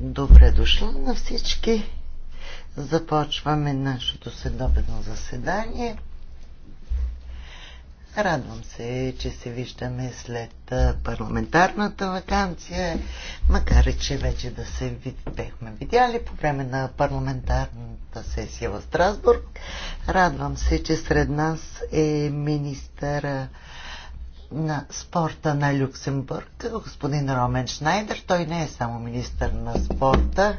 Добре дошла на всички. Започваме нашето следобедно заседание. Радвам се, че се виждаме след парламентарната вакансия, макар и че вече да се бехме видяли по време на парламентарната сесия в Страсбург. Радвам се, че сред нас е министъра на спорта на Люксембург, господин Ромен Шнайдер. Той не е само министър на спорта,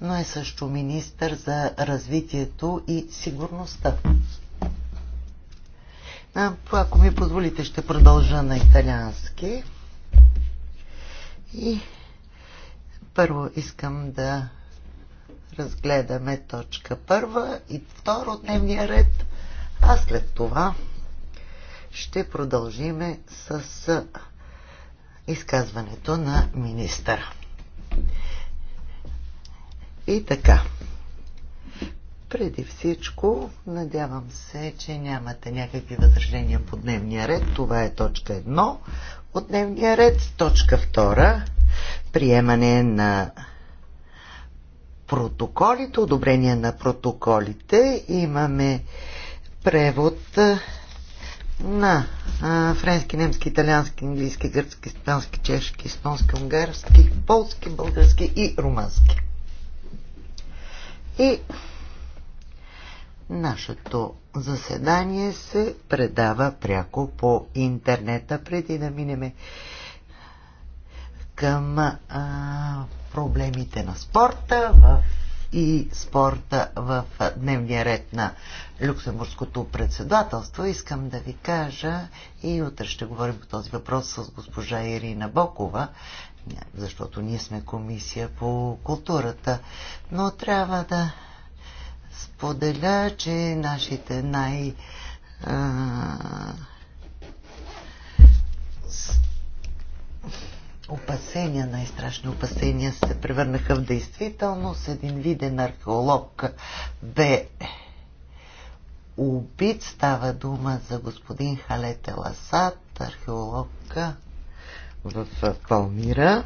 но е също министър за развитието и сигурността. Ако ми позволите, ще продължа на италиански. И първо искам да разгледаме точка първа и второ дневния ред, а след това ще продължиме с изказването на министъра. И така. Преди всичко, надявам се, че нямате някакви възражения по дневния ред. Това е точка 1 от дневния ред. Точка 2. Приемане на протоколите, одобрение на протоколите. Имаме превод на а, френски, немски, италиански, английски, гръцки, испански, чешки, испански, унгарски, полски, български и румански. И нашето заседание се предава пряко по интернета. Преди да минеме към а, проблемите на спорта в и спорта в дневния ред на Люксембургското председателство. Искам да ви кажа и утре ще говорим по този въпрос с госпожа Ирина Бокова, защото ние сме комисия по културата, но трябва да споделя, че нашите най- а, опасения, най-страшни опасения се превърнаха в действителност. Един виден археолог бе убит. Става дума за господин Халет Еласад, археолог в Палмира.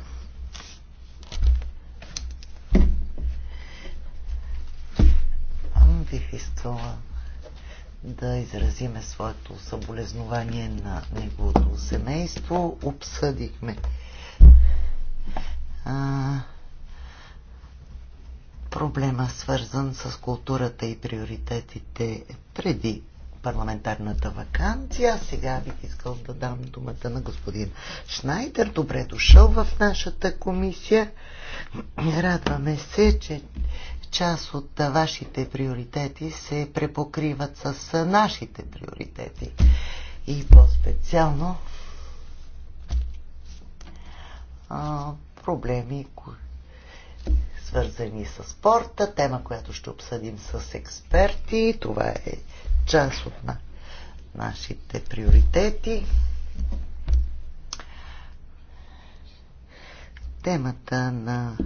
Бих искала да изразиме своето съболезнование на неговото семейство. Обсъдихме а, проблема свързан с културата и приоритетите преди парламентарната вакансия. Сега бих искал да дам думата на господин Шнайдер. Добре дошъл в нашата комисия. Радваме се, че част от вашите приоритети се препокриват с нашите приоритети. И по-специално проблеми, свързани с спорта, тема, която ще обсъдим с експерти. Това е част от на нашите приоритети. Темата на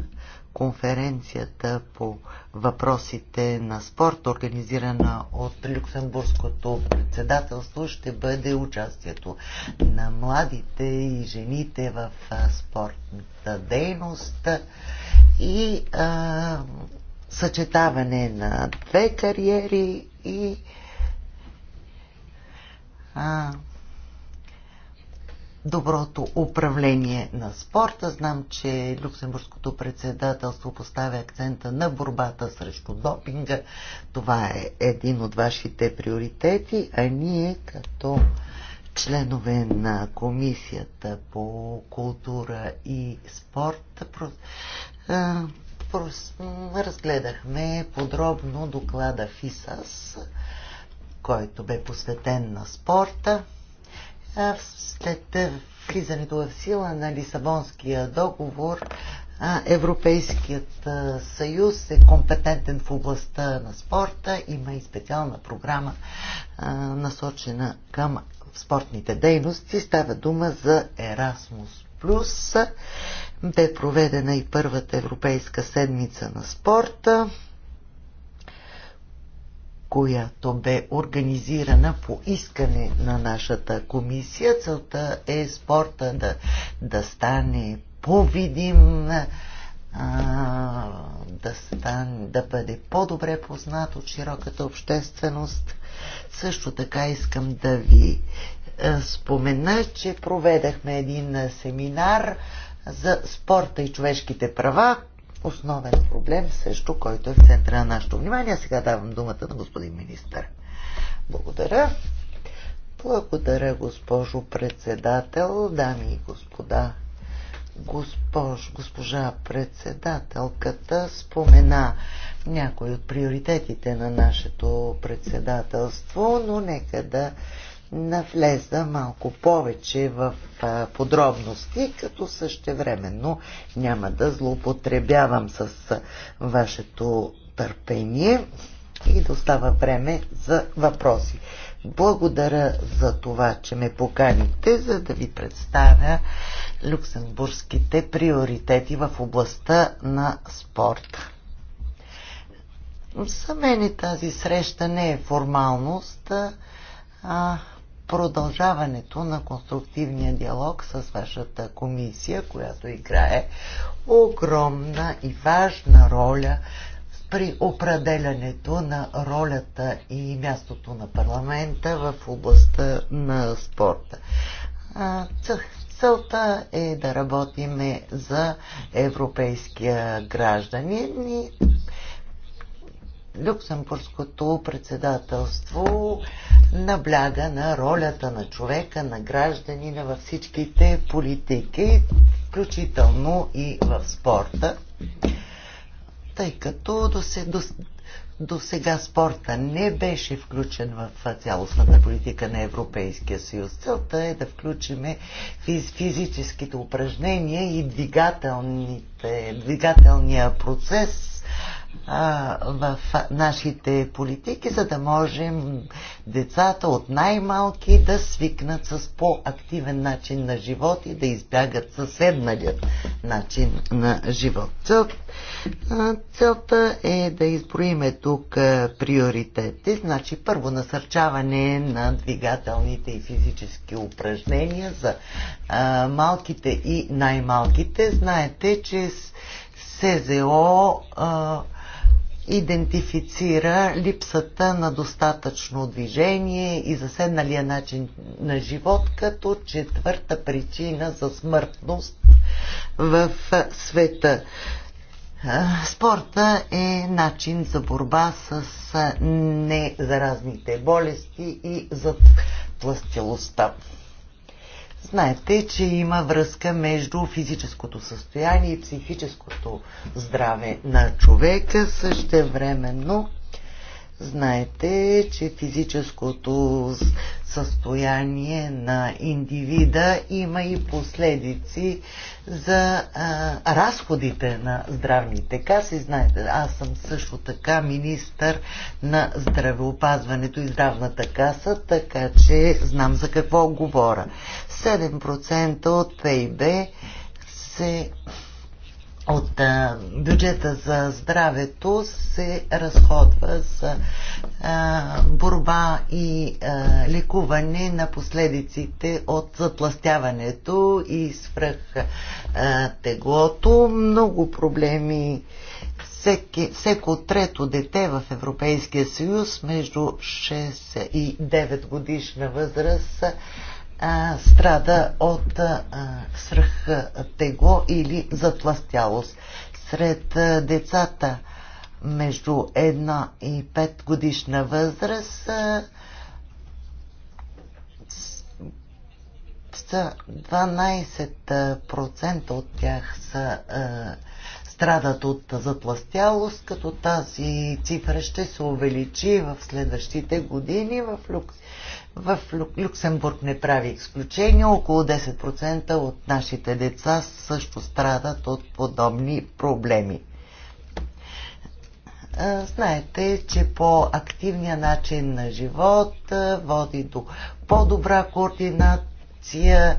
конференцията по въпросите на спорт, организирана от Люксембургското председателство, ще бъде участието на младите и жените в спортната дейност и а, съчетаване на две кариери и а, доброто управление на спорта. Знам, че Люксембургското председателство поставя акцента на борбата срещу допинга. Това е един от вашите приоритети, а ние като членове на Комисията по култура и спорт разгледахме подробно доклада ФИСАС, който бе посветен на спорта след влизането в сила на Лисабонския договор Европейският съюз е компетентен в областта на спорта. Има и специална програма насочена към спортните дейности. Става дума за Erasmus+. Бе проведена и първата Европейска седмица на спорта която бе организирана по искане на нашата комисия. Целта е спорта да, да стане по-видим, да, стане, да бъде по-добре познат от широката общественост. Също така искам да ви спомена, че проведахме един семинар за спорта и човешките права, основен проблем, също който е в центъра на нашето внимание. Сега давам думата на господин министър. Благодаря. Благодаря, госпожо председател, дами и господа. Госпож, госпожа председателката спомена някои от приоритетите на нашето председателство, но нека да навлеза малко повече в подробности, като същевременно няма да злоупотребявам с вашето търпение и да остава време за въпроси. Благодаря за това, че ме поканите, за да ви представя люксембургските приоритети в областта на спорта. За мен тази среща не е формалност, а продължаването на конструктивния диалог с вашата комисия, която играе огромна и важна роля при определянето на ролята и мястото на парламента в областта на спорта. Целта е да работиме за европейския гражданин и Люксембургското председателство набляга на ролята на човека, на гражданина във всичките политики, включително и в спорта, тъй като до, се, до, до сега спорта не беше включен в цялостната политика на Европейския съюз. Целта е да включиме физ, физическите упражнения и двигателните, двигателния процес в нашите политики, за да можем децата от най-малки да свикнат с по-активен начин на живот и да избягат съседналият начин на живот. Целта е да изброиме тук приоритети, значи първо насърчаване на двигателните и физически упражнения за малките и най-малките. Знаете, че СЗО а, идентифицира липсата на достатъчно движение и заседналия начин на живот като четвърта причина за смъртност в света. Спорта е начин за борба с незаразните болести и за тластилостта. Знаете, че има връзка между физическото състояние и психическото здраве на човека. Същевременно Знаете, че физическото състояние на индивида има и последици за а, разходите на здравните каси. Знаете, аз съм също така министър на здравеопазването и здравната каса, така че знам за какво говоря. 7% от ПИБ се от бюджета за здравето се разходва за борба и лекуване на последиците от затластяването и свръх теглото. Много проблеми всеки, всеко трето дете в Европейския съюз между 6 и 9 годишна възраст а, страда от а, тегло или затластялост. Сред а, децата между 1 и 5 годишна възраст а, са 12% от тях са а, страдат от затластялост, като тази цифра ще се увеличи в следващите години в Люкс. В Люксембург не прави изключение. Около 10% от нашите деца също страдат от подобни проблеми. Знаете, че по-активния начин на живот води до по-добра координация,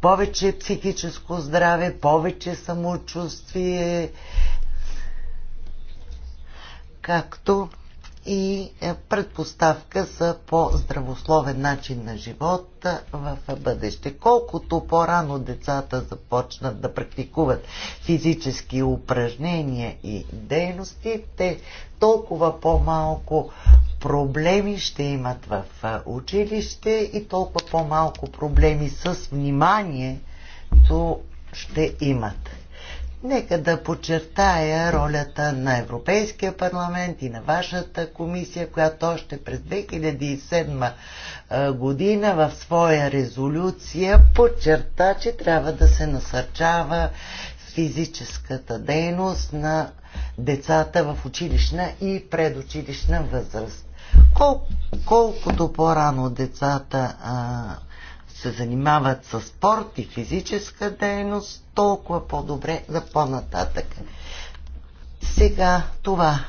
повече психическо здраве, повече самочувствие, както и е, предпоставка за по-здравословен начин на живот е, в бъдеще. Колкото по-рано децата започнат да практикуват физически упражнения и дейности, те толкова по-малко проблеми ще имат в е, училище и толкова по-малко проблеми с вниманието ще имат. Нека да подчертая ролята на Европейския парламент и на вашата комисия, която още през 2007 година в своя резолюция подчерта, че трябва да се насърчава физическата дейност на децата в училищна и предучилищна възраст. колкото по-рано децата а, се занимават с спорт и физическа дейност, толкова по-добре за по-нататък. Сега това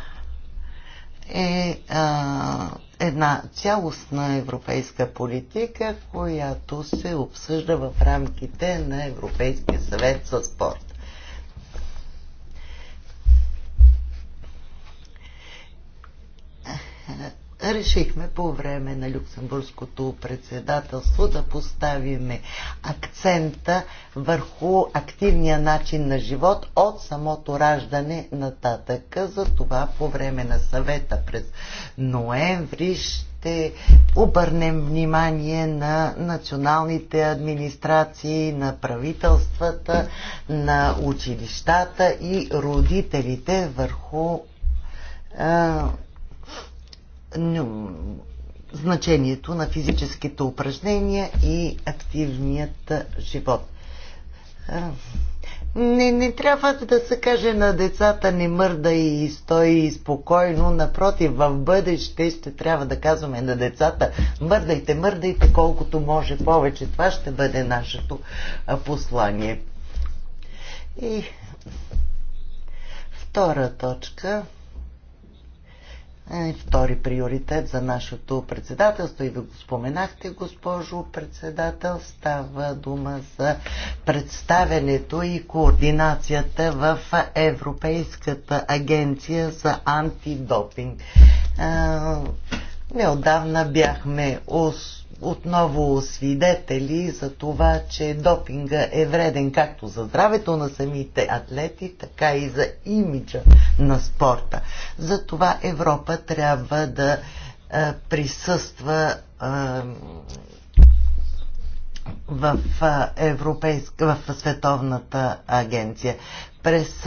е а, една цялостна европейска политика, която се обсъжда в рамките на Европейския съвет за спорт решихме по време на люксембургското председателство да поставиме акцента върху активния начин на живот от самото раждане нататък. За това по време на съвета през ноември ще обърнем внимание на националните администрации, на правителствата, на училищата и родителите върху значението на физическите упражнения и активният живот. Не, не трябва да се каже на децата не мърда и стои спокойно. Напротив, в бъдеще ще трябва да казваме на децата мърдайте, мърдайте колкото може повече. Това ще бъде нашето послание. И втора точка – е, втори приоритет за нашето председателство и ви го споменахте, госпожо председател. Става дума за представенето и координацията в Европейската агенция за антидопинг. Е, неодавна бяхме отново свидетели за това, че допинга е вреден както за здравето на самите атлети, така и за имиджа на спорта. Затова Европа трябва да а, е, присъства а, е, в, е, европейск... в Световната агенция. През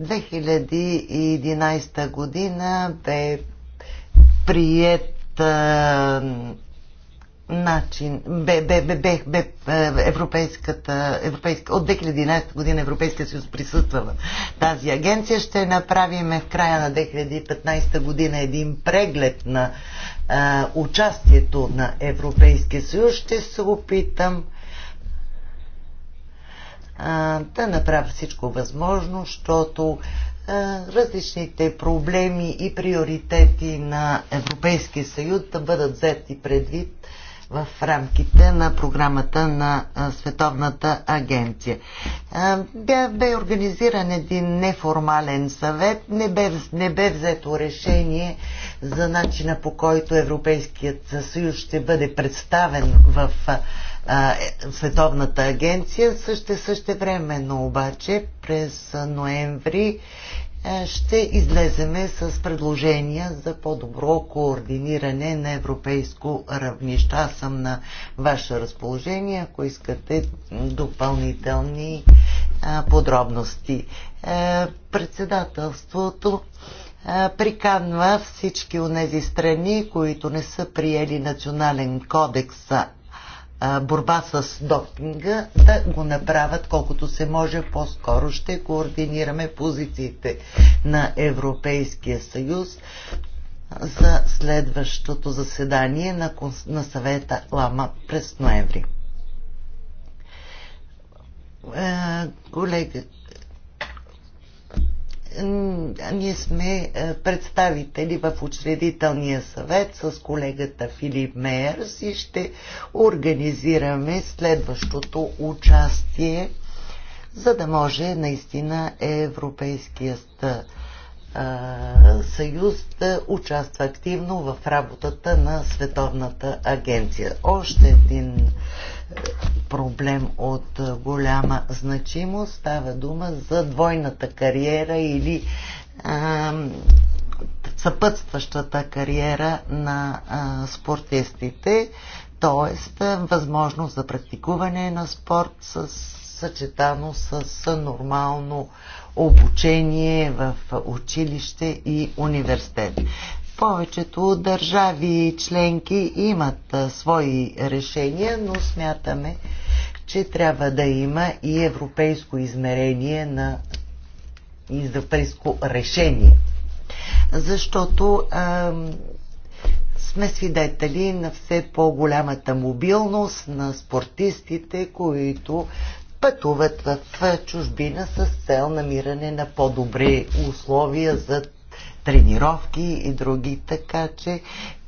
2011 година бе прият начин, бе, бе, бе, бе, бе е, европейската, европейска, от 2011 година Европейския съюз присъства в тази агенция. Ще направим в края на 2015 година един преглед на а, е, участието на Европейския съюз. Ще се опитам а, е, да направя всичко възможно, защото различните проблеми и приоритети на Европейския съюз да бъдат взети предвид в рамките на програмата на Световната агенция. Бе, бе организиран един неформален съвет, не бе, не бе взето решение за начина по който Европейският съюз ще бъде представен в Световната агенция. Също, също времено обаче през ноември е, ще излеземе с предложения за по-добро координиране на европейско равнище. Аз съм на ваше разположение, ако искате допълнителни подробности. Е, председателството е, приканва всички от тези страни, които не са приели национален кодекс борба с допинга, да го направят колкото се може по-скоро. Ще координираме позициите на Европейския съюз за следващото заседание на, на съвета Лама през ноември. Е, колега, ние сме е, представители в учредителния съвет с колегата Филип Мейерс и ще организираме следващото участие, за да може наистина Европейският е, съюз да участва активно в работата на Световната агенция. Още един проблем от голяма значимост. Става дума за двойната кариера или а, съпътстващата кариера на а, спортистите, т.е. възможност за практикуване на спорт с, съчетано с нормално обучение в училище и университет. Повечето държави и членки имат а, свои решения, но смятаме, че трябва да има и европейско измерение на европейско решение. Защото а, сме свидетели на все по-голямата мобилност на спортистите, които пътуват в чужбина с цел намиране на по-добри условия за тренировки и други, така че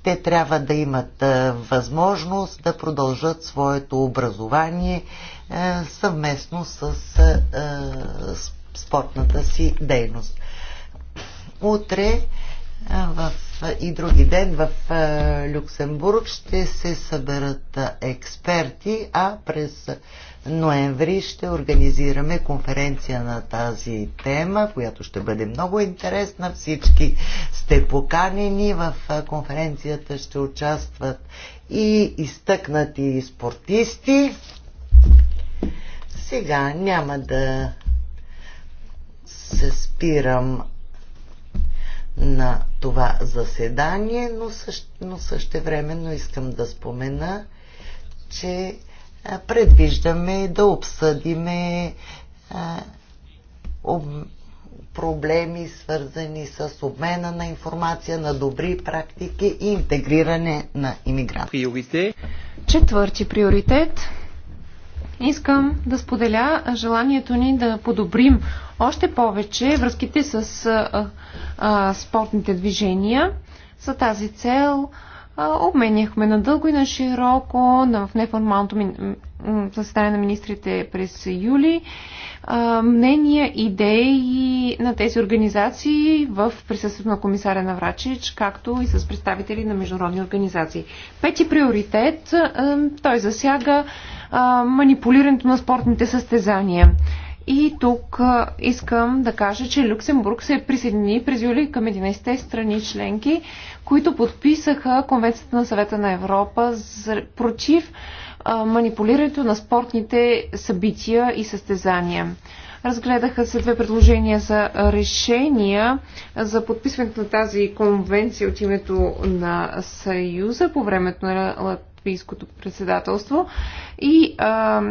те трябва да имат възможност да продължат своето образование съвместно с спортната си дейност. Утре в, и други ден в Люксембург ще се съберат експерти, а през ноември ще организираме конференция на тази тема, която ще бъде много интересна. Всички сте поканени. В конференцията ще участват и изтъкнати спортисти. Сега няма да се спирам на това заседание, но също, но също времено искам да спомена, че предвиждаме да обсъдиме проблеми, свързани с обмена на информация, на добри практики и интегриране на иммигранти. Четвърти приоритет. Искам да споделя желанието ни да подобрим още повече връзките с а, а, спортните движения. За тази цел обменяхме на дълго и на широко на, в неформалното състояние на министрите през юли мнения, идеи на тези организации в присъствието на комисаря Наврачич, както и с представители на международни организации. Пети приоритет, той засяга манипулирането на спортните състезания. И тук искам да кажа, че Люксембург се присъедини през юли към 11-те страни членки, които подписаха Конвенцията на съвета на Европа против манипулирането на спортните събития и състезания. Разгледаха се две предложения за решения за подписването на тази конвенция от името на Съюза по времето на латвийското председателство и а,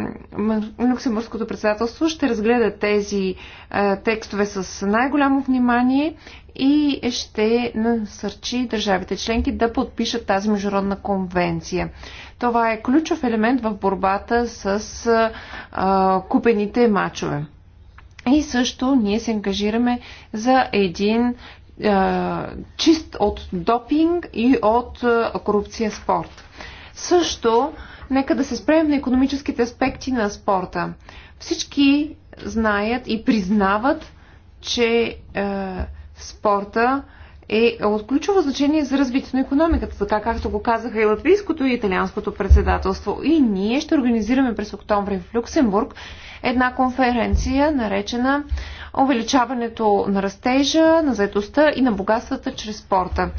люксембургското председателство ще разгледа тези а, текстове с най-голямо внимание и ще насърчи държавите членки да подпишат тази международна конвенция. Това е ключов елемент в борбата с а, купените мачове. И също ние се ангажираме за един чист от допинг и от корупция спорт. Също, нека да се спрем на економическите аспекти на спорта. Всички знаят и признават, че е, спорта е от ключово значение за развитието на економиката, така както го казаха и латвийското и италианското председателство. И ние ще организираме през октомври в Люксембург една конференция, наречена увеличаването на растежа, на заедостта и на богатствата чрез спорта.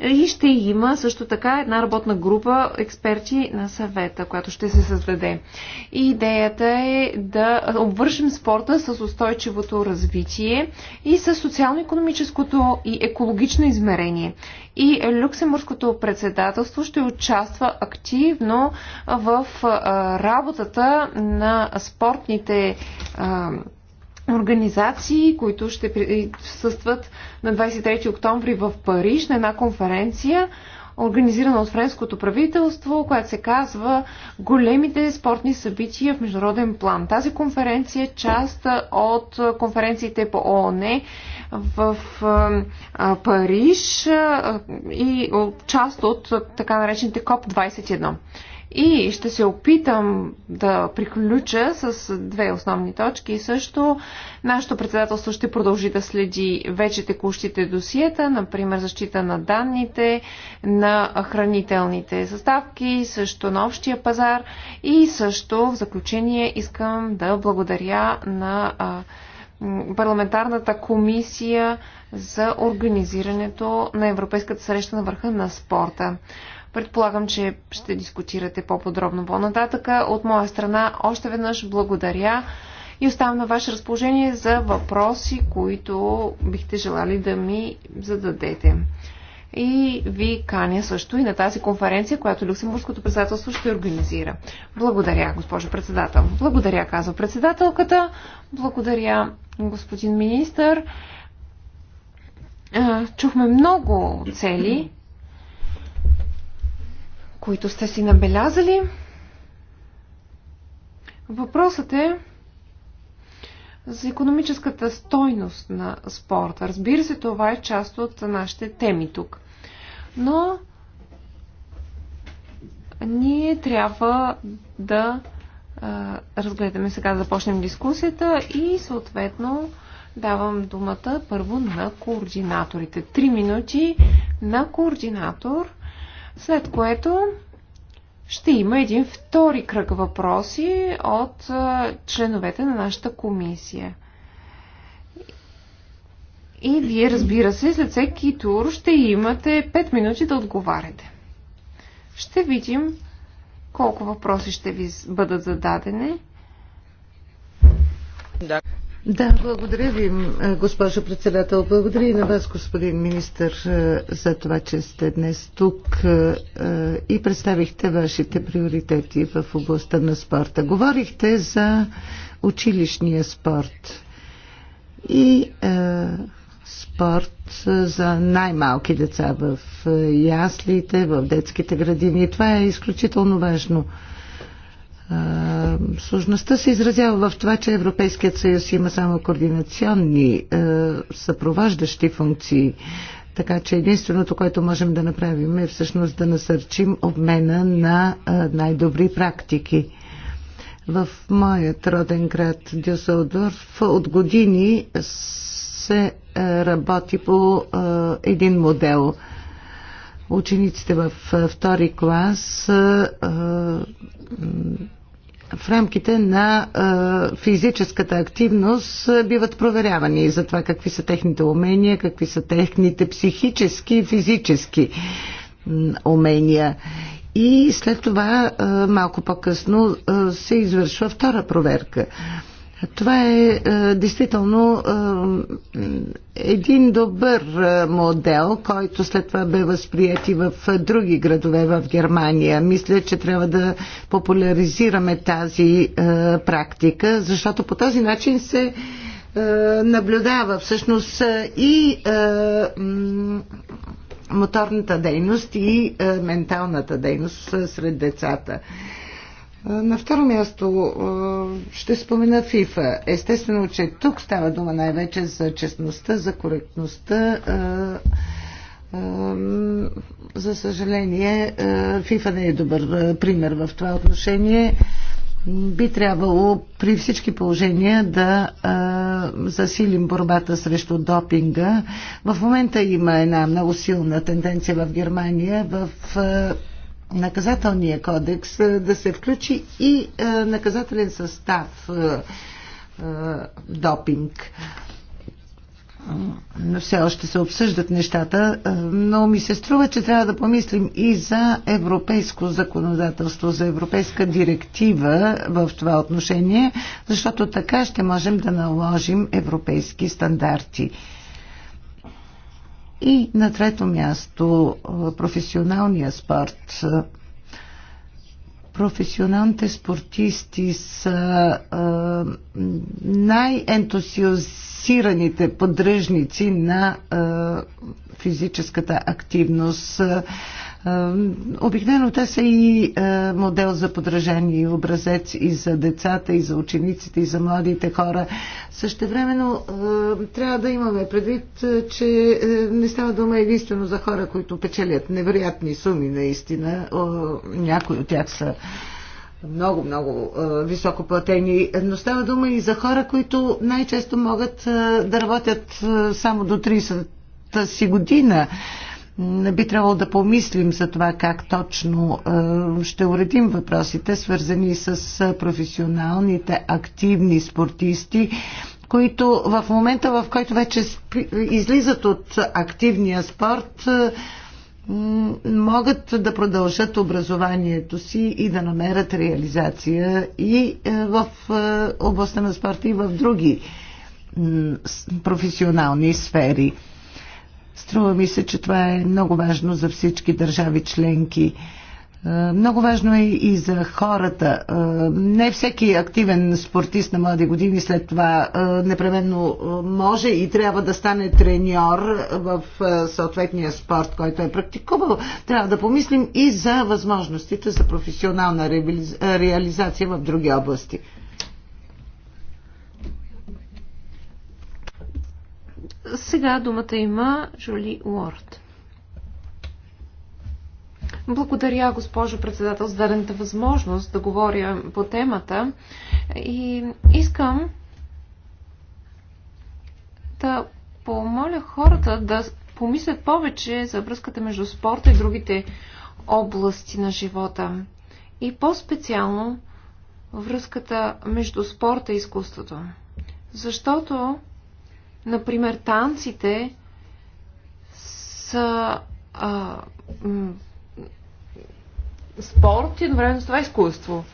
И ще има също така една работна група експерти на съвета, която ще се създаде. И идеята е да обвършим спорта с устойчивото развитие и с социално-економическото и екологично измерение. И Люксембургското председателство ще участва активно в работата на спортните организации, които ще присъстват на 23 октомври в Париж на една конференция, организирана от френското правителство, която се казва Големите спортни събития в международен план. Тази конференция е част от конференциите по ООН в Париж и част от така наречените КОП 21. И ще се опитам да приключа с две основни точки. И също нашето председателство ще продължи да следи вече текущите досиета, например защита на данните, на хранителните съставки, също на общия пазар. И също в заключение искам да благодаря на парламентарната комисия за организирането на Европейската среща на върха на спорта. Предполагам, че ще дискутирате по-подробно по-нататъка. От моя страна още веднъж благодаря и оставам на ваше разположение за въпроси, които бихте желали да ми зададете. И ви каня също и на тази конференция, която Люксембургското председателство ще организира. Благодаря, госпожо председател. Благодаря, казва председателката. Благодаря, господин министър. Чухме много цели които сте си набелязали. Въпросът е за економическата стойност на спорта. Разбира се, това е част от нашите теми тук. Но ние трябва да а, разгледаме сега, да започнем дискусията и съответно давам думата първо на координаторите. Три минути на координатор след което ще има един втори кръг въпроси от членовете на нашата комисия. И вие, разбира се, след всеки тур ще имате 5 минути да отговаряте. Ще видим колко въпроси ще ви бъдат зададени. Да. Да, благодаря ви, госпожо председател. Благодаря и на вас, господин министр, е, за това, че сте днес тук е, е, и представихте вашите приоритети в областта на спорта. Говорихте за училищния спорт и спорт за най-малки деца в яслите, в детските градини. Това е изключително важно. Сложността се изразява в това, че Европейският съюз има само координационни, съпровождащи функции. Така че единственото, което можем да направим е всъщност да насърчим обмена на най-добри практики. В моят роден град Дюсселдорф от години се работи по един модел. Учениците в втори клас в рамките на а, физическата активност биват проверявани за това какви са техните умения, какви са техните психически и физически умения. И след това, малко по-късно, се извършва втора проверка. Това е, е действително е, един добър е, модел, който след това бе възприят и в е, други градове в Германия. Мисля, че трябва да популяризираме тази е, практика, защото по този начин се е, наблюдава всъщност е, и е, моторната дейност и е, менталната дейност сред децата. На второ място е, ще спомена ФИФА. Естествено, че тук става дума най-вече за честността, за коректността. Е, е, за съжаление, ФИФА не е добър пример в това отношение. Би трябвало при всички положения да засилим борбата срещу допинга. В момента има една много силна тенденция в Германия в наказателния кодекс е, да се включи и е, наказателен състав е, допинг. Все още се обсъждат нещата, но ми се струва, че трябва да помислим и за европейско законодателство, за европейска директива в това отношение, защото така ще можем да наложим европейски стандарти. И на трето място професионалния спорт. Професионалните спортисти са най ентусиозираните поддръжници на физическата активност. Е, обикновено те са и е, модел за подражание и образец и за децата, и за учениците, и за младите хора. Същевременно е, трябва да имаме предвид, че не става дума единствено за хора, които печелят невероятни суми наистина. Някои от тях са много, много е, високо платени, но става дума и за хора, които най-често могат е, да работят е, само до 30-та си година. Е, би трябвало да помислим за това как точно е, ще уредим въпросите, свързани с професионалните активни спортисти, които в момента, в който вече излизат от активния спорт, е, могат да продължат образованието си и да намерят реализация и е, в областта на спорта, и в други професионални сфери. Струва ми се, че това е много важно за всички държави членки. Е, много важно е и за хората. Е, не всеки активен спортист на млади години след това е, непременно може и трябва да стане треньор в съответния спорт, който е практикувал. Трябва да помислим и за възможностите за професионална реализация в други области. Сега думата има Жули Уорд. Благодаря, госпожо председател, за дадената възможност да говоря по темата. И искам да помоля хората да помислят повече за връзката между спорта и другите области на живота. И по-специално връзката между спорта и изкуството. Защото Например, танците са а, спорт и едновременно с това изкуство.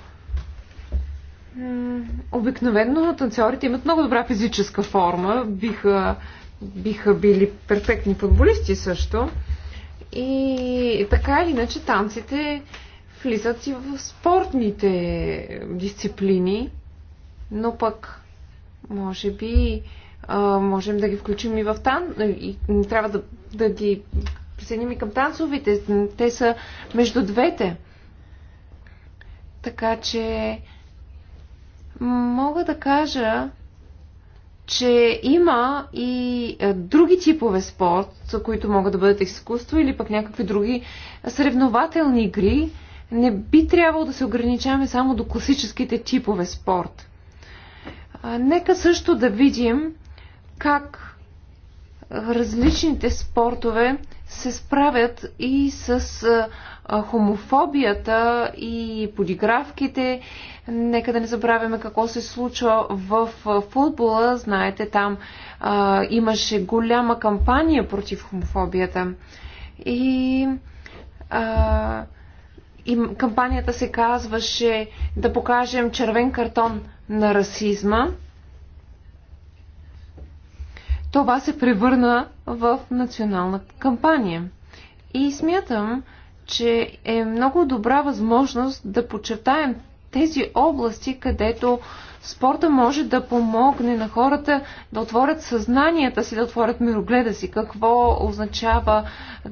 Обикновено танцорите имат много добра физическа форма, биха, биха били перфектни футболисти също. И така или иначе танците влизат и в спортните дисциплини, но пък може би можем да ги включим и в тан. И трябва да, да ги присъединим и към танцовите. Те са между двете. Така че мога да кажа, че има и е, други типове спорт, които могат да бъдат изкуство или пък някакви други съревнователни игри. Не би трябвало да се ограничаваме само до класическите типове спорт. Нека също да видим как различните спортове се справят и с хомофобията и подигравките. Нека да не забравяме какво се случва в футбола. Знаете, там а, имаше голяма кампания против хомофобията. И а, и кампанията се казваше да покажем червен картон на расизма това се превърна в национална кампания. И смятам, че е много добра възможност да подчертаем тези области, където спорта може да помогне на хората да отворят съзнанията си, да отворят мирогледа си. Какво означава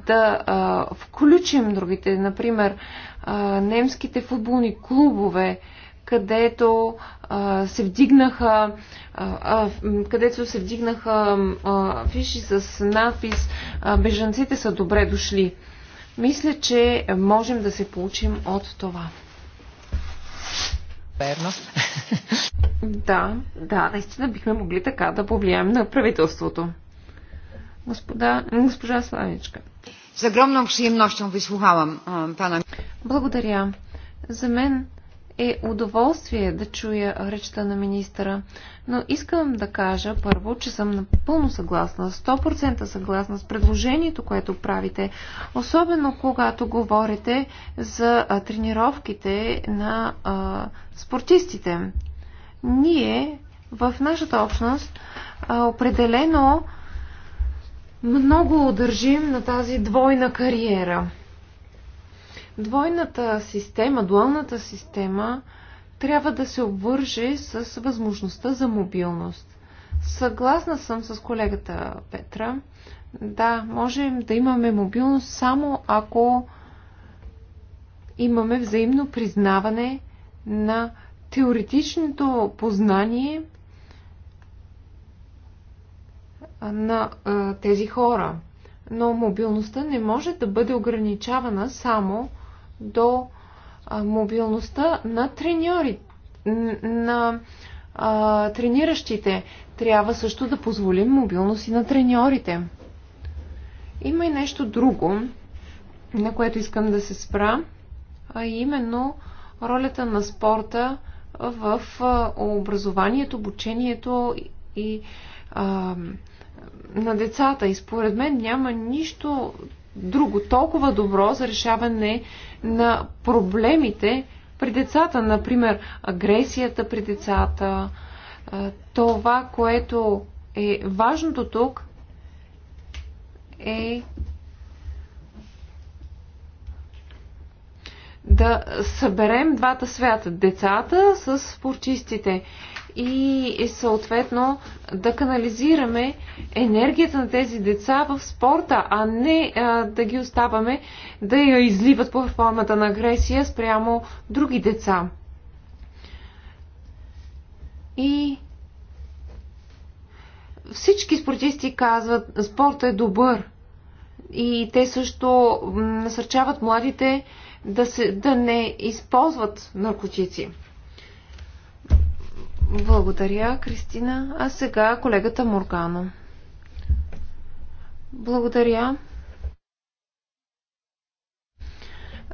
да а, включим другите, например, а, немските футболни клубове, където а, се вдигнаха а, където се вдигнаха а, фиши с надпис Бежанците са добре дошли. Мисля, че можем да се получим от това. Верно. Да, да, наистина бихме могли така да повлияем на правителството. Господа, госпожа Славичка. С огромна ви слухавам пана. Благодаря. За мен е удоволствие да чуя речта на министъра, но искам да кажа първо, че съм напълно съгласна, 100% съгласна с предложението, което правите, особено когато говорите за тренировките на а, спортистите. Ние в нашата общност а, определено много държим на тази двойна кариера – Двойната система, дуалната система трябва да се обвърже с възможността за мобилност. Съгласна съм с колегата Петра. Да, можем да имаме мобилност само ако имаме взаимно признаване на теоретичното познание на тези хора. Но мобилността не може да бъде ограничавана само до мобилността на треньори, на а, трениращите. Трябва също да позволим мобилност и на треньорите. Има и нещо друго, на което искам да се спра, а именно ролята на спорта в образованието, обучението и а, на децата. И според мен няма нищо друго толкова добро за решаване на проблемите при децата. Например, агресията при децата. Това, което е важното тук, е да съберем двата свята децата с спортистите и съответно да канализираме енергията на тези деца в спорта, а не а, да ги оставаме да я изливат по формата на агресия спрямо други деца. И всички спортисти казват, спорта е добър. И те също насърчават младите да, се, да не използват наркотици. Благодаря, Кристина. А сега колегата Моргано. Благодаря.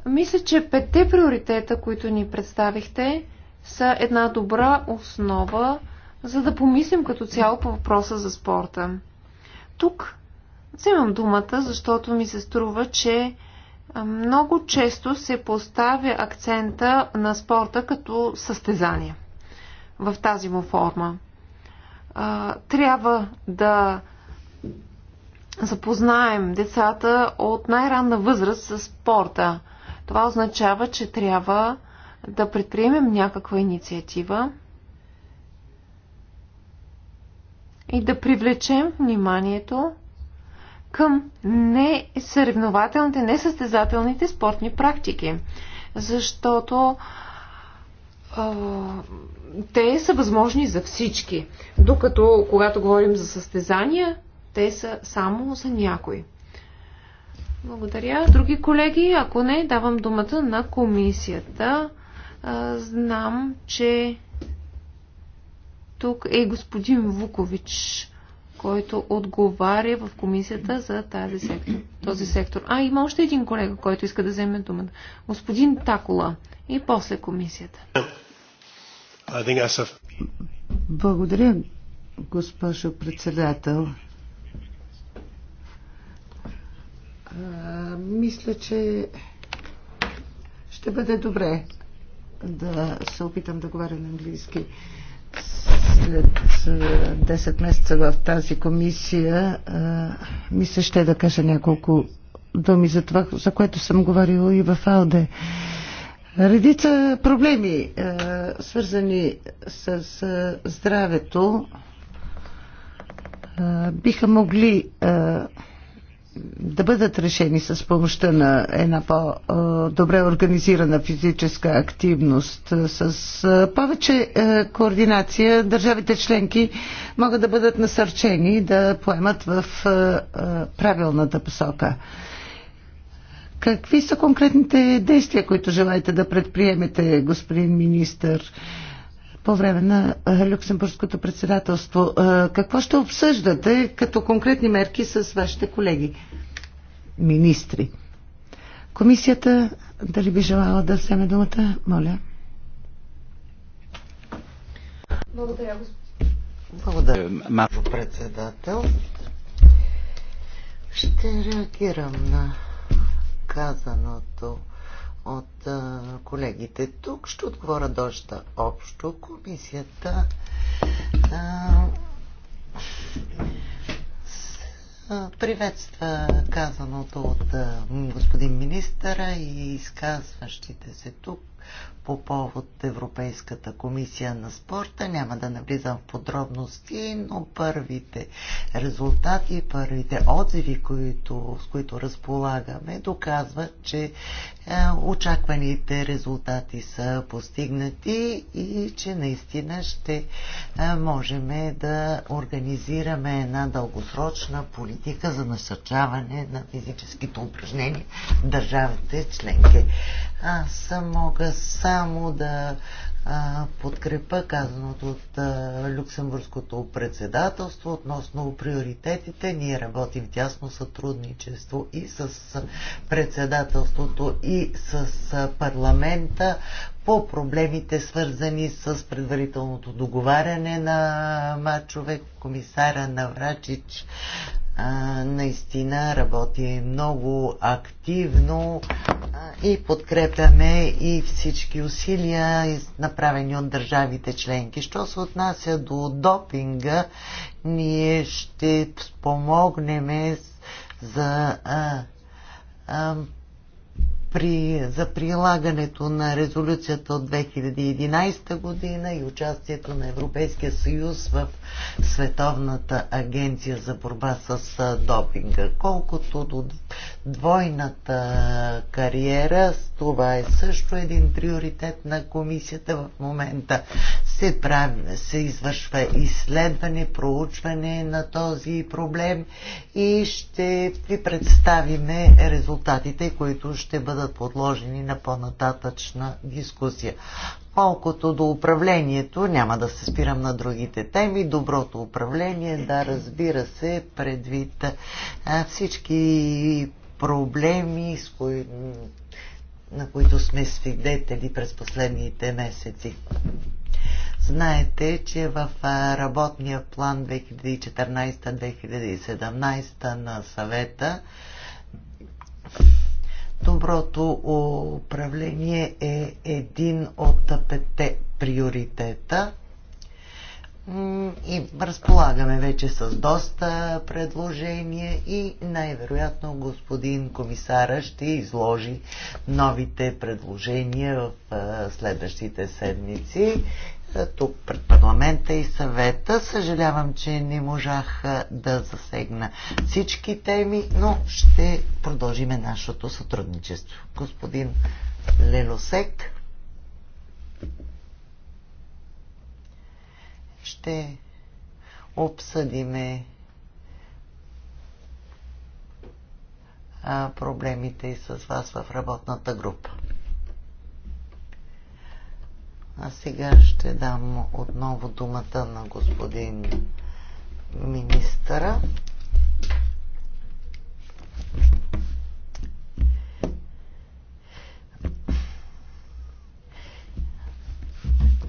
Мисля, че петте приоритета, които ни представихте, са една добра основа, за да помислим като цяло по въпроса за спорта. Тук вземам думата, защото ми се струва, че много често се поставя акцента на спорта като състезание в тази му форма. Трябва да запознаем децата от най-ранна възраст с спорта. Това означава, че трябва да предприемем някаква инициатива и да привлечем вниманието към несъревнователните, несъстезателните спортни практики. Защото те са възможни за всички. Докато, когато говорим за състезания, те са само за някой. Благодаря. Други колеги, ако не, давам думата на комисията. Знам, че тук е господин Вукович който отговаря в комисията за тази сектор, този сектор. А, има още един колега, който иска да вземе думата. Господин Такола и после комисията. Благодаря, госпожо председател. А, мисля, че ще бъде добре да се опитам да говоря на английски. А, след 10 е, месеца в тази комисия е, ми се ще да кажа няколко думи за това, за което съм говорила и в Алде. Редица проблеми, е, свързани с здравето, биха могли да бъдат решени с помощта на една по-добре организирана физическа активност, с повече координация, държавите членки могат да бъдат насърчени да поемат в правилната посока. Какви са конкретните действия, които желаете да предприемете, господин министър? по време на Люксембургското председателство. Какво ще обсъждате като конкретни мерки с вашите колеги? Министри. Комисията, дали би желала да вземе думата? Моля. Благодаря, господин. Благодаря, Марко председател. Ще реагирам на казаното от колегите тук. Ще отговоря доста общо. Комисията приветства казаното от господин министъра и изказващите се тук по повод Европейската комисия на спорта. Няма да навлизам в подробности, но първите резултати, първите отзиви, които, с които разполагаме, доказват, че е, очакваните резултати са постигнати и че наистина ще е, можем да организираме една дългосрочна политика за насърчаване на физическите упражнения в държавите членки. Аз мога само да а, подкрепа казаното от а, Люксембургското председателство относно приоритетите. Ние работим в тясно сътрудничество и с председателството, и с парламента по проблемите свързани с предварителното договаряне на мачове. Комисара Наврачич наистина работи много активно и подкрепяме и всички усилия, направени от държавите членки. Що се отнася до допинга, ние ще спомогнем за а, а, при, за прилагането на резолюцията от 2011 година и участието на Европейския съюз в Световната агенция за борба с допинга. Колкото до двойната кариера, това е също един приоритет на комисията в момента се, прави, се извършва изследване, проучване на този проблем и ще ви представиме резултатите, които ще бъдат подложени на по-нататъчна дискусия. Колкото до управлението, няма да се спирам на другите теми, доброто управление, да разбира се, предвид всички проблеми, с кои, на които сме свидетели през последните месеци. Знаете, че в работния план 2014-2017 на съвета доброто управление е един от петте приоритета. И разполагаме вече с доста предложения и най-вероятно господин комисара ще изложи новите предложения в следващите седмици. Е, тук пред парламента и съвета. Съжалявам, че не можах е, да засегна всички теми, но ще продължиме нашето сътрудничество. Господин Лелосек ще обсъдиме проблемите и с вас в работната група. А сега ще дам отново думата на господин министъра.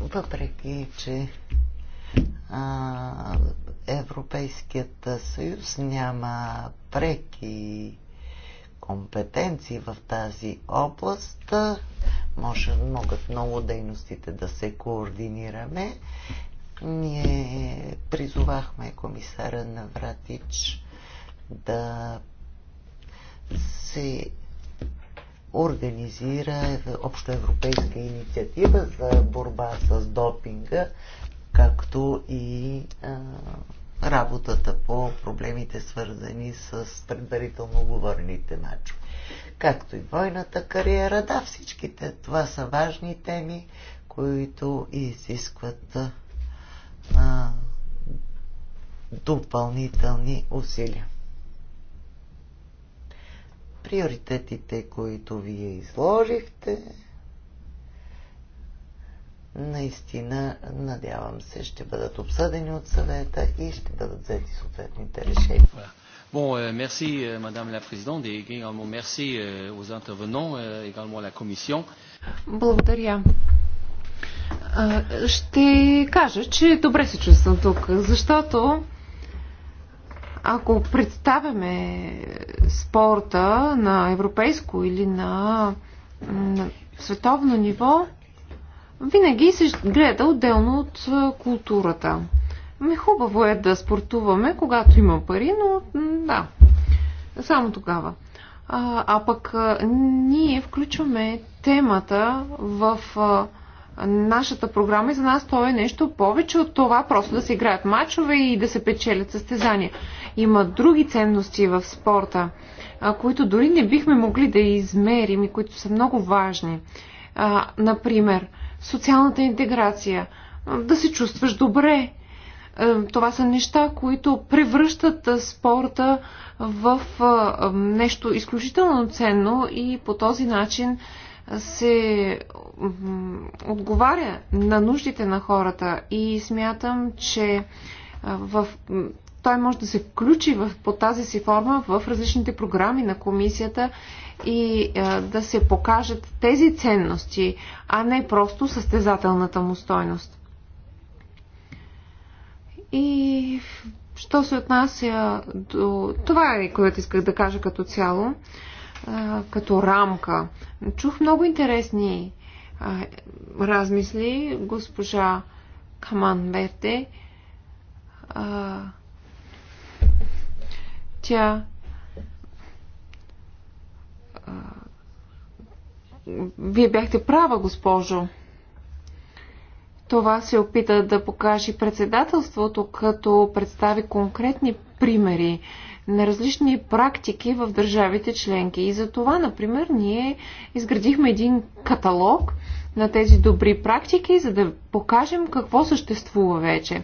Въпреки, че а, Европейският съюз няма преки компетенции в тази област. Може, могат много дейностите да се координираме. Ние призовахме комисара Навратич да се организира общоевропейска инициатива за борба с допинга, както и а, работата по проблемите, свързани с предварително говорените мачове. Както и бойната кариера, да, всичките това са важни теми, които изискват а, допълнителни усилия. Приоритетите, които вие изложихте, наистина, надявам се, ще бъдат обсъдени от съвета и ще бъдат взети съответните решения. Bon, euh, merci euh, Madame la Présidente et également merci euh, aux intervenants, euh, également à la Commission. Благодаря. Ще кажа, че добре се чувствам тук, защото ако представяме спорта на европейско или на, на световно ниво, винаги се гледа отделно от културата. Ме ами, хубаво е да спортуваме, когато има пари, но да, само тогава. А, а пък ние включваме темата в а, нашата програма и за нас то е нещо повече от това просто да се играят матчове и да се печелят състезания. Има други ценности в спорта, а, които дори не бихме могли да измерим и които са много важни. А, например, а, социалната интеграция, да се чувстваш добре. Това са неща, които превръщат спорта в нещо изключително ценно и по този начин се отговаря на нуждите на хората и смятам, че в... той може да се включи в, по тази си форма в различните програми на комисията и е, да се покажат тези ценности, а не просто състезателната му стойност. И що се отнася до... Това е, което исках да кажа като цяло, е, като рамка. Чух много интересни е, размисли госпожа Каман Верте. Тя Вие бяхте права, госпожо. Това се опита да покаже председателството, като представи конкретни примери на различни практики в държавите членки. И за това, например, ние изградихме един каталог на тези добри практики, за да покажем какво съществува вече.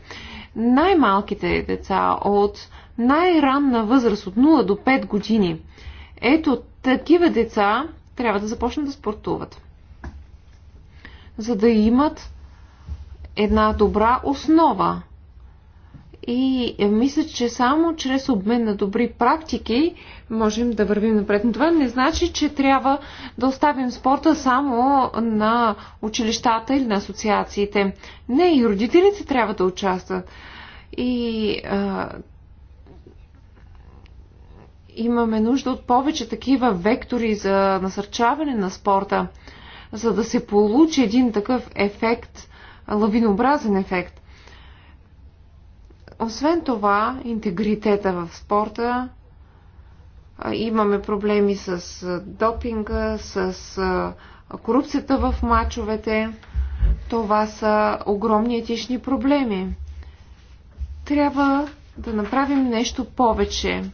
Най-малките деца от най-ранна възраст, от 0 до 5 години. Ето такива деца трябва да започнат да спортуват. За да имат една добра основа. И мисля, че само чрез обмен на добри практики можем да вървим напред. Но това не значи, че трябва да оставим спорта само на училищата или на асоциациите. Не, и родителите трябва да участват. И а, имаме нужда от повече такива вектори за насърчаване на спорта, за да се получи един такъв ефект, лавинообразен ефект. Освен това, интегритета в спорта, имаме проблеми с допинга, с корупцията в мачовете. Това са огромни етични проблеми. Трябва да направим нещо повече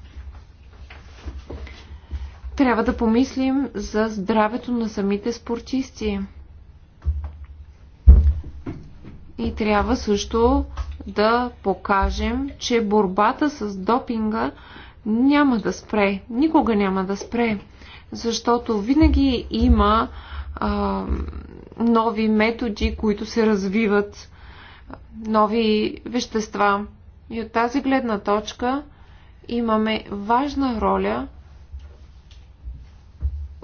трябва да помислим за здравето на самите спортисти. И трябва също да покажем, че борбата с допинга няма да спре. Никога няма да спре. Защото винаги има а, нови методи, които се развиват, нови вещества. И от тази гледна точка имаме важна роля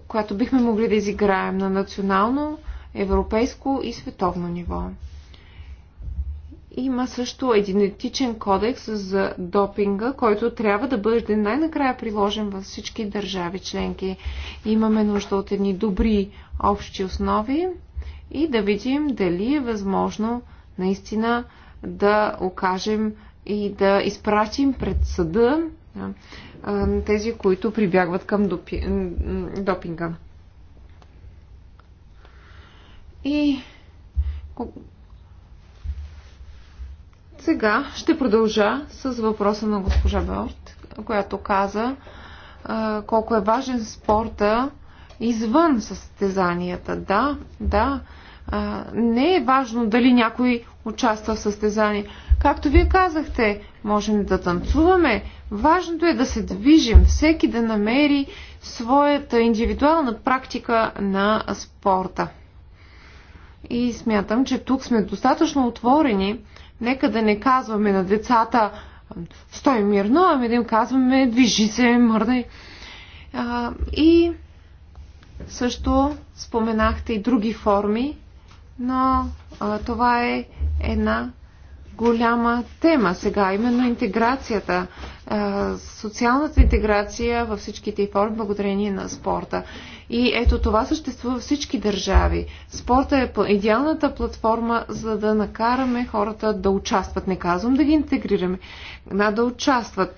която бихме могли да изиграем на национално, европейско и световно ниво. Има също един етичен кодекс за допинга, който трябва да бъде най-накрая приложен във всички държави членки. Имаме нужда от едни добри общи основи и да видим дали е възможно наистина да окажем и да изпратим пред съда тези, които прибягват към допи... допинга. И сега ще продължа с въпроса на госпожа Белт, която каза колко е важен спорта извън състезанията. Да, да. не е важно дали някой участва в състезание. Както вие казахте, можем да танцуваме. Важното е да се движим, всеки да намери своята индивидуална практика на спорта. И смятам, че тук сме достатъчно отворени. Нека да не казваме на децата стой мирно, ами да им казваме движи се, мърдай. А, и също споменахте и други форми, но а, това е една голяма тема сега, именно интеграцията, е, социалната интеграция във всичките и форми благодарение на спорта. И ето това съществува във всички държави. Спорта е идеалната платформа, за да накараме хората да участват. Не казвам да ги интегрираме, а да участват.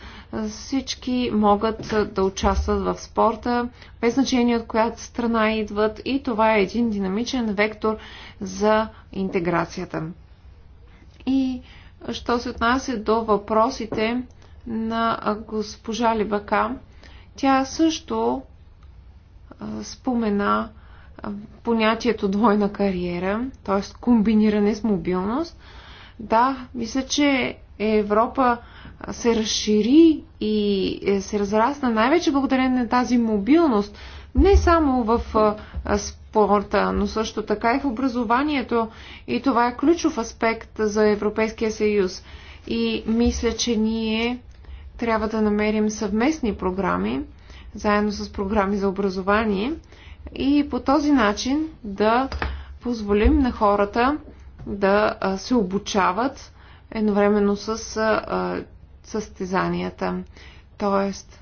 Всички могат да участват в спорта, без значение от която страна идват и това е един динамичен вектор за интеграцията. И що се отнася до въпросите на госпожа Либака, тя също спомена понятието двойна кариера, т.е. комбиниране с мобилност. Да, мисля, че Европа се разшири и се разрасна най-вече благодарение на тази мобилност, не само в спорта, но също така и в образованието. И това е ключов аспект за Европейския съюз. И мисля, че ние трябва да намерим съвместни програми, заедно с програми за образование и по този начин да позволим на хората да се обучават едновременно с състезанията. Тоест,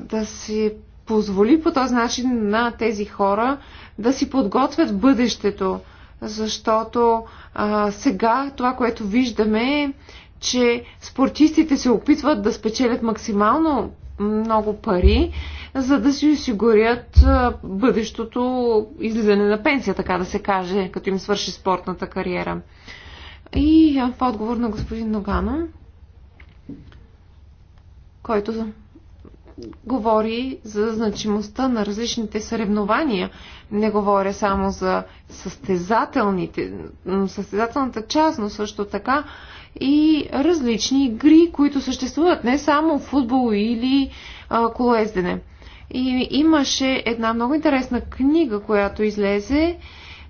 да си позволи по този начин на тези хора да си подготвят бъдещето, защото а, сега това, което виждаме е, че спортистите се опитват да спечелят максимално много пари, за да си осигурят бъдещото излизане на пенсия, така да се каже, като им свърши спортната кариера. И в отговор на господин Ногано, който говори за значимостта на различните съревнования. Не говоря само за състезателните, състезателната част, но също така и различни игри, които съществуват не само футбол или а, колоездене. И имаше една много интересна книга, която излезе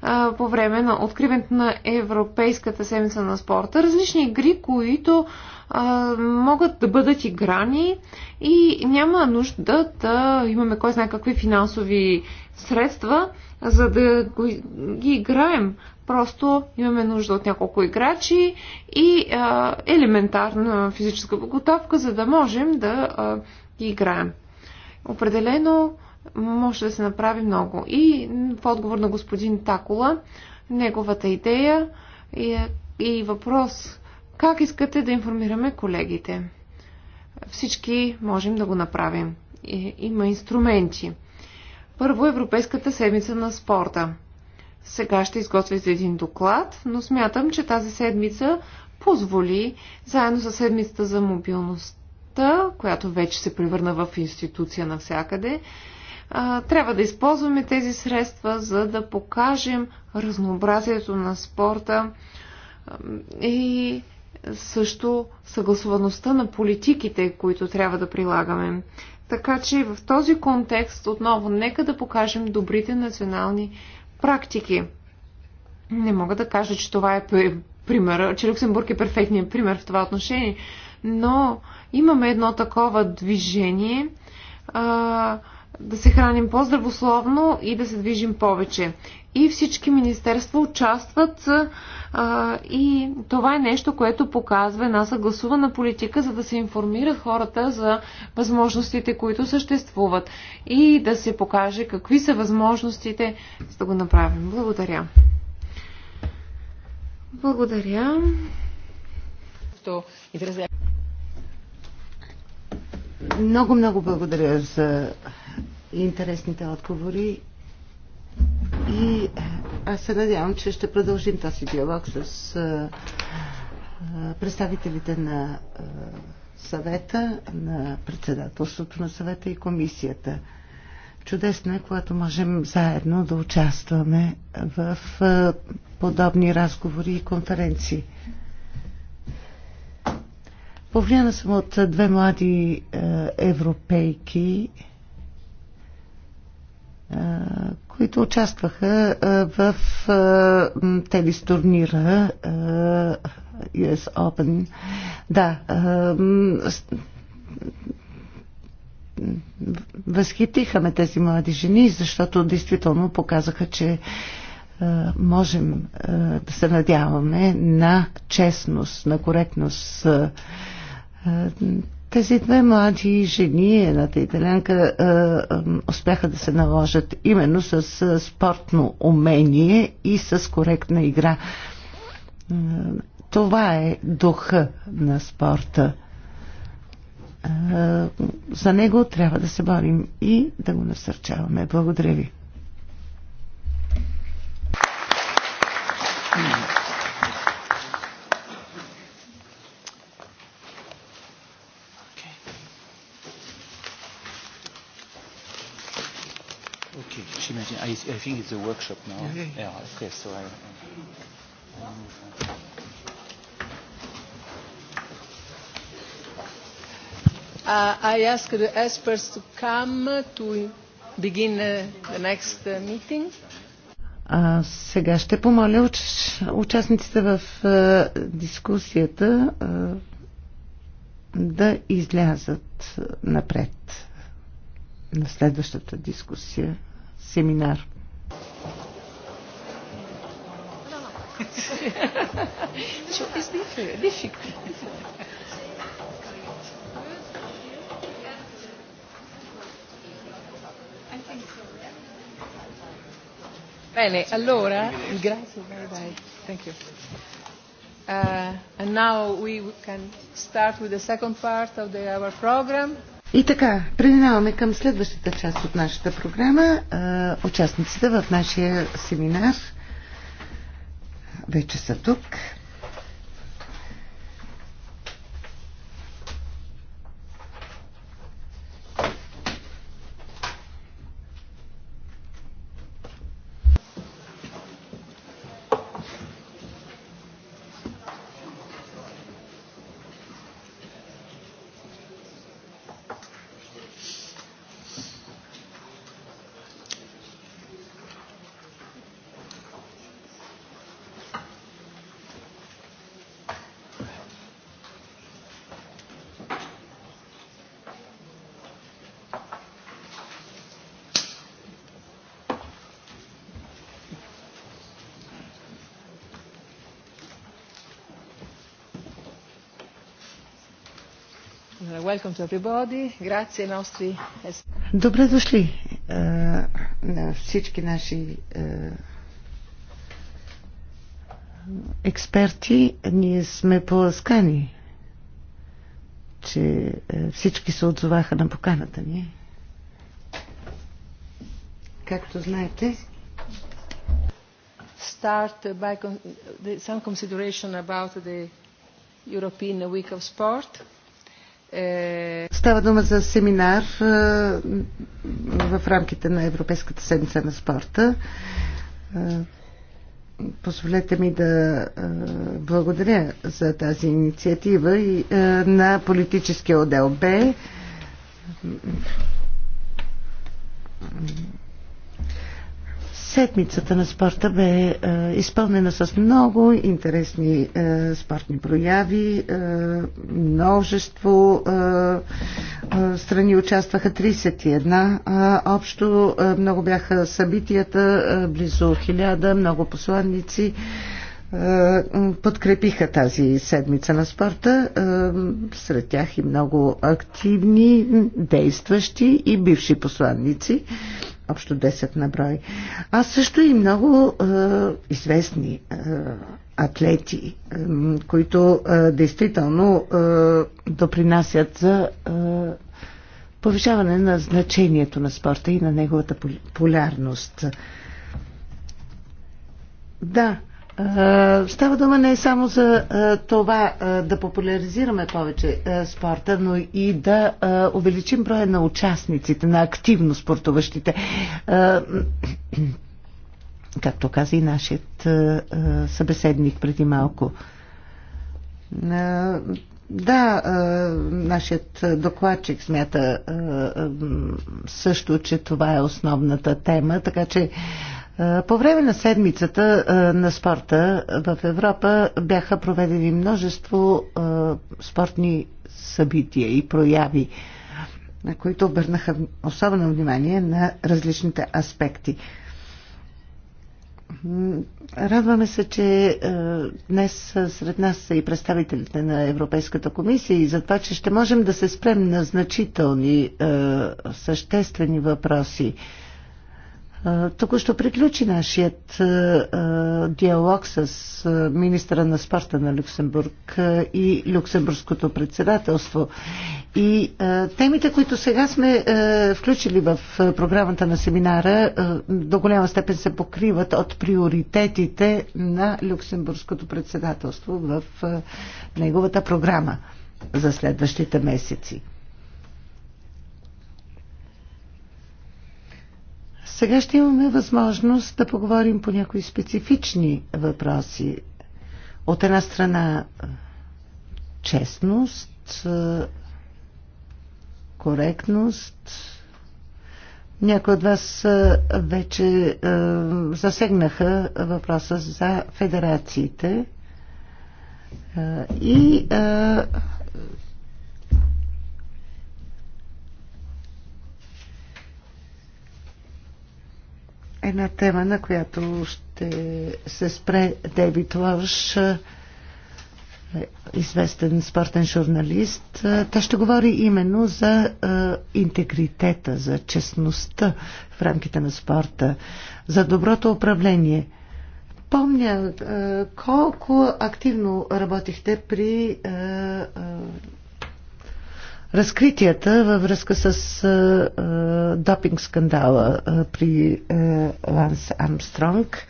а, по време на откриването на Европейската седмица на спорта. Различни игри, които а, могат да бъдат играни и няма нужда да имаме кой знае какви финансови средства, за да го, ги играем. Просто имаме нужда от няколко играчи и а, елементарна физическа подготовка, за да можем да а, ги играем. Определено може да се направи много. И в отговор на господин Такола, неговата идея и, е и въпрос как искате да информираме колегите? Всички можем да го направим. Има инструменти. Първо Европейската седмица на спорта. Сега ще изготвите един доклад, но смятам, че тази седмица позволи, заедно с седмицата за мобилността, която вече се превърна в институция навсякъде, трябва да използваме тези средства, за да покажем разнообразието на спорта и също съгласуваността на политиките, които трябва да прилагаме. Така че в този контекст отново нека да покажем добрите национални практики. Не мога да кажа, че това е пример, че Люксембург е перфектният пример в това отношение, но имаме едно такова движение а, да се храним по-здравословно и да се движим повече и всички министерства участват а, и това е нещо, което показва една съгласувана политика, за да се информират хората за възможностите, които съществуват и да се покаже какви са възможностите за да го направим. Благодаря. Благодаря. Много, много благодаря за интересните отговори и е, аз се надявам, че ще продължим този диалог с а, е, е, представителите на а, съвета, на председателството на съвета и комисията. Чудесно е, когато можем заедно да участваме в а, подобни разговори и конференции. Повлияна съм от две млади европейки, които участваха в тенис турнира US Open. Да, възхитиха ме тези млади жени, защото действително показаха, че можем да се надяваме на честност, на коректност. Тези две млади жени, едната италянка, е, е, успяха да се наложат именно с е, спортно умение и с коректна игра. Това е духа на спорта. За него трябва да се борим и да го насърчаваме. Благодаря ви. she, she mentioned, I, I think it's a workshop now. Okay. Yeah, okay, so I. I Uh, I ask the experts to come to begin uh, the next uh, meeting. А, сега ще помоля участниците в а, дискусията а, да излязат напред на следващата дискусия семинар. Bene, allora, grazie, bye bye. Thank you. Uh, and now we can start with the second part of the, our program. И така, преминаваме към следващата част от нашата програма. Участниците в нашия семинар вече са тук. Добре дошли е, на всички наши е, експерти. Ние сме поласкани, че е, всички се отзоваха на поканата ни. Както знаете, start by some consideration about the European Week of Sport. Е, Става дума за семинар е, в рамките на Европейската седмица на спорта. Е, позволете ми да благодаря за тази инициатива и на политическия отдел Б Седмицата на спорта бе е, изпълнена с много интересни е, спортни прояви. Е, множество е, е, страни участваха, 31 е, общо. Е, много бяха събитията, е, близо 1000, много посланници е, подкрепиха тази седмица на спорта. Е, сред тях и много активни, действащи и бивши посланници общо 10 на брой. А също и много е, известни е, атлети, е, които е, действително е, допринасят за е, повишаване на значението на спорта и на неговата полярност. Да, Става дума не само за това да популяризираме повече спорта, но и да увеличим броя на участниците, на активно спортуващите. Както каза и нашият събеседник преди малко. Да, нашият докладчик смята също, че това е основната тема, така че е, по време на седмицата е, на спорта в Европа бяха проведени множество е, спортни събития и прояви, на които обърнаха особено внимание на различните аспекти. Радваме се, че днес сред нас са и представителите на Европейската комисия и за това, че ще можем да се спрем на значителни, съществени въпроси Току-що приключи нашият диалог с министра на спорта на Люксембург и Люксембургското председателство. И темите, които сега сме включили в програмата на семинара, до голяма степен се покриват от приоритетите на Люксембургското председателство в неговата програма за следващите месеци. Сега ще имаме възможност да поговорим по някои специфични въпроси. От една страна честност, коректност. Някои от вас вече засегнаха въпроса за федерациите и една тема, на която ще се спре Дебит Лъж, известен спортен журналист. Той ще говори именно за интегритета, за честността в рамките на спорта, за доброто управление. Помня колко активно работихте при разкритията във връзка с а, а, допинг скандала а, при а, Ланс Армстронг.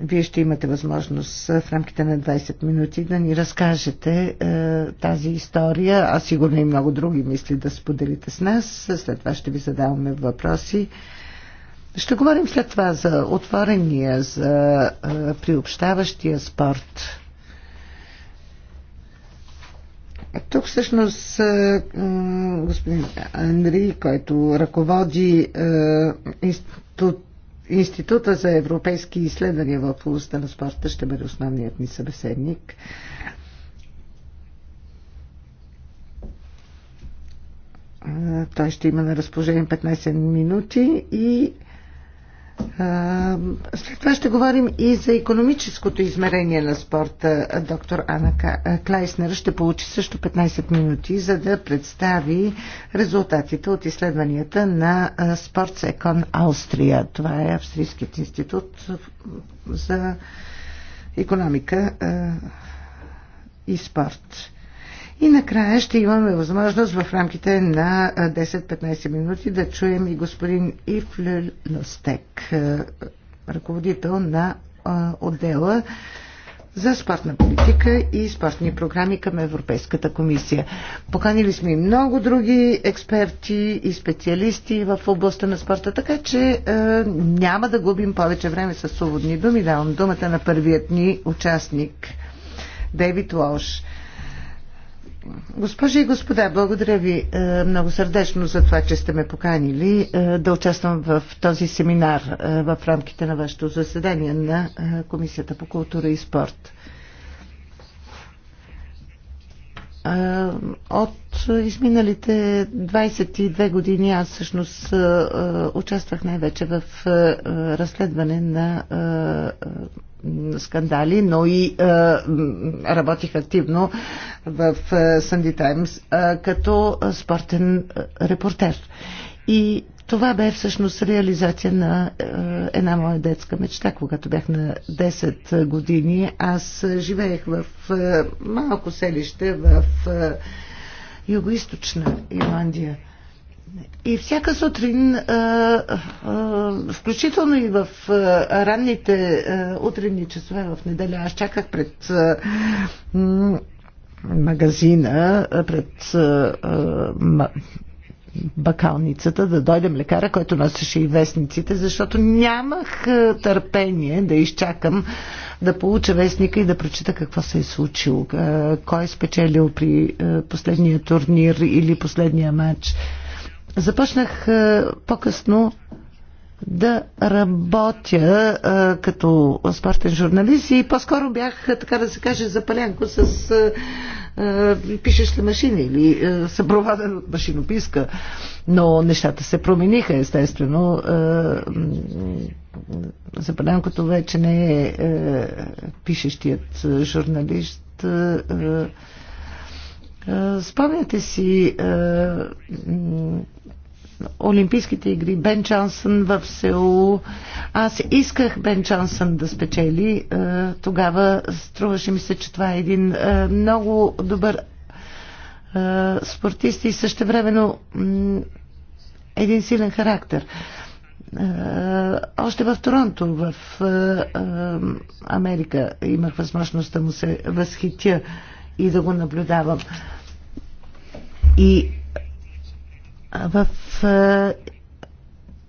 Вие ще имате възможност в рамките на 20 минути да ни разкажете е, тази история, а сигурно и много други мисли да споделите с нас. След това ще ви задаваме въпроси. Ще говорим след това за отворения, за е, приобщаващия спорт. Тук всъщност господин Андри, който ръководи Института за европейски изследвания в областта на спорта, ще бъде основният ни събеседник. Той ще има на разположение 15 минути и след това ще говорим и за економическото измерение на спорта. Доктор Ана Клайснер ще получи също 15 минути, за да представи резултатите от изследванията на Sports Аустрия. Това е Австрийският институт за економика и спорт. И накрая ще имаме възможност в рамките на 10-15 минути да чуем и господин Ифле Лостек, ръководител на отдела за спортна политика и спортни програми към Европейската комисия. Поканили сме и много други експерти и специалисти в областта на спорта, така че е, няма да губим повече време с свободни думи. Давам думата на първият ни участник, Дейвид Лош. Госпожи и господа, благодаря ви е, много сърдечно за това, че сте ме поканили е, да участвам в този семинар е, в рамките на вашето заседание на Комисията по култура и спорт. От изминалите 22 години аз всъщност участвах най-вече в разследване на скандали, но и а, е, работих активно в е, Sunday Times а, е, като спортен репортер. И това бе всъщност реализация на а, една моя детска мечта. Когато бях на 10 години, аз живеех в а, малко селище в е, юго-источна Ирландия. И всяка сутрин, включително и в ранните утренни часове в неделя, аз чаках пред магазина, пред бакалницата да дойде млекара, който носеше и вестниците, защото нямах търпение да изчакам да получа вестника и да прочита какво се е случило, кой е спечелил при последния турнир или последния матч. Започнах е, по-късно да работя а, е, като спортен журналист и по-скоро бях, е, така да се каже, запалянко с а, пишеща машина или а, съпроваден от машинописка. Но нещата се промениха, естествено. А, запалянкото вече не е а, пишещият журналист. А, е, спомняте си е, Олимпийските игри, Бен Чансън в Сеул. Аз исках Бен Чансън да спечели. Е, тогава струваше ми се, че това е един много добър спортист и същевременно един силен характер. Още в Торонто, в Америка, имах възможност да му се възхитя и да го наблюдавам. И в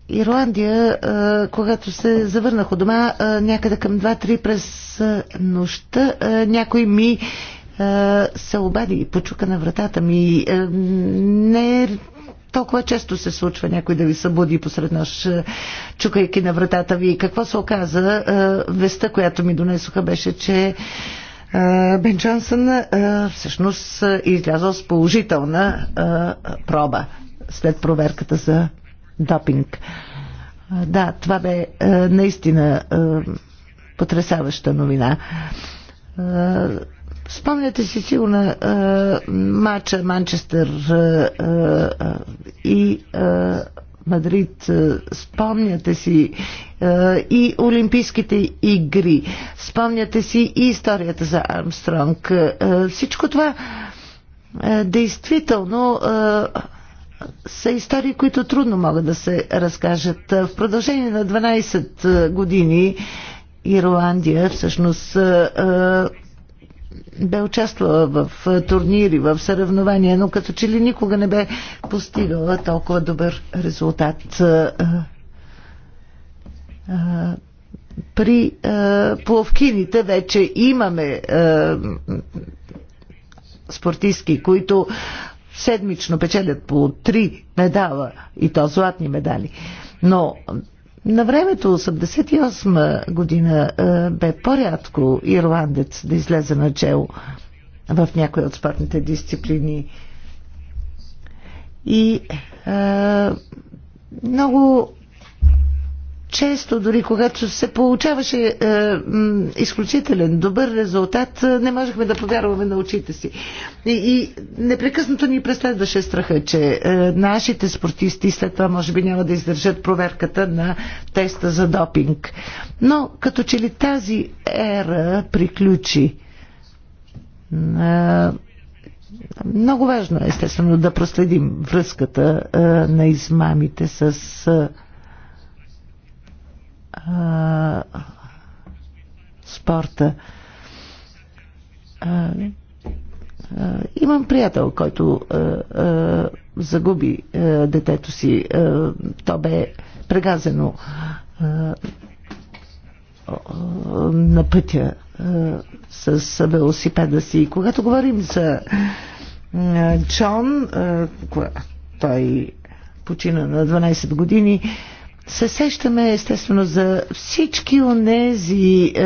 Ирландия, когато се завърнах от дома, някъде към 2-3 през нощта, някой ми се обади и почука на вратата ми. Не е толкова често се случва някой да ви събуди посред нощ, чукайки на вратата ви. Какво се оказа? Веста, която ми донесоха, беше, че Бен Джонсън всъщност е излязъл с положителна проба след проверката за допинг. Да, това бе наистина потрясаваща новина. Спомняте си сигурно матча Манчестър и Мадрид. Е, спомняте си е, и Олимпийските игри. Спомняте си и историята за Армстронг. Е, всичко това действително са истории, които трудно могат да се разкажат. В продължение на 12 години Ирландия всъщност бе участвала в турнири, в съревнования, но като че ли никога не бе постигала толкова добър резултат. При пловкините вече имаме спортистки, които седмично печелят по три медала и то златни медали. Но на времето, 88 година, е, бе по-рядко ирландец да излезе на начало в някои от спортните дисциплини. И а, е, много често, дори когато се получаваше е, изключителен добър резултат, е, не можехме да повярваме на очите си. И, и непрекъснато ни преследваше страха, че е, нашите спортисти след това може би няма да издържат проверката на теста за допинг. Но като че ли тази ера приключи. Е, много важно е, естествено, да проследим връзката е, на измамите с. Е, а, спорта. А, а, имам приятел, който а, а, загуби а, детето си. А, то бе прегазено а, на пътя а, с велосипеда си. когато говорим за а, Джон, а, той почина на 12 години, се сещаме естествено за всички онези е,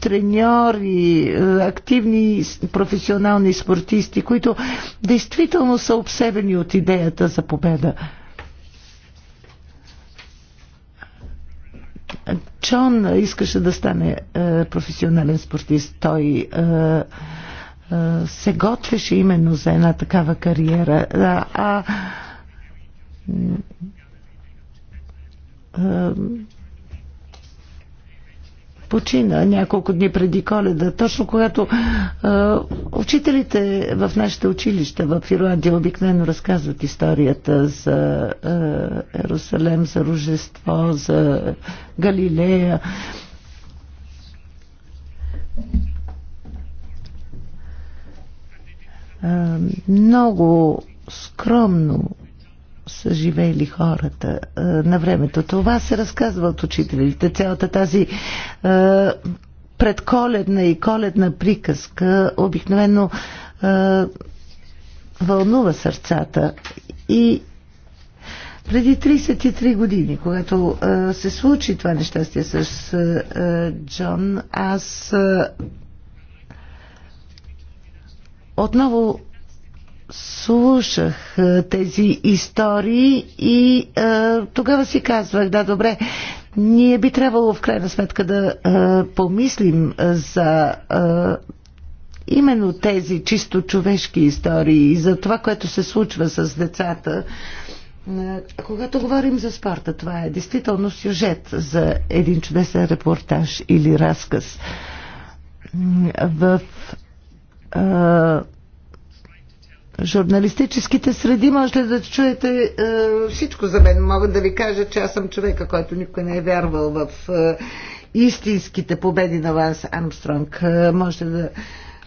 треньори, е, активни професионални спортисти, които действително са обсебени от идеята за победа. Чон искаше да стане е, професионален спортист. Той е, е, се готвеше именно за една такава кариера. А, а почина няколко дни преди коледа, точно когато а, учителите в нашите училища в Ирландия обикновено разказват историята за а, Ерусалем, за Рожество, за Галилея. много скромно са живели хората а, на времето. Това се разказва от учителите. Цялата тази а, предколедна и коледна приказка обикновено а, вълнува сърцата. И преди 33 години, когато а, се случи това нещастие с а, Джон, аз а, отново слушах тези истории и а, тогава си казвах, да, добре, ние би трябвало в крайна сметка да а, помислим за а, именно тези чисто човешки истории и за това, което се случва с децата. Когато говорим за спорта, това е действително сюжет за един чудесен репортаж или разказ. В журналистическите среди можете да чуете е, всичко за мен. Мога да ви кажа, че аз съм човека, който никой не е вярвал в е, истинските победи на Вас Армстронг. Е, можете да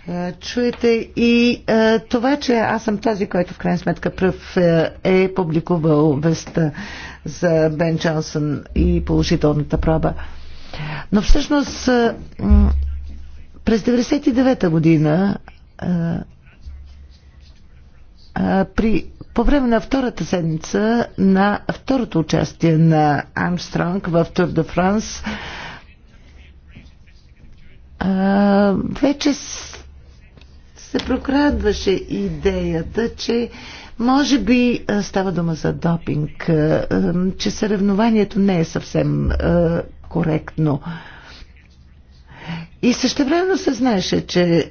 е, чуете и е, това, че аз съм този, който в крайна сметка пръв е, е публикувал веста за Бен Джонсън и положителната проба. Но всъщност е, през 99-та година е, при, по време на втората седмица на второто участие на Армстронг в Тур де Франс вече се прокрадваше идеята, че може би става дума за допинг, че съревнованието не е съвсем коректно. И същевременно се знаеше, че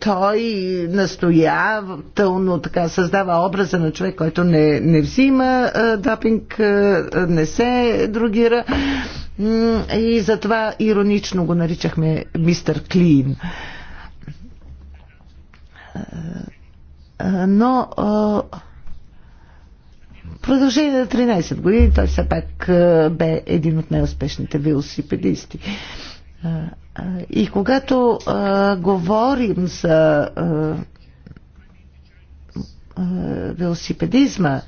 той настоятелно така създава образа на човек, който не, не взима а, допинг, а, не се другира. И затова иронично го наричахме мистер Клин. Но а, продължение на 13 години той все пак бе един от най-успешните велосипедисти. И когато а, говорим за а, а, велосипедизма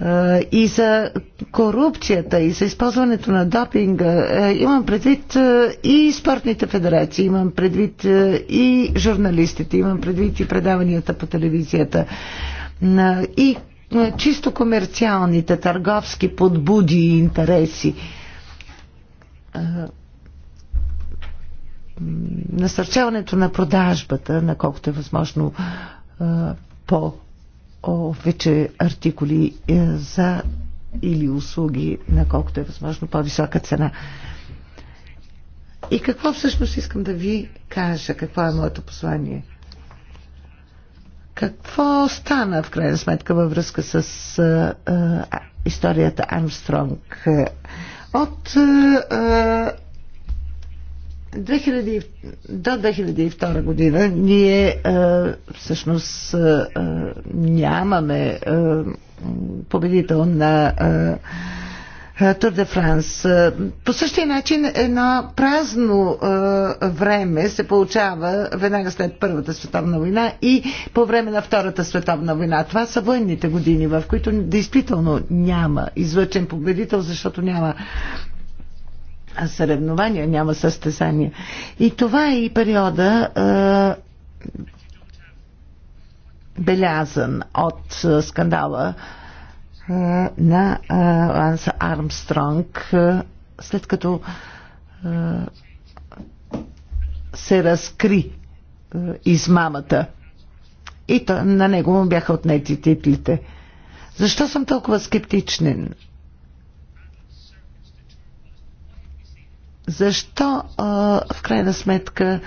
а, и за корупцията и за използването на допинга, а, имам предвид а, и спортните федерации, имам предвид а, и журналистите, имам предвид и предаванията по телевизията. А, и а, чисто комерциалните, търговски подбуди и интереси. А, насърчаването на продажбата, на колкото е възможно по вече артикули е, за или услуги, на колкото е възможно по-висока цена. И какво всъщност искам да ви кажа? Какво е моето послание? Какво стана в крайна сметка във връзка с а, а, историята Армстронг? От а, 2000, до 2002 година ние а, всъщност а, нямаме а, победител на Тур де Франс. По същия начин едно празно време се получава веднага след Първата световна война и по време на Втората световна война. Това са военните години, в които действително няма излъчен победител, защото няма съревнования, няма състезания. И това е и периода е, белязан от скандала е, на е, Ланс Армстронг, е, след като е, се разкри е, измамата и то, на него му бяха отнети титлите. Защо съм толкова скептичен? Защо в крайна сметка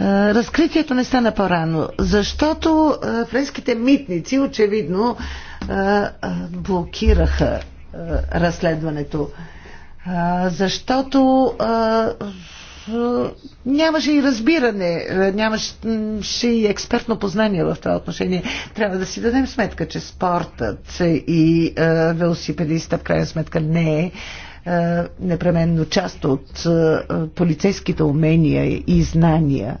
разкритието не стана по-рано? Защото френските митници очевидно блокираха разследването. Защото нямаше и разбиране, нямаше и експертно познание в това отношение. Трябва да си дадем сметка, че спортът и велосипедиста в крайна сметка не е е, непременно част от е, полицейските умения и знания.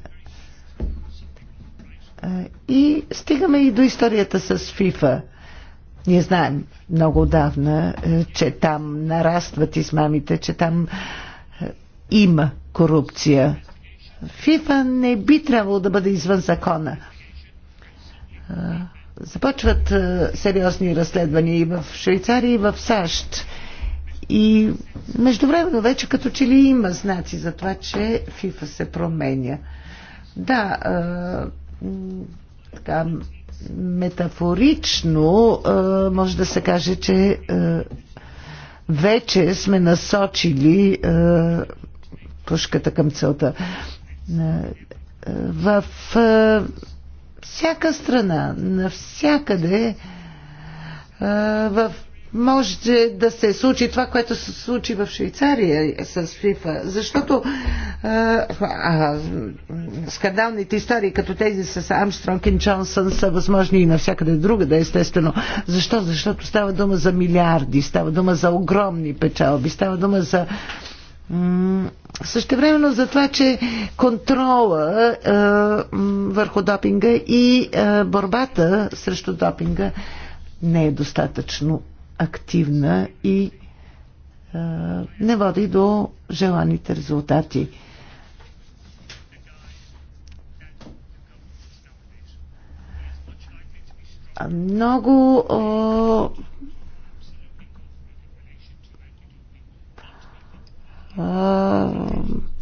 Е, и стигаме и до историята с ФИФА. Ние знаем много отдавна, че там нарастват измамите, че там има корупция. ФИФА не би трябвало да бъде извън закона. Започват сериозни разследвания и в Швейцария, и в САЩ. И между междувременно вече като че ли има знаци за това, че ФИФА се променя. Да, е, така, метафорично е, може да се каже, че е, вече сме насочили е, пушката към целта. В е, всяка страна, навсякъде, е, в може да се случи това, което се случи в Швейцария с ФИФА. Защото а, а, скандалните истории, като тези с Амстронг и Джонсън, са възможни и навсякъде друга, да естествено. Защо? Защото става дума за милиарди, става дума за огромни печалби, става дума за Същевременно за това, че контрола е, върху допинга и е, борбата срещу допинга не е достатъчно активна и не води до желаните резултати. Много о,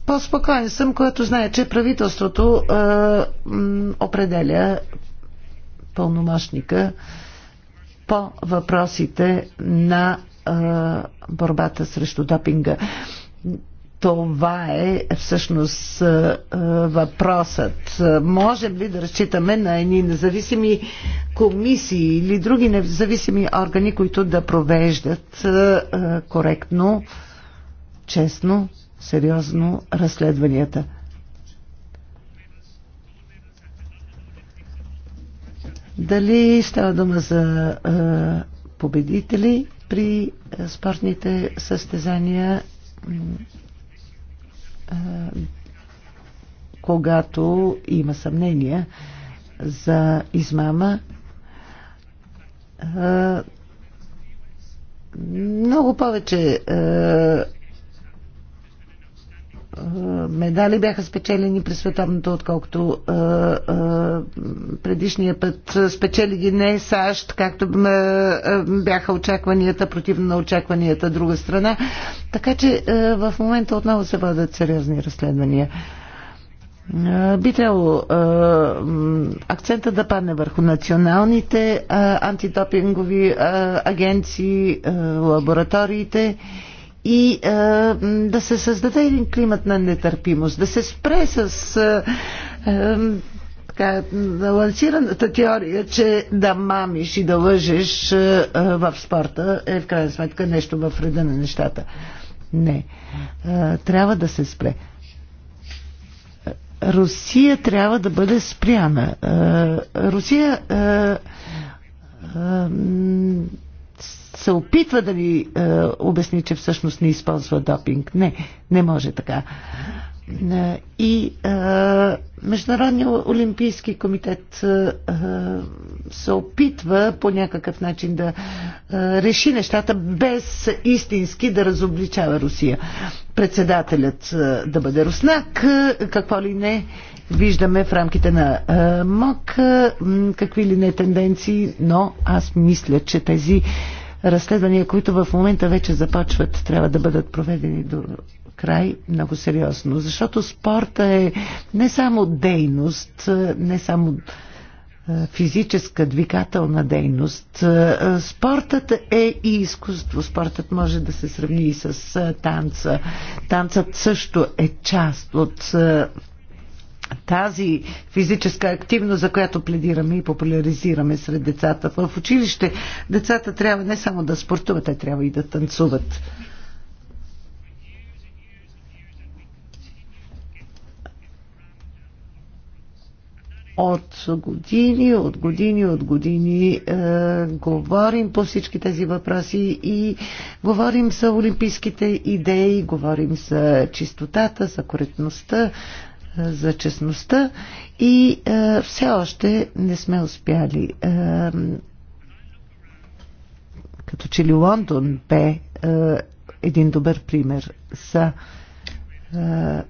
по-спокоен съм, който знае, че правителството а, определя пълномощника по въпросите на борбата срещу допинга. Това е всъщност въпросът. Можем ли да разчитаме на едни независими комисии или други независими органи, които да провеждат коректно, честно, сериозно разследванията? Дали става дума за победители при спортните състезания, когато има съмнения за измама. Много повече е, медали бяха спечелени при световното, отколкото е, е, предишния път спечели ги не САЩ, както бяха очакванията, противно на очакванията друга страна. Така че в момента отново се водят сериозни разследвания. Би трябвало акцента да падне върху националните антитопингови агенции, лабораториите и а, е, да се създаде един климат на нетърпимост, да се спре с а, е, а, е, така, лансираната теория, че да мамиш и да лъжеш а, в спорта е в крайна сметка нещо в реда на нещата. Не. А, трябва да се спре. Русия трябва да бъде спряна. А, Русия. А, се опитва да ви е, обясни, че всъщност не използва допинг. Не, не може така. Е, и е, Международният олимпийски комитет е, е, се опитва по някакъв начин да е, реши нещата без истински да разобличава Русия. Председателят е, да бъде руснак, е, какво ли не, виждаме в рамките на МОК какви ли не тенденции, но аз мисля, че тези разследвания, които в момента вече започват, трябва да бъдат проведени до край много сериозно. Защото спорта е не само дейност, не само физическа двигателна дейност. Спортът е и изкуство. Спортът може да се сравни и с танца. Танцът също е част от тази физическа активност, за която пледираме и популяризираме сред децата в училище, децата трябва не само да спортуват, а трябва и да танцуват. от години, от години, от години е, говорим по всички тези въпроси и говорим за олимпийските идеи, говорим за чистотата, за коректността, за честността и а, е, все още не сме успяли. А, е, като че ли Лондон бе а, е, един добър пример за а,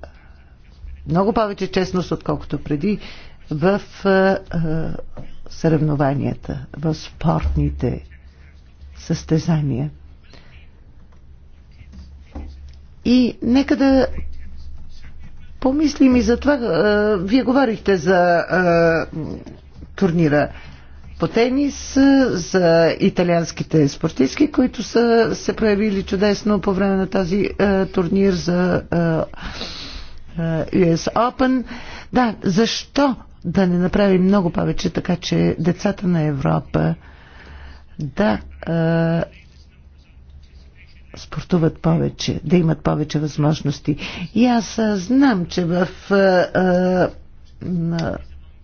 много повече честност, отколкото преди в а, а, съревнованията, в спортните състезания. И нека да помислим и за това. Вие говорихте за турнира по тенис, за италианските спортистки, които са се проявили чудесно по време на този турнир за US Open. Да, защо да не направим много повече, така че децата на Европа да спортуват повече, да имат повече възможности. И аз знам, че в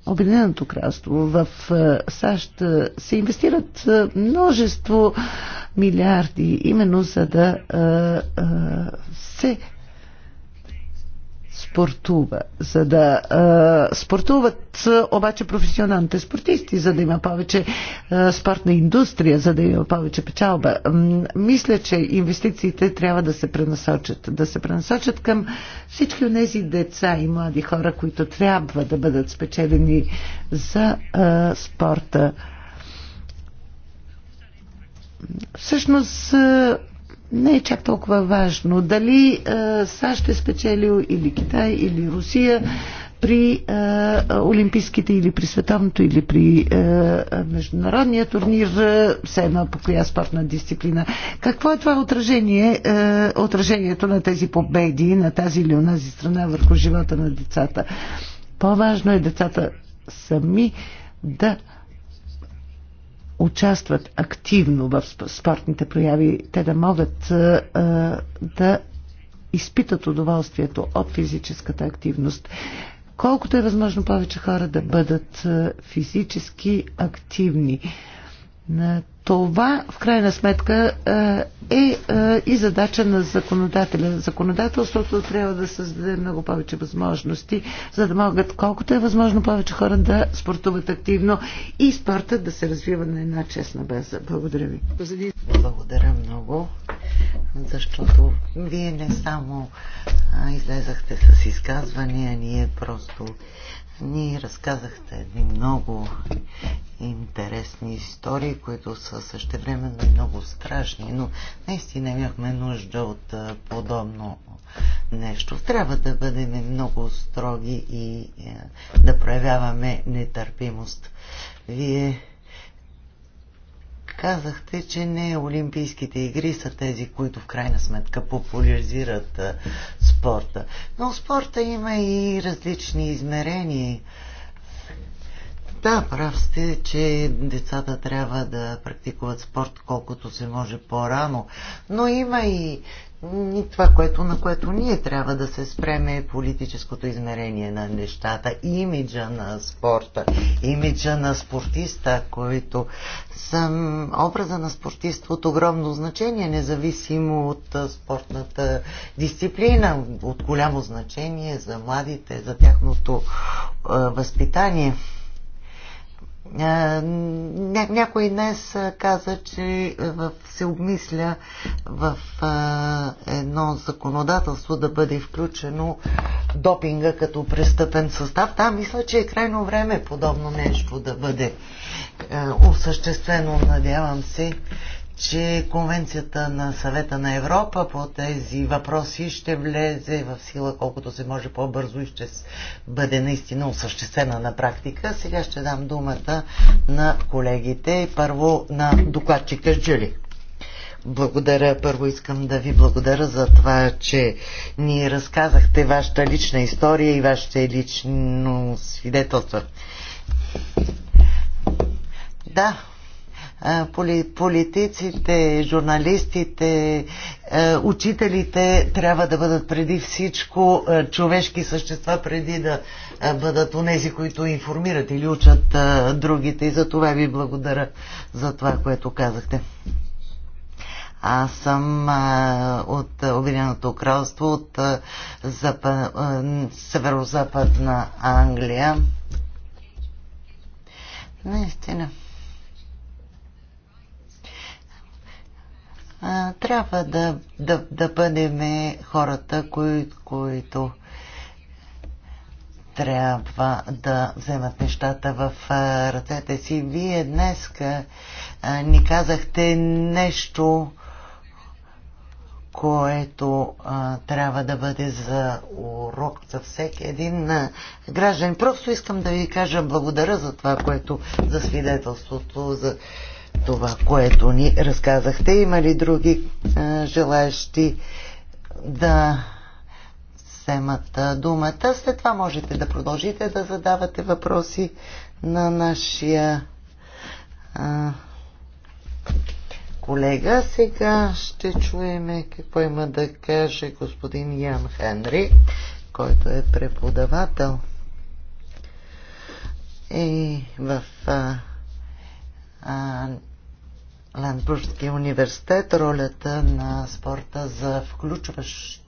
Обединеното кралство, в САЩ се инвестират множество милиарди, именно за да се спортува, за да а, спортуват обаче професионалните спортисти, за да има повече а, спортна индустрия, за да има повече печалба. Мисля, че инвестициите трябва да се пренасочат. Да се пренасочат към всички от тези деца и млади хора, които трябва да бъдат спечелени за а, спорта. Всъщност не е чак толкова важно дали а, е, САЩ е спечелил или Китай или Русия при а, е, Олимпийските или при Световното или при а, е, Международния турнир, все едно по коя спортна дисциплина. Какво е това отражение, а, отражението на тези победи, на тази или онази страна върху живота на децата? По-важно е децата сами да участват активно в спортните прояви, те да могат да изпитат удоволствието от физическата активност. Колкото е възможно повече хора да бъдат физически активни това в крайна сметка е, е и задача на законодателя. Законодателството трябва да създаде много повече възможности, за да могат колкото е възможно повече хора да спортуват активно и спорта да се развива на една честна база. Благодаря ви. Благодаря много, защото вие не само излезахте с изказвания, ние просто ни разказахте едни много интересни истории, които са същевременно много страшни, но наистина имахме нужда от подобно нещо. Трябва да бъдем много строги и да проявяваме нетърпимост. Вие казахте, че не Олимпийските игри са тези, които в крайна сметка популяризират спорта. Но спорта има и различни измерения. Да, прав сте, че децата трябва да практикуват спорт колкото се може по-рано, но има и и това, което, на което ние трябва да се спреме е политическото измерение на нещата, имиджа на спорта, имиджа на спортиста, които съм образа на спортист от огромно значение, независимо от спортната дисциплина, от голямо значение за младите, за тяхното е, възпитание. Е, ня, някой днес е, каза, че е, в, се обмисля в а, едно законодателство да бъде включено допинга като престъпен състав. Да, мисля, че е крайно време подобно нещо да бъде а, осъществено. Надявам се, че Конвенцията на съвета на Европа по тези въпроси ще влезе в сила колкото се може по-бързо и ще бъде наистина осъществена на практика. Сега ще дам думата на колегите и първо на докладчика Джули. Благодаря. Първо искам да ви благодаря за това, че ни разказахте вашата лична история и вашето лично свидетелства. Да, политиците, журналистите, учителите трябва да бъдат преди всичко човешки същества, преди да бъдат унези, които информират или учат другите. И за това ви благодаря за това, което казахте. Аз съм а, от Обединеното кралство, от запа, а, северо-западна Англия. Наистина. а, трябва да, да, да бъдем хората, кои, които трябва да вземат нещата в ръцете си. Вие днес ни казахте нещо, което а, трябва да бъде за урок за всеки един а, граждан. Просто искам да ви кажа благодаря за това, което за свидетелството, за това, което ни разказахте. Има ли други е, желаящи да вземат е, думата? След това можете да продължите да задавате въпроси на нашия е, колега. Сега ще чуем какво има да каже господин Ян Хенри, който е преподавател и е, в е, а, а, Ландбургския университет ролята на спорта за включващ,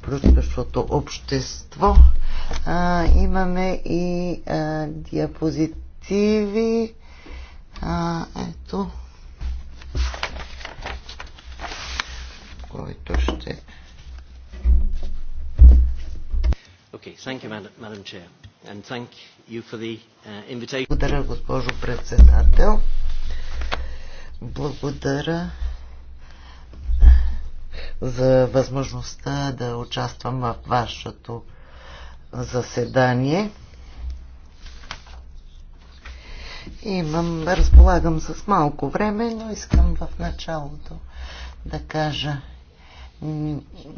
включващото общество. А, имаме и а, диапозитиви. А, ето, който ще. Okay, thank you, Madam, Madam Chair. And thank you for the uh, invitation. Благодаря, госпожо председател. Благодаря за възможността да участвам в вашето заседание. Имам, разполагам с малко време, но искам в началото да кажа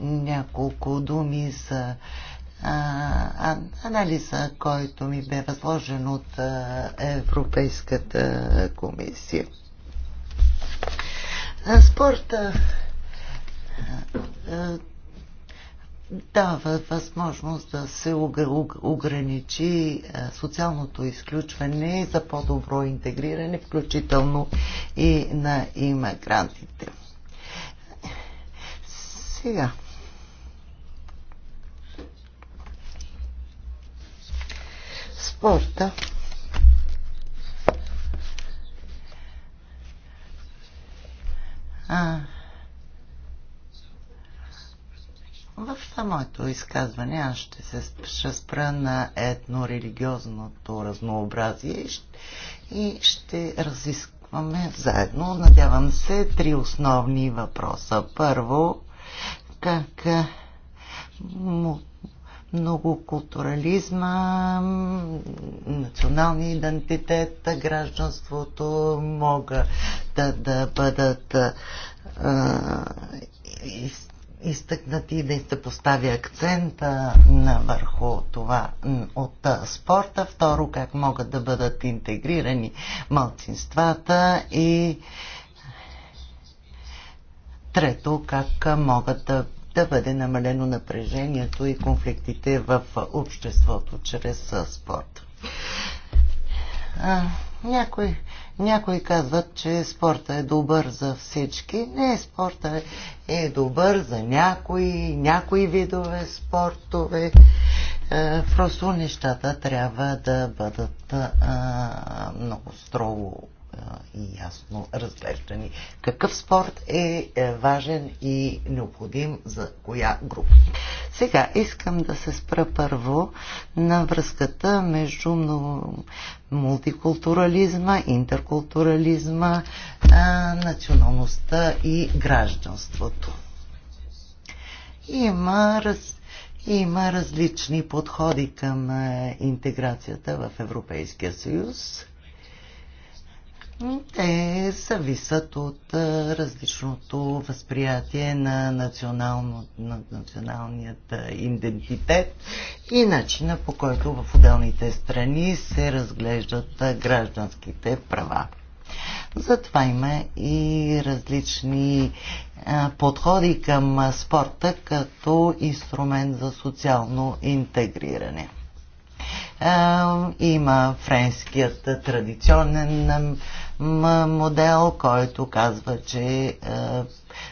няколко думи за а, анализа, който ми бе възложен от Европейската комисия. Спорта дава възможност да се ограничи социалното изключване за по-добро интегриране, включително и на иммигрантите. Сега. Спорта А, в самото изказване аз ще се ще спра на етнорелигиозното разнообразие и ще разискваме заедно, надявам се, три основни въпроса. Първо, как му многокултурализма, националния идентитет, гражданството мога да, да бъдат а, из, изтъкнати и да се постави акцента на върху това от спорта. Второ, как могат да бъдат интегрирани малцинствата и Трето, как могат да да бъде намалено напрежението и конфликтите в обществото чрез спорт. А, някой, някои казват, че спорта е добър за всички. Не, спорта е добър за някои, някои видове спортове. А, просто нещата трябва да бъдат а, много строго и ясно разглеждани. Какъв спорт е, е важен и необходим за коя група? Сега искам да се спра първо на връзката между мултикултурализма, интеркултурализма, националността и гражданството. Има раз, има различни подходи към интеграцията в Европейския съюз. Те зависят от различното възприятие на, национално, на националният идентитет и начина по който в отделните страни се разглеждат гражданските права. Затова има и различни подходи към спорта като инструмент за социално интегриране. Има френският традиционен модел, който казва, че е,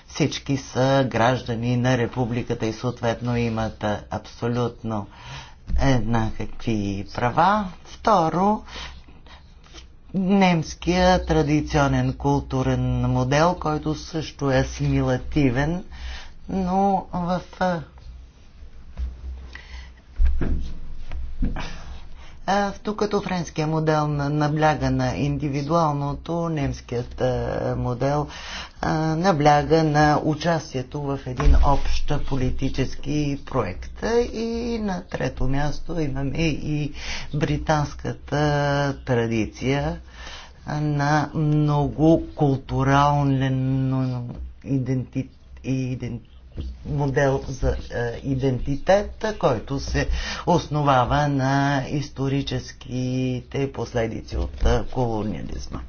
всички са граждани на републиката и съответно имат е, абсолютно еднакви права. Второ, немския традиционен културен модел, който също е асимилативен, но в е, като френския модел набляга на индивидуалното, немският модел набляга на участието в един общ политически проект. И на трето място имаме и британската традиция на многокултурален идентит, идентит модел за е, идентитет, който се основава на историческите последици от е, колониализма.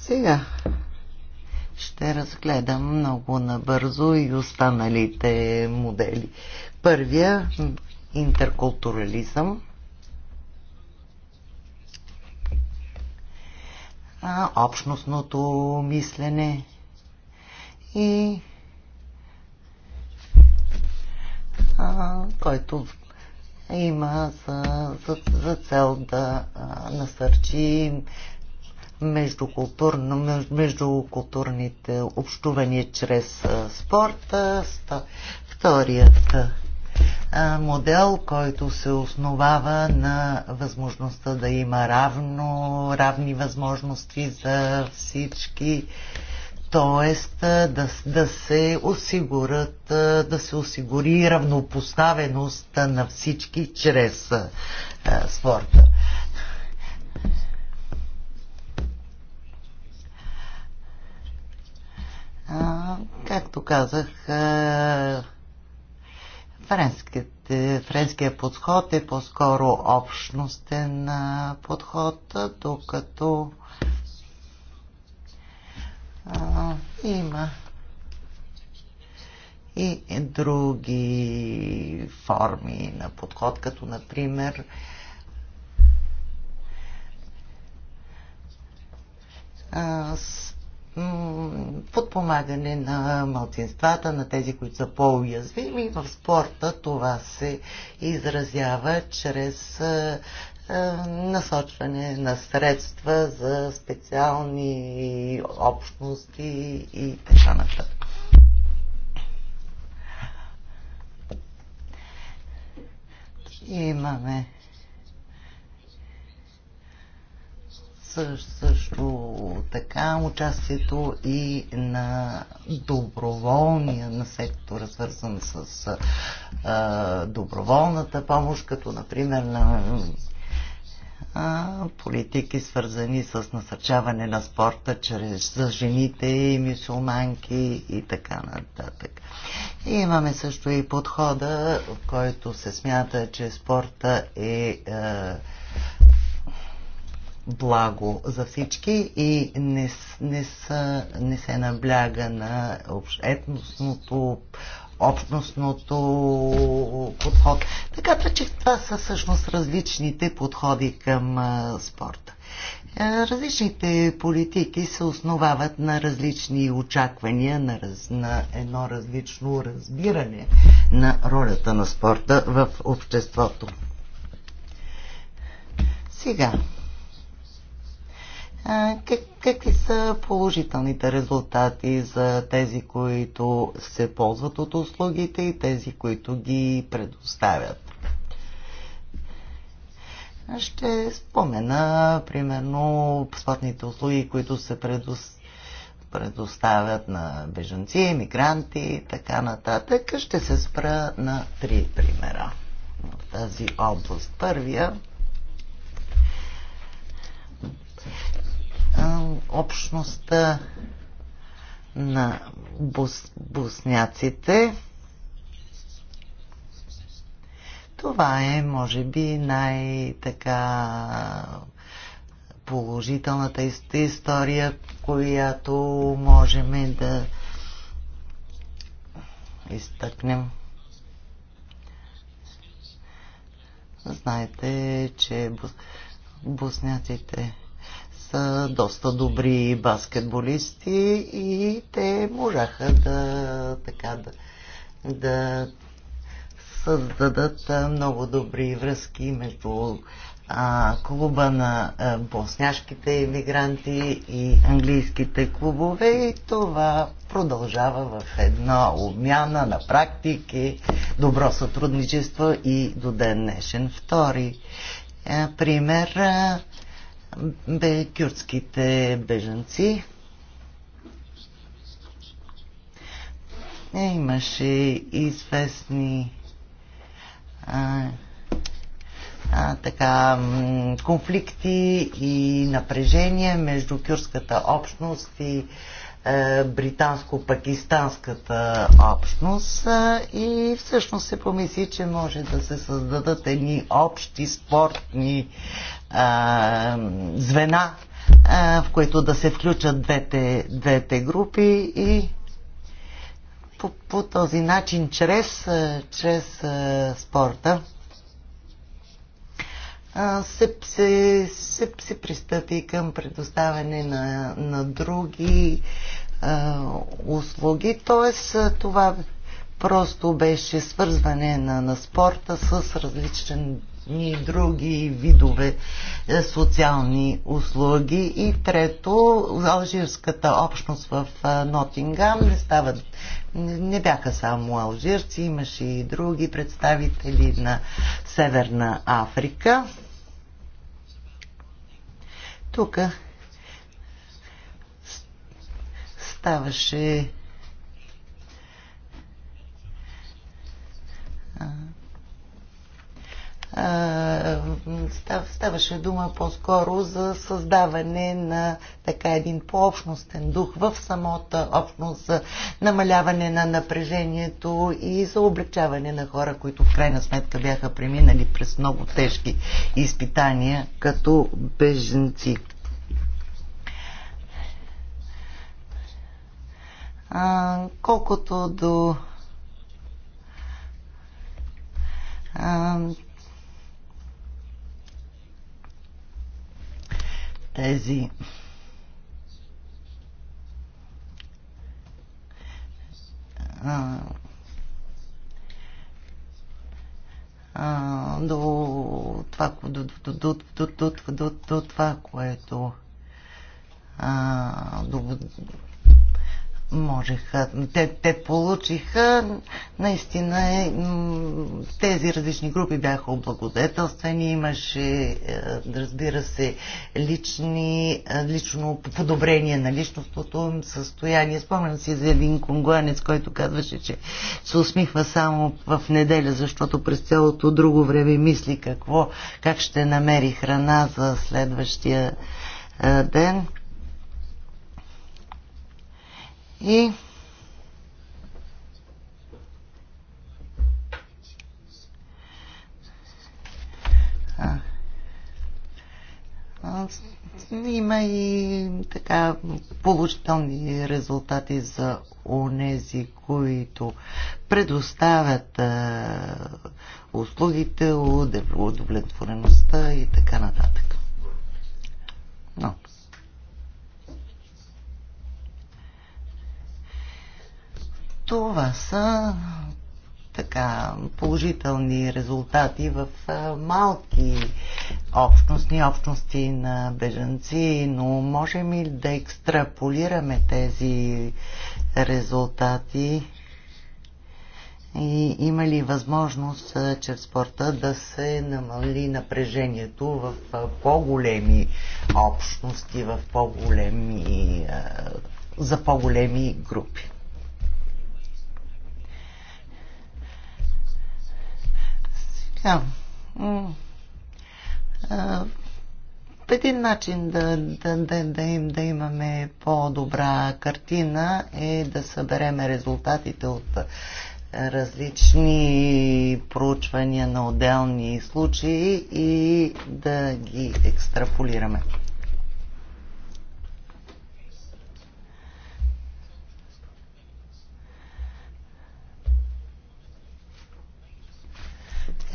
Сега ще разгледам много набързо и останалите модели. Първия интеркултурализъм. а, общностното мислене и а, който има за, за, за цел да а, насърчи междукултурно, междукултурните общувания чрез а, спорта. Вторият модел, който се основава на възможността да има равно, равни възможности за всички, т.е. Да, да се осигурят, да се осигури равнопоставеност на всички чрез спорта. както казах, е, френският подход е по-скоро общностен подход, докато а, има и други форми на подход, като например а, с подпомагане на малцинствата, на тези, които са по-уязвими. В спорта това се изразява чрез насочване на средства за специални общности и така нататък. Имаме също, също така участието и на доброволния на сектора, свързан с а, доброволната помощ, като например на а, политики, свързани с насърчаване на спорта чрез за жените и мюсюлманки и така нататък. И имаме също и подхода, в който се смята, че спорта е а, благо за всички и не, не, са, не се набляга на етносното общностното подход. Така че това са всъщност различните подходи към а, спорта. Различните политики се основават на различни очаквания, на, раз, на едно различно разбиране на ролята на спорта в обществото. Сега, как, какви са положителните резултати за тези, които се ползват от услугите и тези, които ги предоставят? Ще спомена, примерно, платните услуги, които се предоставят предоставят на бежанци, мигранти и така нататък. Ще се спра на три примера в тази област. Първия общността на бус, бусняците. Това е, може би, най-така положителната история, която можем да изтъкнем. Знаете, че бус... бусняците доста добри баскетболисти и те можаха да, така, да, да създадат много добри връзки между а, клуба на а, босняшките иммигранти и английските клубове и това продължава в една обмяна на практики, добро сътрудничество и до ден днешен. Втори а, е, пример а, бе кюртските бежанци. Е, имаше известни а, а, така, конфликти и напрежения между кюрската общност и е, британско-пакистанската общност е, и всъщност се помисли, че може да се създадат едни общи спортни а, е, звена, а, в които да се включат двете, двете групи и по, по този начин, чрез, чрез спорта, се, се, се, се пристъпи към предоставяне на, на други а, услуги. Тоест, това просто беше свързване на, на спорта с различни други видове е, социални услуги. И трето, алжирската общност в Нотингам не, става, не бяха само алжирци, имаше и други представители на Северна Африка. Тук ставаше ставаше дума по-скоро за създаване на така един по-общностен дух в самата общност, за намаляване на напрежението и за облегчаване на хора, които в крайна сметка бяха преминали през много тежки изпитания като беженци. А, колкото до а, тези а, а, до, това, до, до, до, до, до, до, до това, което а, до, можеха, те, те получиха, наистина е, тези различни групи бяха облагодетелствени, имаше, е, разбира се, лични, е, лично подобрение на личностното им състояние. Спомням си за един конгуанец, който казваше, че се усмихва само в неделя, защото през цялото друго време мисли какво, как ще намери храна за следващия ден и има и така положителни резултати за онези, които предоставят а, услугите, удовлетвореността и така нататък. Това са така положителни резултати в малки общностни общности на бежанци, но можем ли да екстраполираме тези резултати и има ли възможност чрез спорта да се намали напрежението в по-големи общности, в по-големи, за по-големи групи? Да. Един начин да, да, да, да, им, да имаме по-добра картина е да събереме резултатите от различни проучвания на отделни случаи и да ги екстраполираме.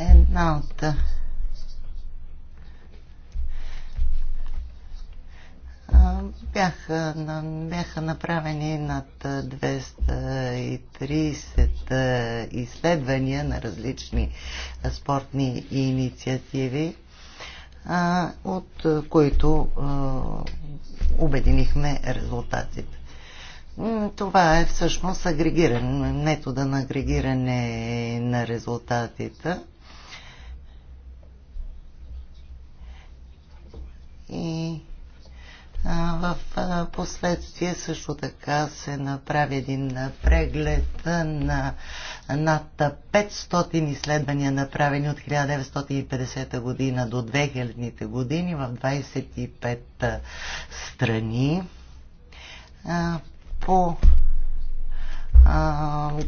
Една от бяха, бяха направени над 230 изследвания на различни спортни инициативи, от които обединихме резултатите. Това е всъщност агрегиран, метода на агрегиране на резултатите и в последствие също така се направи един преглед на над 500 изследвания, направени от 1950 година до 2000 години в 25 страни. По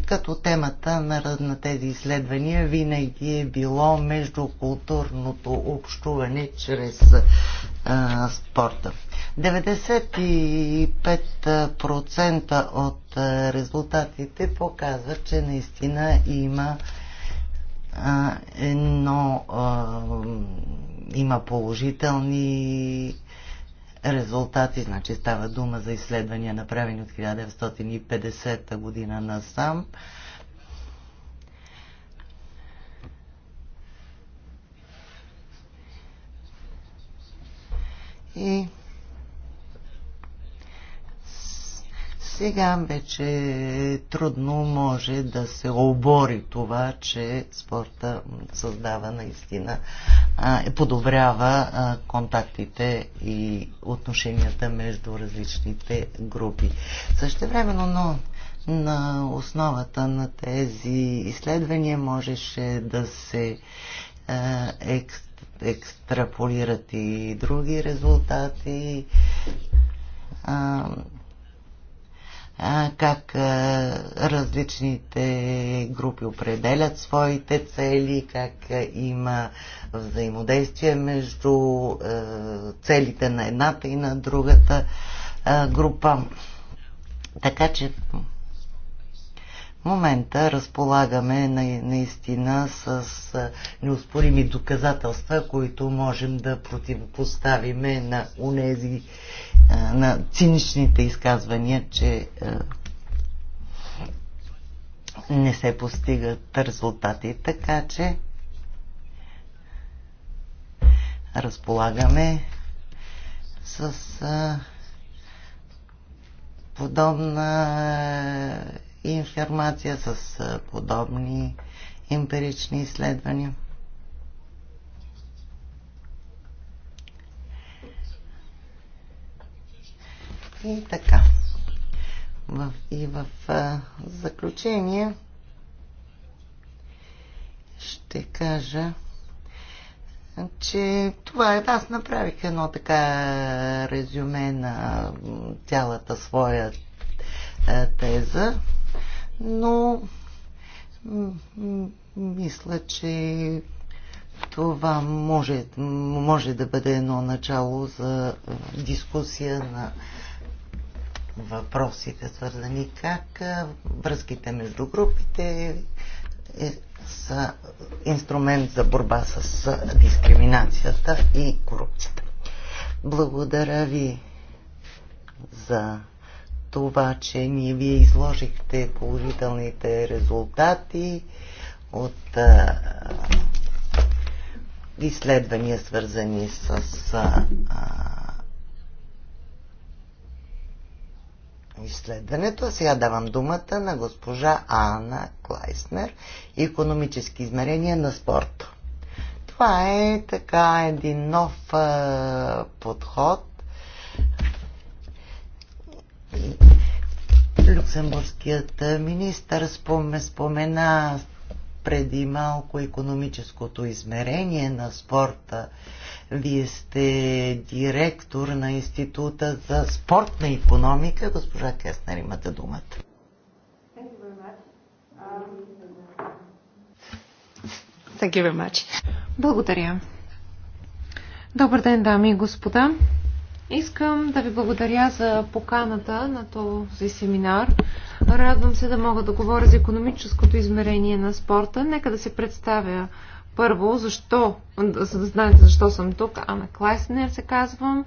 като темата на, на тези изследвания винаги е било междукултурното общуване чрез спорта. 95% от резултатите показват, че наистина има едно има положителни резултати, значи става дума за изследвания направени от 1950 година насам. сам И сега вече трудно може да се обори това, че спорта създава наистина, е, подобрява контактите и отношенията между различните групи. Също времено, но на основата на тези изследвания можеше да се е екстраполират и други резултати. А, а, как а, различните групи определят своите цели, как а, има взаимодействие между а, целите на едната и на другата а, група. Така че момента разполагаме наистина с неоспорими доказателства, които можем да противопоставиме на унези, на циничните изказвания, че не се постигат резултати. Така че разполагаме с подобна информация, с подобни емпирични изследвания. И така. и в заключение ще кажа, че това е. Аз направих едно така резюме на цялата своя теза но мисля, че това може, може да бъде едно начало за дискусия на въпросите, свързани как връзките между групите е, са инструмент за борба с дискриминацията и корупцията. Благодаря ви за това, че ние вие изложихте положителните резултати от а, изследвания, свързани с а, изследването. Сега давам думата на госпожа Анна Клайснер, економически измерения на спорта. Това е така един нов а, подход Люксембургският министр спомена преди малко економическото измерение на спорта. Вие сте директор на Института за спортна економика. Госпожа Кеснер, имате думата. Благодаря. Добър ден, дами и господа. Искам да ви благодаря за поканата на този семинар. Радвам се да мога да говоря за економическото измерение на спорта. Нека да се представя първо, защо, за да знаете защо съм тук. Ана Клайснер се казвам,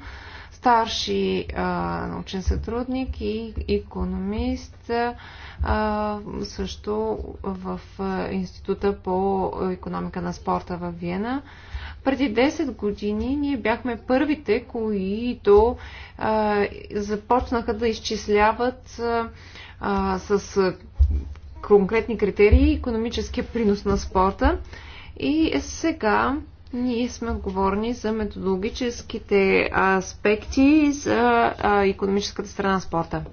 старши а, научен сътрудник и економист, а, също в Института по економика на спорта в Виена. Преди 10 години ние бяхме първите, които а, започнаха да изчисляват а, с конкретни критерии економическия принос на спорта. И е сега ние сме отговорни за методологическите аспекти за економическата страна на спорта.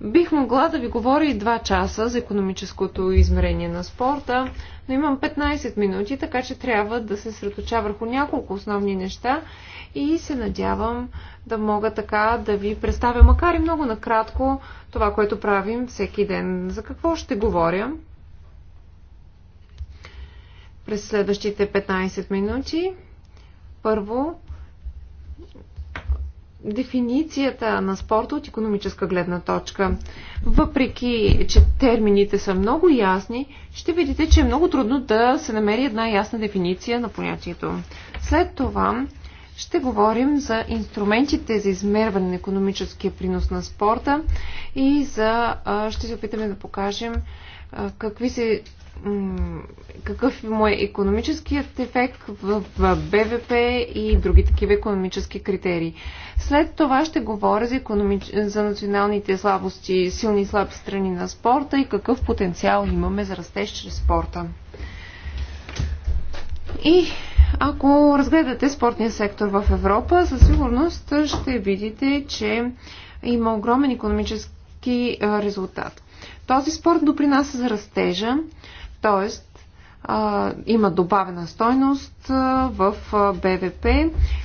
Бих могла да ви говоря и 2 часа за економическото измерение на спорта, но имам 15 минути, така че трябва да се средоча върху няколко основни неща и се надявам да мога така да ви представя, макар и много накратко, това, което правим всеки ден. За какво ще говоря? През следващите 15 минути. Първо, дефиницията на спорта от економическа гледна точка. Въпреки, че термините са много ясни, ще видите, че е много трудно да се намери една ясна дефиниция на понятието. След това ще говорим за инструментите за измерване на економическия принос на спорта и за, ще се опитаме да покажем какви се какъв му е економическият ефект в БВП и други такива економически критерии. След това ще говоря за, економич... за националните слабости, силни и слаби страни на спорта и какъв потенциал имаме за растеж чрез спорта. И ако разгледате спортния сектор в Европа, със сигурност ще видите, че има огромен економически резултат. Този спорт допринася за растежа, Тоест, а, има добавена стойност в БВП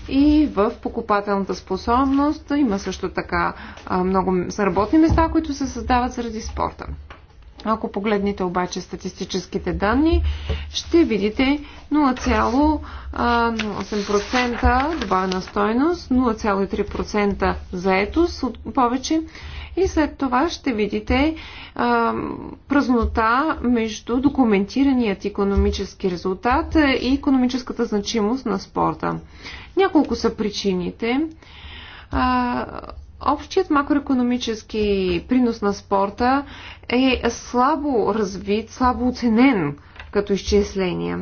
и в покупателната способност. Има също така а, много работни места, които се създават заради спорта. Ако погледнете обаче статистическите данни, ще видите 0,8% добавена стойност, 0,3% заетост от повече и след това ще видите а, празнота между документираният економически резултат и економическата значимост на спорта. Няколко са причините. А, Общият макроекономически принос на спорта е слабо развит, слабо оценен като изчисление.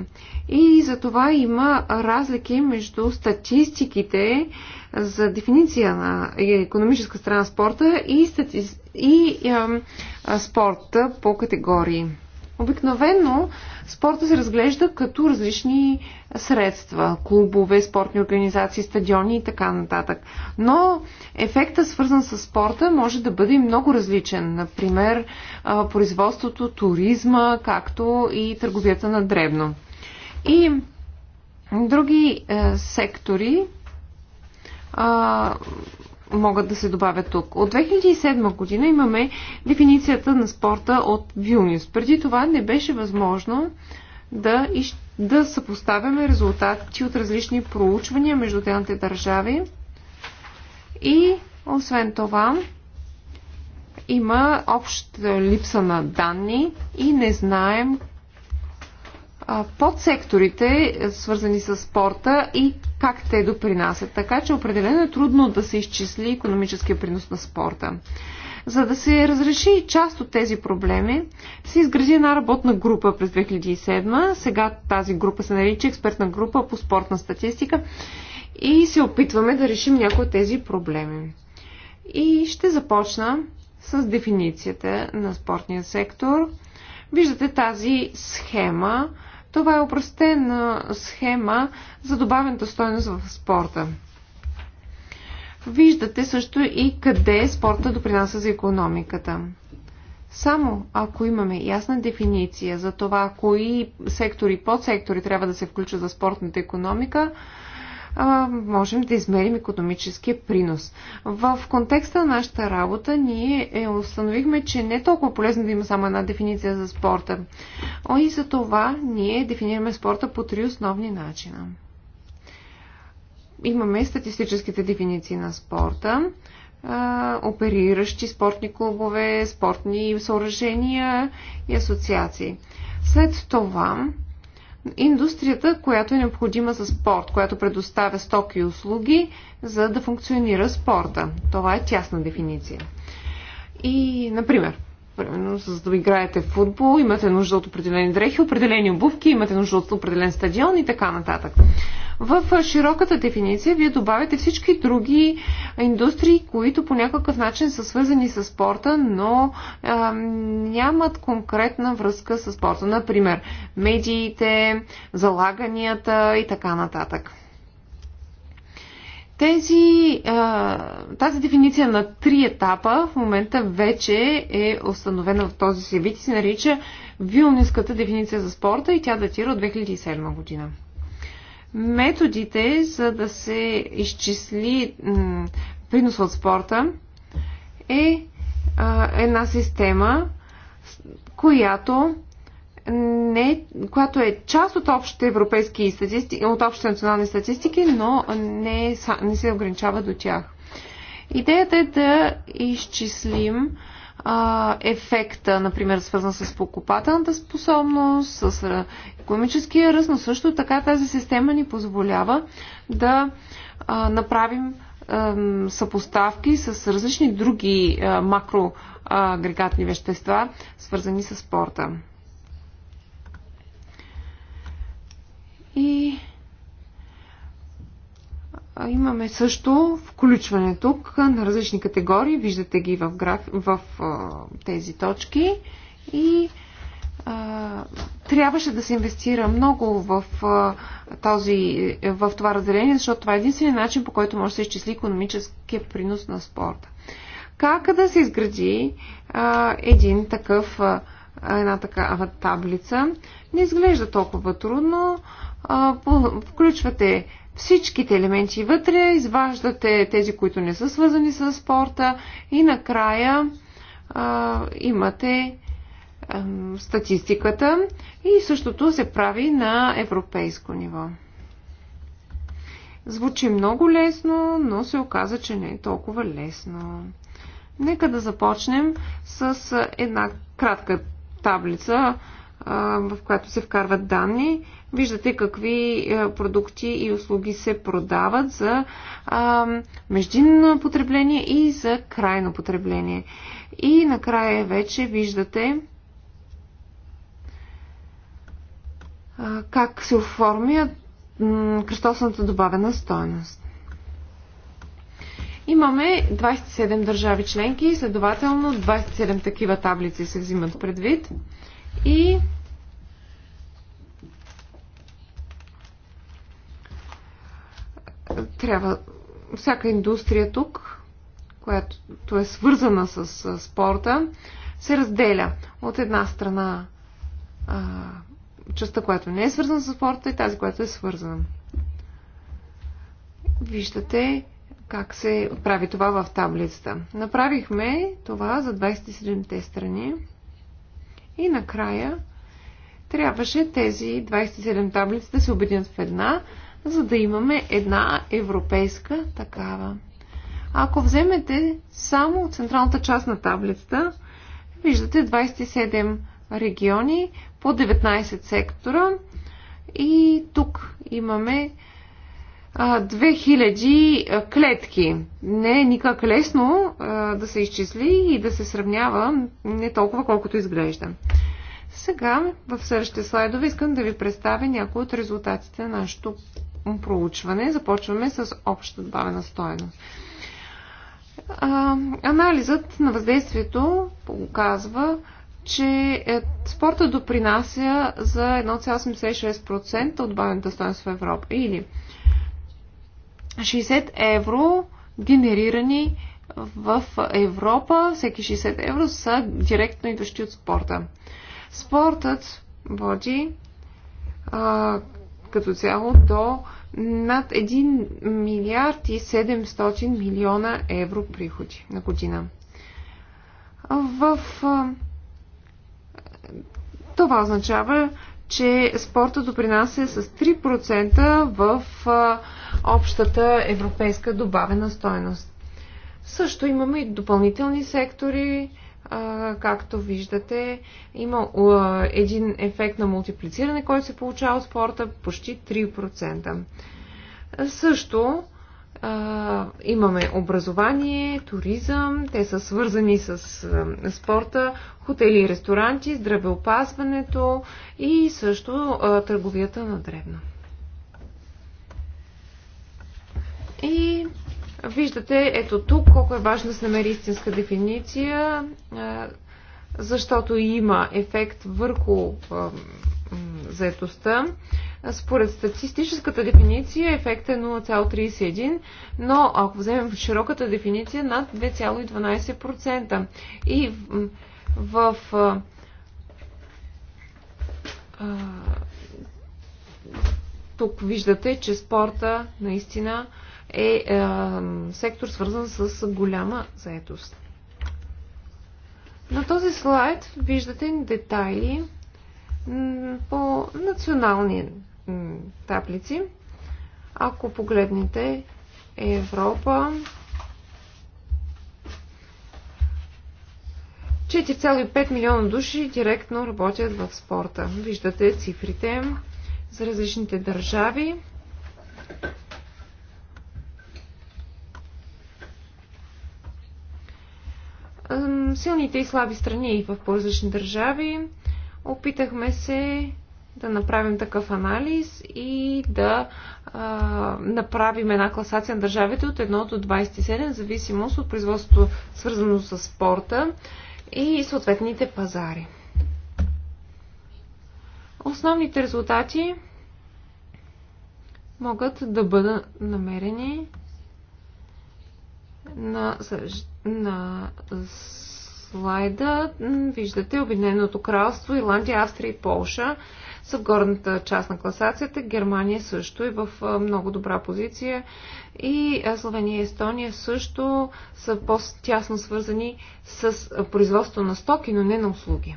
И за това има разлики между статистиките, за дефиниция на економическа страна спорта и, стати... и ам, спорта по категории. Обикновено спорта се разглежда като различни средства, клубове, спортни организации, стадиони и така нататък. Но ефектът, свързан с спорта, може да бъде много различен. Например, производството, туризма, както и търговията на дребно. И други е, сектори, а, могат да се добавят тук. От 2007 година имаме дефиницията на спорта от Вилнюс. Преди това не беше възможно да, да съпоставяме резултати от различни проучвания между отделните държави. И освен това, има обща липса на данни и не знаем подсекторите, е, свързани с спорта и как те допринасят. Така че определено е трудно да се изчисли економическия принос на спорта. За да се разреши част от тези проблеми, се изгради една работна група през 2007. Сега тази група се нарича експертна група по спортна статистика и се опитваме да решим някои от тези проблеми. И ще започна с дефиницията на спортния сектор. Виждате тази схема, това е упростена схема за добавената стойност в спорта. Виждате също и къде спорта допринася за економиката. Само ако имаме ясна дефиниция за това, кои сектори и подсектори трябва да се включат за спортната економика, можем да измерим економическия принос. В контекста на нашата работа ние е, установихме, че не е толкова полезно да има само една дефиниция за спорта. И за това ние дефинираме спорта по три основни начина. Имаме статистическите дефиниции на спорта, опериращи спортни клубове, спортни съоръжения и асоциации. След това индустрията, която е необходима за спорт, която предоставя стоки и услуги, за да функционира спорта. Това е тясна дефиниция. И, например, примерно, за да играете в футбол, имате нужда от определени дрехи, определени обувки, имате нужда от определен стадион и така нататък. В широката дефиниция вие добавяте всички други индустрии, които по някакъв начин са свързани с спорта, но а, нямат конкретна връзка с спорта. Например, медиите, залаганията и така нататък. Тези, тази дефиниция на три етапа в момента вече е установена в този си вид и се нарича Вилнинската дефиниция за спорта и тя датира от 2007 година. Методите за да се изчисли принос от спорта е една система, която не, която е част от общите европейски статистики, от общите национални статистики, но не, не се ограничава до тях. Идеята е да изчислим а, ефекта, например, свързан с покупателната способност, с економическия ръст, но също така тази система ни позволява да а, направим а, съпоставки с различни други макроагрегатни вещества, свързани с спорта. И имаме също включване тук на различни категории. Виждате ги в, граф... в а, тези точки. И а, трябваше да се инвестира много в, а, този, в това разделение, защото това е единствения начин, по който може да се изчисли економическия принос на спорта. Как да се изгради а, един такъв, а, една такава таблица? Не изглежда толкова трудно а, включвате всичките елементи вътре, изваждате тези, които не са свързани с спорта и накрая а, имате а, статистиката и същото се прави на европейско ниво. Звучи много лесно, но се оказа, че не е толкова лесно. Нека да започнем с една кратка таблица в която се вкарват данни. Виждате какви продукти и услуги се продават за междинно потребление и за крайно потребление. И накрая вече виждате как се оформя кръстосната добавена стоеност. Имаме 27 държави членки и следователно 27 такива таблици се взимат предвид и трябва всяка индустрия тук, която е свързана с спорта, се разделя от една страна а, частта, която не е свързана с спорта и тази, която е свързана. Виждате как се прави това в таблицата. Направихме това за 27-те страни. И накрая трябваше тези 27 таблици да се обединят в една, за да имаме една европейска такава. Ако вземете само централната част на таблицата, виждате 27 региони по 19 сектора и тук имаме 2000 клетки. Не е никак лесно да се изчисли и да се сравнява не толкова колкото изглежда. Сега, в следващите слайдове, искам да ви представя някои от резултатите на нашето проучване. Започваме с обща добавена стоеност. Анализът на въздействието показва, че е, спорта допринася за 1,86% от добавената стоеност в Европа. Или 60 евро генерирани в Европа, всеки 60 евро са директно идващи от спорта. Спортът води а, като цяло до над 1 милиард и 700 милиона евро приходи на година. В а, това означава, че спорта допринася с 3% в общата европейска добавена стоеност. Също имаме и допълнителни сектори, както виждате, има един ефект на мултиплициране, който се получава от спорта почти 3%. Също а, имаме образование, туризъм, те са свързани с а, спорта, хотели и ресторанти, здравеопазването и също а, търговията на древно. И виждате, ето тук колко е важно да се намери истинска дефиниция, а, защото има ефект върху а, заетостта. Според статистическата дефиниция ефектът е 0,31, но ако вземем широката дефиниция над 2,12%. И в, в а, тук виждате, че спорта наистина е а, сектор свързан с голяма заетост. На този слайд виждате детайли по национални таблици. Ако погледнете Европа, 4,5 милиона души директно работят в спорта. Виждате цифрите за различните държави. Силните и слаби страни в различни държави Опитахме се да направим такъв анализ и да а, направим една класация на държавите от 1 до 27, в зависимост от производството свързано с спорта и съответните пазари. Основните резултати могат да бъдат намерени на, на слайда виждате Обединеното кралство, Ирландия, Австрия и Полша са в горната част на класацията. Германия също е в много добра позиция. И Словения и Естония също са по-тясно свързани с производство на стоки, но не на услуги.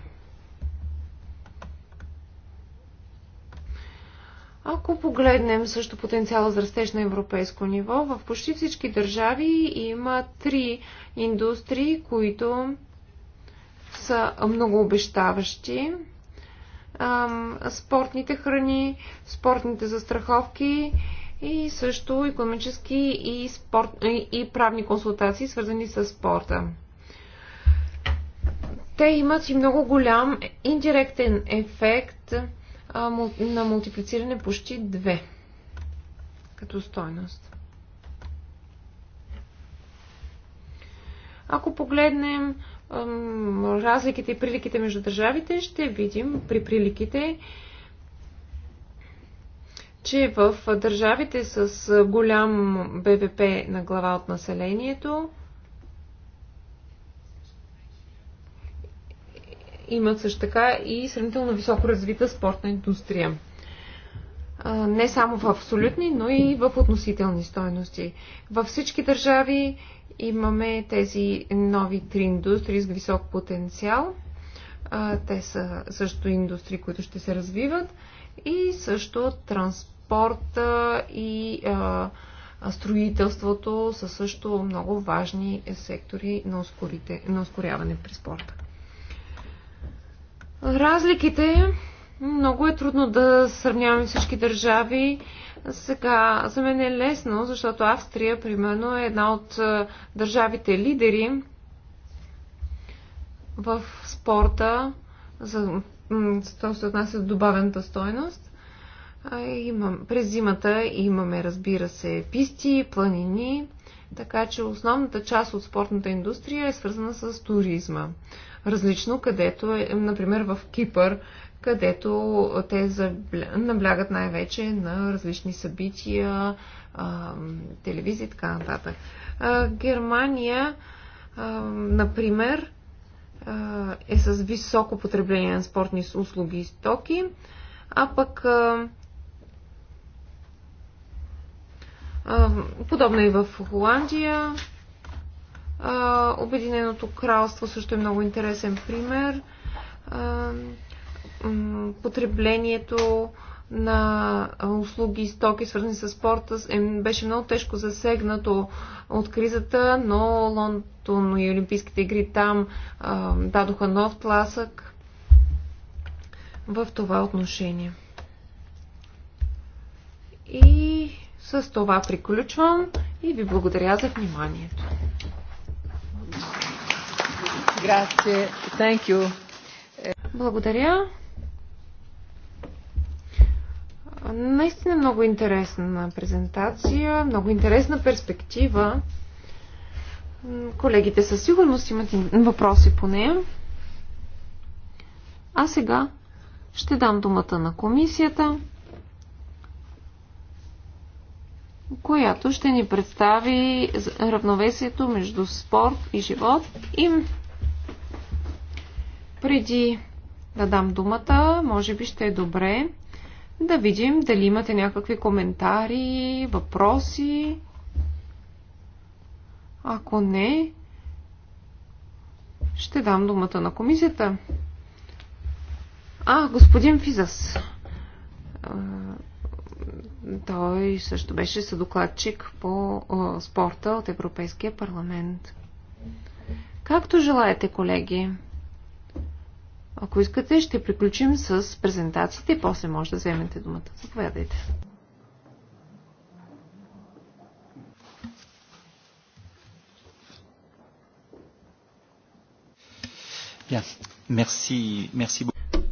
Ако погледнем също потенциала за растеж на европейско ниво, в почти всички държави има три индустрии, които са много обещаващи. Спортните храни, спортните застраховки и също економически и, спорт, и правни консултации, свързани с спорта. Те имат и много голям индиректен ефект на мултиплициране почти 2 като стойност. Ако погледнем разликите и приликите между държавите, ще видим при приликите, че в държавите с голям БВП на глава от населението имат също така и сравнително високо развита спортна индустрия. Не само в абсолютни, но и в относителни стоености. Във всички държави имаме тези нови три индустрии с висок потенциал. Те са също индустрии, които ще се развиват и също транспорта и строителството са също много важни сектори на, ускорите, на ускоряване при спорта. Разликите много е трудно да сравняваме всички държави. Сега, за мен е лесно, защото Австрия, примерно, е една от е, държавите лидери в спорта, за, що се отнася до добавената стойност. Имам, през зимата имаме, разбира се, писти, планини, така че основната част от спортната индустрия е свързана с туризма. Различно, където е, например, в Кипър където те наблягат най-вече на различни събития, телевизия и така нататък. Германия, например, е с високо потребление на спортни услуги и стоки, а пък подобно е и в Холандия. Обединеното кралство също е много интересен пример потреблението на услуги и стоки, свързани с спорта, е, беше много тежко засегнато от кризата, но Лондон и Олимпийските игри там дадоха нов тласък в това отношение. И с това приключвам и ви благодаря за вниманието. Благодаря. Наистина много интересна презентация, много интересна перспектива. Колегите със сигурност имат въпроси по нея. А сега ще дам думата на комисията, която ще ни представи равновесието между спорт и живот. И преди да дам думата, може би ще е добре да видим дали имате някакви коментари, въпроси. Ако не, ще дам думата на комисията. А, господин Физас. Той също беше съдокладчик по спорта от Европейския парламент. Както желаете, колеги. Ако искате, ще приключим с презентациите и после може да вземете думата. Заповядайте.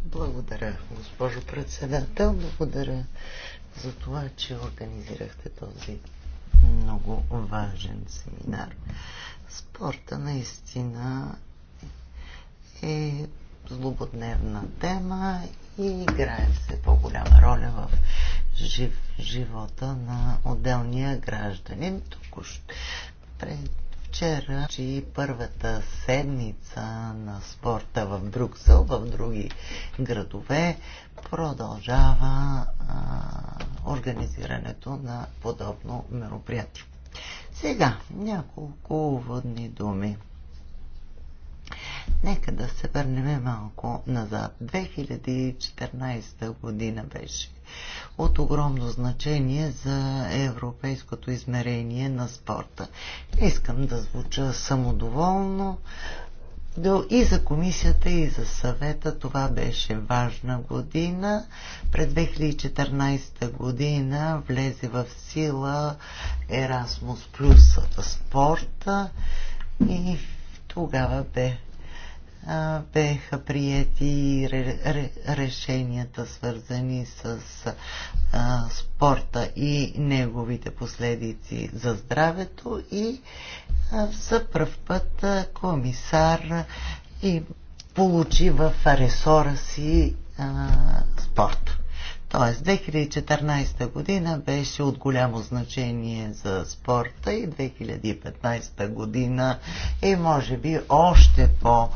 Благодаря, госпожо председател. Благодаря за това, че организирахте този много важен семинар. Спорта наистина е злободневна тема и играе все по-голяма роля в жив, живота на отделния гражданин. Тук що вчера, че и първата седмица на спорта в Брюксел, в други градове, продължава а, организирането на подобно мероприятие. Сега няколко водни думи. Нека да се върнем малко назад. 2014 година беше от огромно значение за европейското измерение на спорта. Искам да звуча самодоволно, до, и за комисията, и за съвета това беше важна година. През 2014 година влезе в сила Erasmus Plus спорта и тогава бе беха приети решенията, свързани с а, спорта и неговите последици за здравето и а, за пръв път а, комисар и получи в ресора си а, спорта. Тоест 2014 година беше от голямо значение за спорта и 2015 година е може би още, по,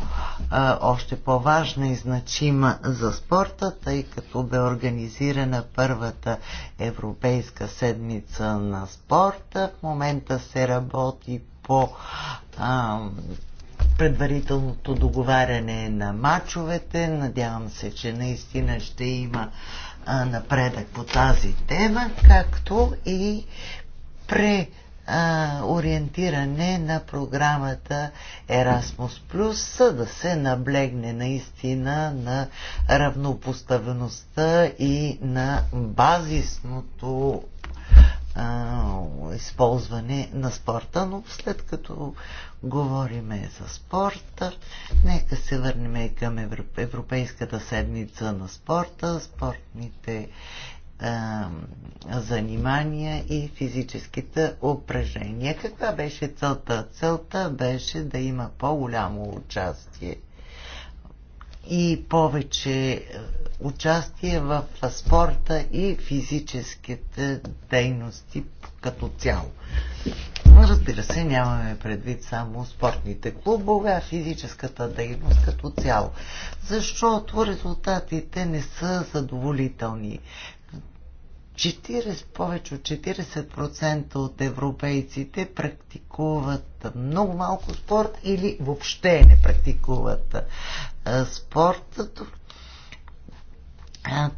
още по-важна и значима за спорта, тъй като бе организирана първата Европейска седмица на спорта. В момента се работи по а, предварителното договаряне на мачовете. Надявам се, че наистина ще има напредък по тази тема, както и преориентиране на програмата Erasmus+, за да се наблегне наистина на равнопоставеността и на базисното а, използване на спорта, но след като говориме за спорта, нека се върнем и към Европейската седмица на спорта, спортните а, занимания и физическите упражнения. Каква беше целта? Целта беше да има по-голямо участие и повече е, участие в спорта и физическите дейности като цяло. Разбира се, нямаме предвид само спортните клубове, а физическата дейност като цяло, защото резултатите не са задоволителни. 40, повече от 40% от европейците практикуват много малко спорт или въобще не практикуват спорт.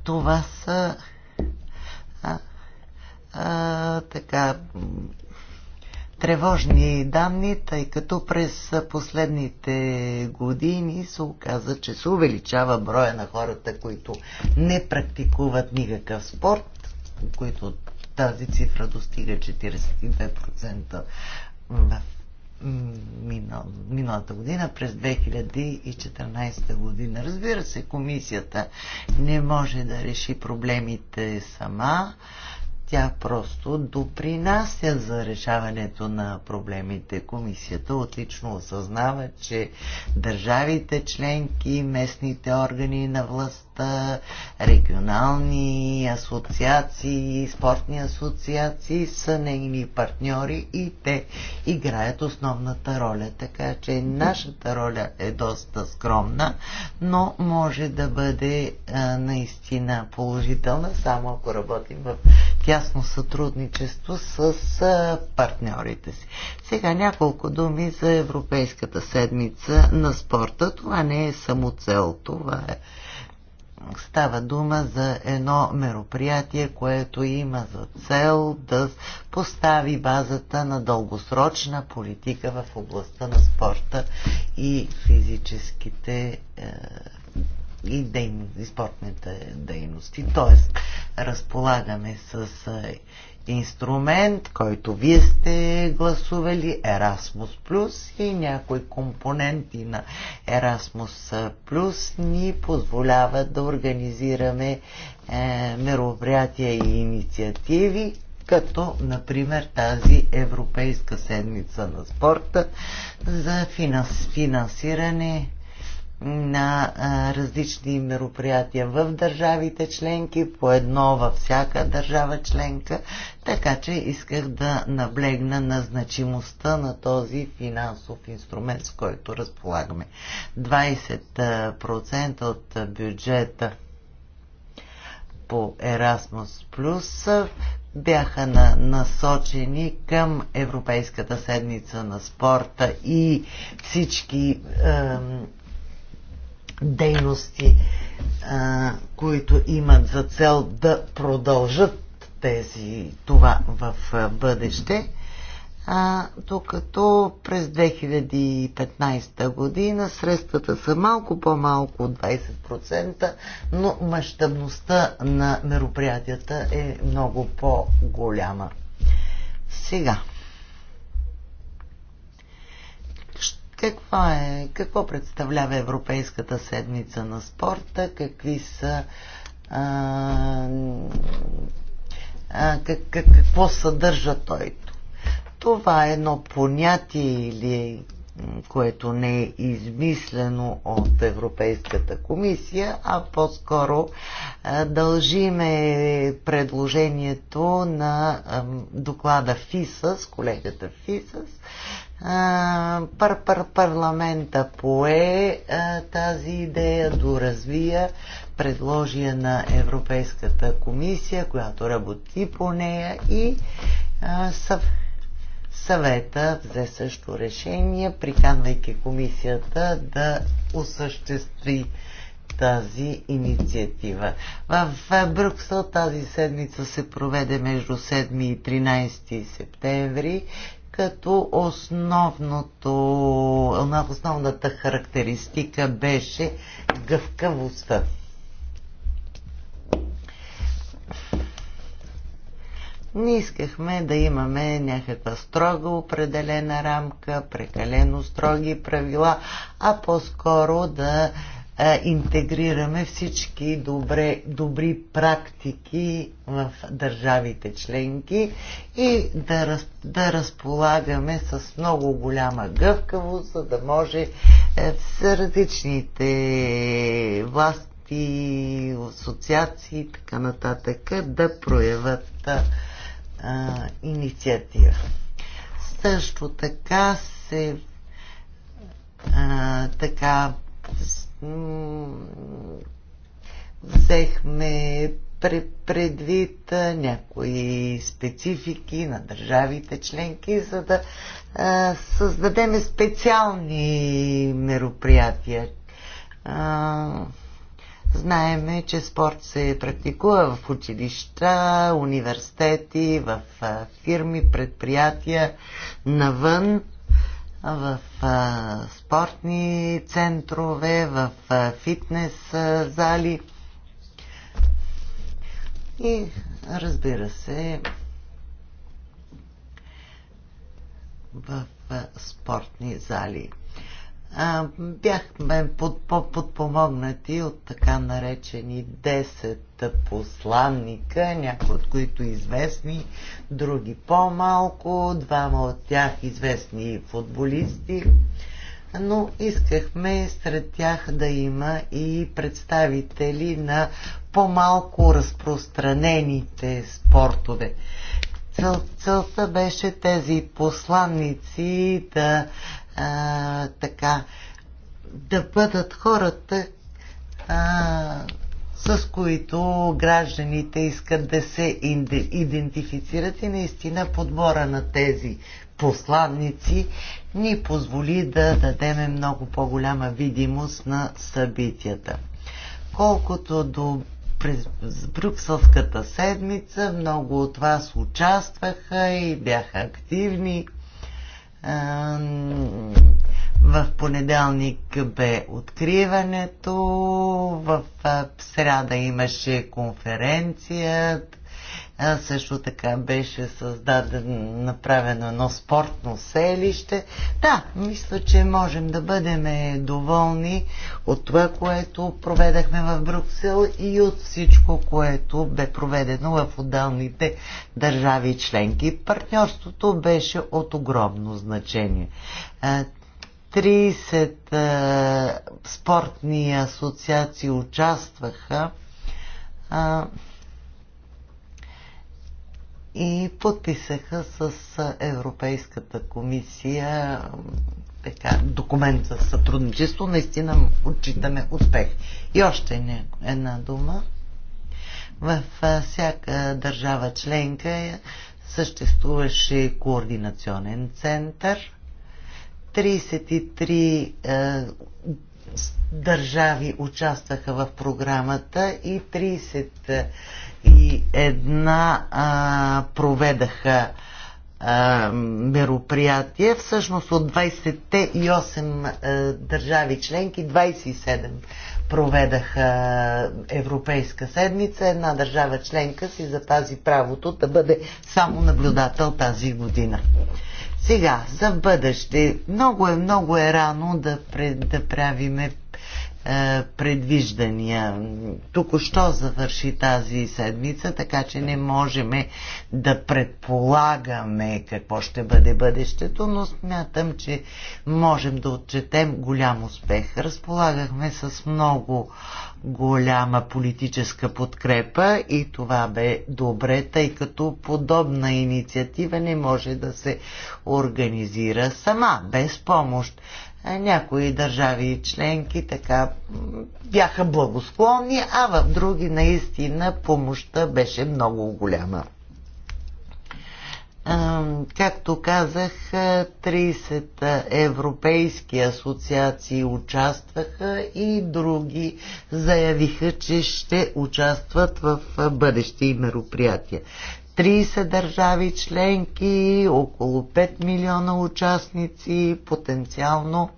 Това са а, а, така тревожни данни, тъй като през последните години се оказа, че се увеличава броя на хората, които не практикуват никакъв спорт които тази цифра достига 42% в миналата година, през 2014 година. Разбира се, комисията не може да реши проблемите сама. Тя просто допринася за решаването на проблемите. Комисията отлично осъзнава, че държавите членки, местните органи на власт регионални асоциации, спортни асоциации са нейни партньори и те играят основната роля. Така че нашата роля е доста скромна, но може да бъде а, наистина положителна, само ако работим в тясно сътрудничество с а, партньорите си. Сега няколко думи за Европейската седмица на спорта. Това не е само цел, това е Става дума за едно мероприятие, което има за цел да постави базата на дългосрочна политика в областта на спорта и физическите е, и, дейно, и спортните дейности. Тоест, разполагаме с е, инструмент, който вие сте гласували, Erasmus Plus и някои компоненти на Erasmus Plus ни позволяват да организираме е, мероприятия и инициативи, като например тази Европейска седмица на спорта за финанс, финансиране на а, различни мероприятия в държавите членки, по едно във всяка държава членка, така че исках да наблегна на значимостта на този финансов инструмент, с който разполагаме. 20% от бюджета по Erasmus Plus бяха на, насочени към Европейската седмица на спорта и всички е, дейности, а, които имат за цел да продължат тези, това в бъдеще. А, докато през 2015 година средствата са малко по-малко от 20%, но мащабността на мероприятията е много по-голяма. Сега. Какво, е, какво представлява Европейската седмица на спорта? Какви са а, а, как, как, какво съдържа той? Това е едно понятие или което не е измислено от Европейската комисия, а по-скоро дължиме предложението на доклада ФИСАС, колегата ФИСАС, пар, пар, парламента пое а, тази идея, доразвия, предложи я на Европейската комисия, която работи по нея и а, съв, съвета взе също решение, приканвайки комисията да осъществи тази инициатива. В Брюксел тази седмица се проведе между 7 и 13 септември като основното, основната характеристика беше гъвкавостта. Не искахме да имаме някаква строга определена рамка, прекалено строги правила, а по-скоро да интегрираме всички добре, добри практики в държавите членки и да, раз, да разполагаме с много голяма гъвкавост, за да може е, с различните власти, асоциации и така нататък да проявят а, инициатива. Също така се а, така взехме предвид някои специфики на държавите членки, за да създадем специални мероприятия. знаеме, че спорт се практикува в училища, университети, в фирми, предприятия, навън в а, спортни центрове, в а, фитнес а, зали и разбира се в а, спортни зали бяхме подпомогнати от така наречени 10 посланника, някои от които известни, други по-малко, двама от тях известни футболисти, но искахме сред тях да има и представители на по-малко разпространените спортове. Цел, целта беше тези посланници да а, така да бъдат хората, а, с които гражданите искат да се идентифицират и наистина подбора на тези посланници ни позволи да дадеме много по-голяма видимост на събитията. Колкото до през Брюкселската седмица, много от вас участваха и бяха активни. В понеделник бе откриването, в сряда имаше конференция, а, също така беше създаден, направено едно спортно селище. Да, мисля, че можем да бъдем доволни от това, което проведахме в Брюксел и от всичко, което бе проведено в отдалните държави членки. Партньорството беше от огромно значение. 30 спортни асоциации участваха и подписаха с Европейската комисия така, документ за сътрудничество. Наистина отчитаме успех. И още не, една дума. В всяка държава членка съществуваше координационен център. 33 е, държави участваха в програмата и 31 а, проведаха а, мероприятие. Всъщност от 28 а, държави членки 27 проведаха Европейска седмица. Една държава членка си запази правото да бъде само наблюдател тази година. Сега, за бъдеще, много е, много е рано да, пред, да правиме е, предвиждания. Току-що завърши тази седмица, така че не можем да предполагаме какво ще бъде бъдещето, но смятам, че можем да отчетем голям успех. Разполагахме с много голяма политическа подкрепа и това бе добре, тъй като подобна инициатива не може да се организира сама, без помощ. Някои държави и членки така бяха благосклонни, а в други наистина помощта беше много голяма. Както казах, 30 европейски асоциации участваха и други заявиха, че ще участват в бъдещи мероприятия. 30 държави членки, около 5 милиона участници потенциално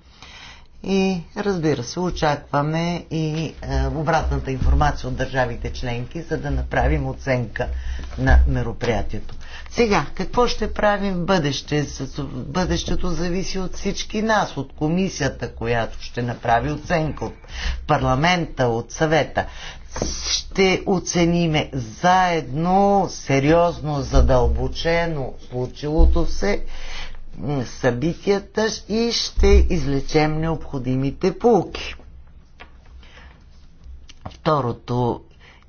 и разбира се, очакваме и е, обратната информация от държавите членки, за да направим оценка на мероприятието. Сега, какво ще правим в бъдеще? Бъдещето зависи от всички нас, от комисията, която ще направи оценка, от парламента, от съвета. Ще оцениме заедно, сериозно, задълбочено случилото се събитията и ще излечем необходимите полки. Второто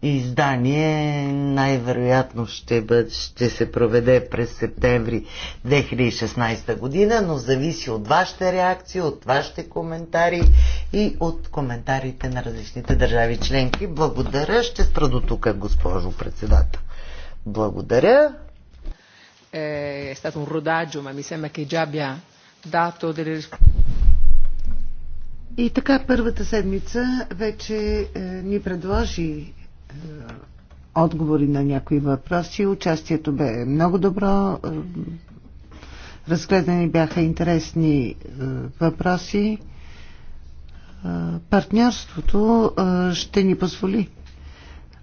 издание най-вероятно ще, ще се проведе през септември 2016 година, но зависи от вашите реакции, от вашите коментари и от коментарите на различните държави членки. Благодаря. Ще спра до тук, госпожо председател. Благодаря. Е, stato е un rodaggio, ma mi sembra che già abbia dato delle и така първата седмица вече е, ни предложи е, отговори на някои въпроси. Участието бе много добро. Е, разгледани бяха интересни е, въпроси. Партньорството ще ни позволи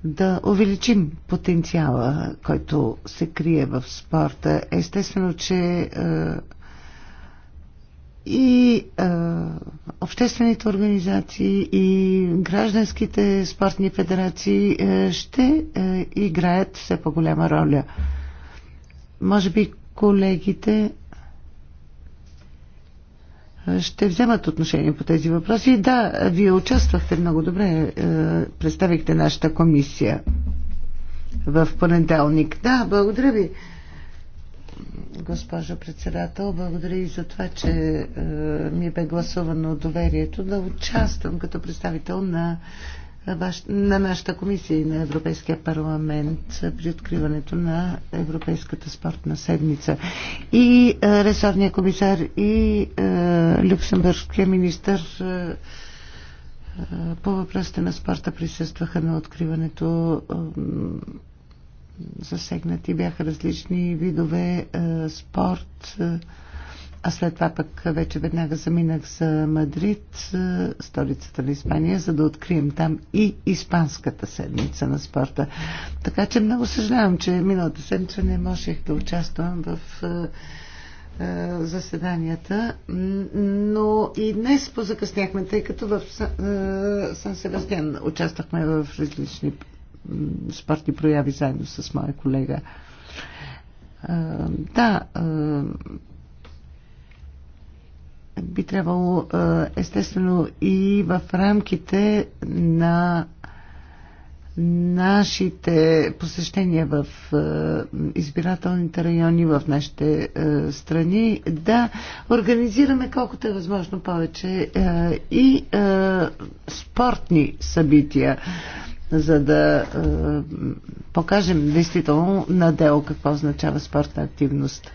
да увеличим потенциала, който се крие в спорта. Естествено, че и а, обществените организации и гражданските спортни федерации а, ще а, играят все по-голяма роля. Може би колегите ще вземат отношение по тези въпроси. Да, вие участвахте много добре, представихте нашата комисия в понеделник. Да, благодаря ви госпожо председател. Благодаря и за това, че е, ми бе гласувано доверието да участвам като представител на, ваш, на нашата комисия и на Европейския парламент при откриването на Европейската спортна седмица. И е, ресорния комисар, и е, люксембургския министр по въпросите на спорта присъстваха на откриването засегнати бяха различни видове е, спорт. Е, а след това пък вече веднага заминах за Мадрид, е, столицата на Испания, за да открием там и Испанската седмица на спорта. Така че много съжалявам, че миналата седмица не можех да участвам в заседанията, но и днес позакъсняхме, тъй като в Сан Себастьян участвахме в различни спортни прояви заедно с моя колега. Да, би трябвало естествено и в рамките на нашите посещения в избирателните райони, в нашите страни, да организираме колкото е възможно повече и спортни събития за да е, покажем действително на дело какво означава спортна активност.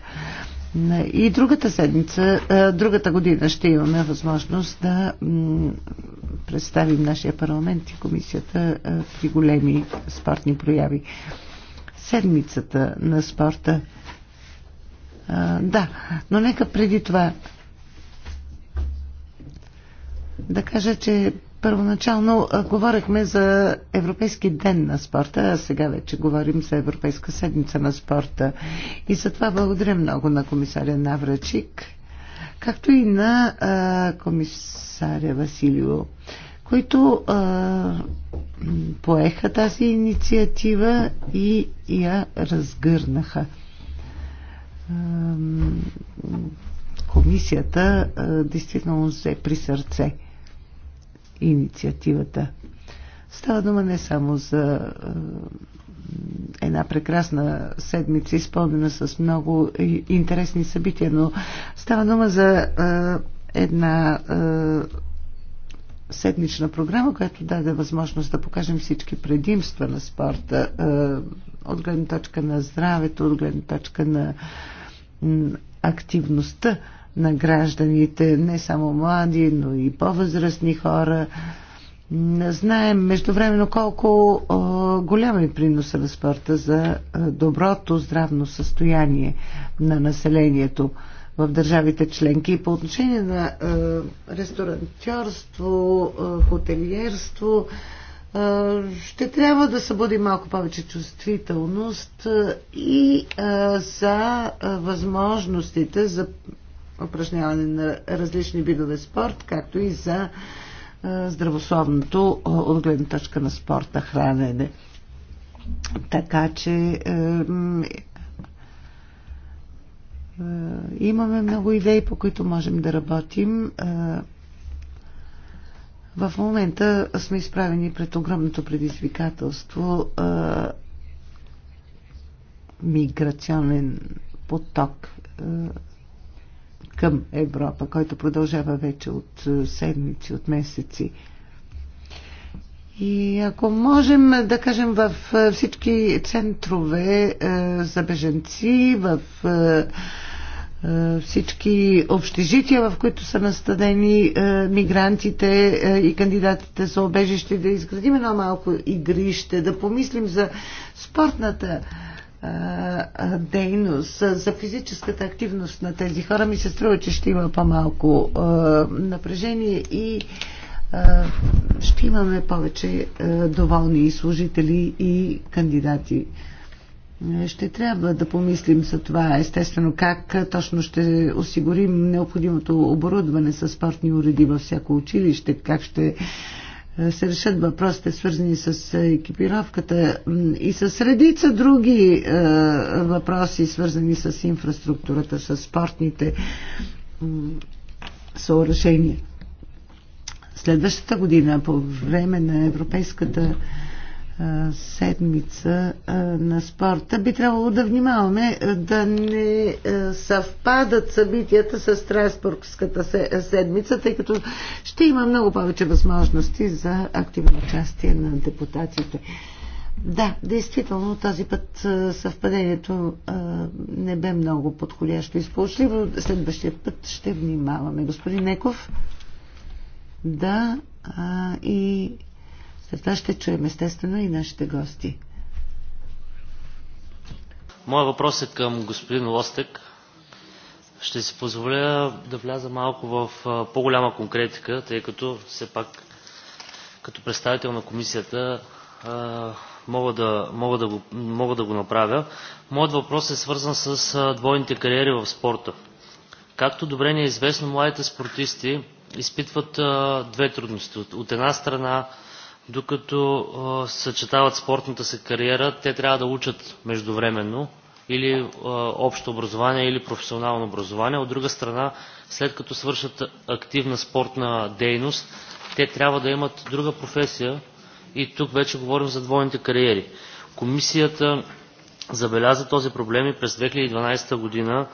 И другата седмица, е, другата година ще имаме възможност да представим нашия парламент и комисията е, при големи спортни прояви. Седмицата на спорта. Е, да, но нека преди това да кажа, че Първоначално а, говорихме за Европейски ден на спорта, а сега вече говорим за Европейска седмица на спорта. И за това благодаря много на комисаря Наврачик, както и на а, комисаря Василио, които а, поеха тази инициатива и я разгърнаха. А, комисията а, действително се при сърце инициативата. Става дума не само за е, една прекрасна седмица, изпълнена с много интересни събития, но става дума за е, една е, седмична програма, която даде възможност да покажем всички предимства на спорта от гледна точка на здравето, от гледна точка на активността на гражданите, не само млади, но и по-възрастни хора. Не знаем междувременно колко а, голям е приноса на спорта за доброто здравно състояние на населението в държавите членки. И по отношение на а, ресторантьорство, а, хотелиерство, а, ще трябва да събуди малко повече чувствителност а, и а, за а, възможностите за упражняване на различни видове спорт, както и за здравословното от гледна точка на спорта хранене. Така че е, имаме много идеи, по които можем да работим. Е, в момента сме изправени пред огромното предизвикателство е, миграционен поток към Европа, който продължава вече от е, седмици, от месеци. И ако можем е, да кажем в е, всички центрове за беженци, в всички общежития, в които са настадени мигрантите и кандидатите за обежище, да изградим едно малко игрище, да помислим за спортната дейност, за физическата активност на тези хора, ми се струва, че ще има по-малко напрежение и ще имаме повече доволни служители и кандидати. Ще трябва да помислим за това, естествено, как точно ще осигурим необходимото оборудване с спортни уреди във всяко училище, как ще е, се решат въпросите, свързани с е, екипировката и с редица други е, въпроси, свързани с инфраструктурата, с спортните съоръжения. Следващата година, по време на Европейската седмица на спорта, би трябвало да внимаваме да не съвпадат събитията с Страсбургската седмица, тъй като ще има много повече възможности за активно участие на депутатите. Да, действително този път съвпадението не бе много подходящо и сполучливо. Следващия път ще внимаваме. Господин Неков, да, и след това ще чуем естествено и нашите гости. Моят въпрос е към господин Лостек. Ще си позволя да вляза малко в по-голяма конкретика, тъй като все пак като представител на комисията мога да, мога да, го, мога да го направя. Моят въпрос е свързан с двойните кариери в спорта. Както добре ни е известно, младите спортисти изпитват две трудности. От една страна докато а, съчетават спортната си кариера, те трябва да учат междувременно или а, общо образование, или професионално образование. От друга страна, след като свършат активна спортна дейност, те трябва да имат друга професия и тук вече говорим за двойните кариери. Комисията забеляза този проблем и през 2012 година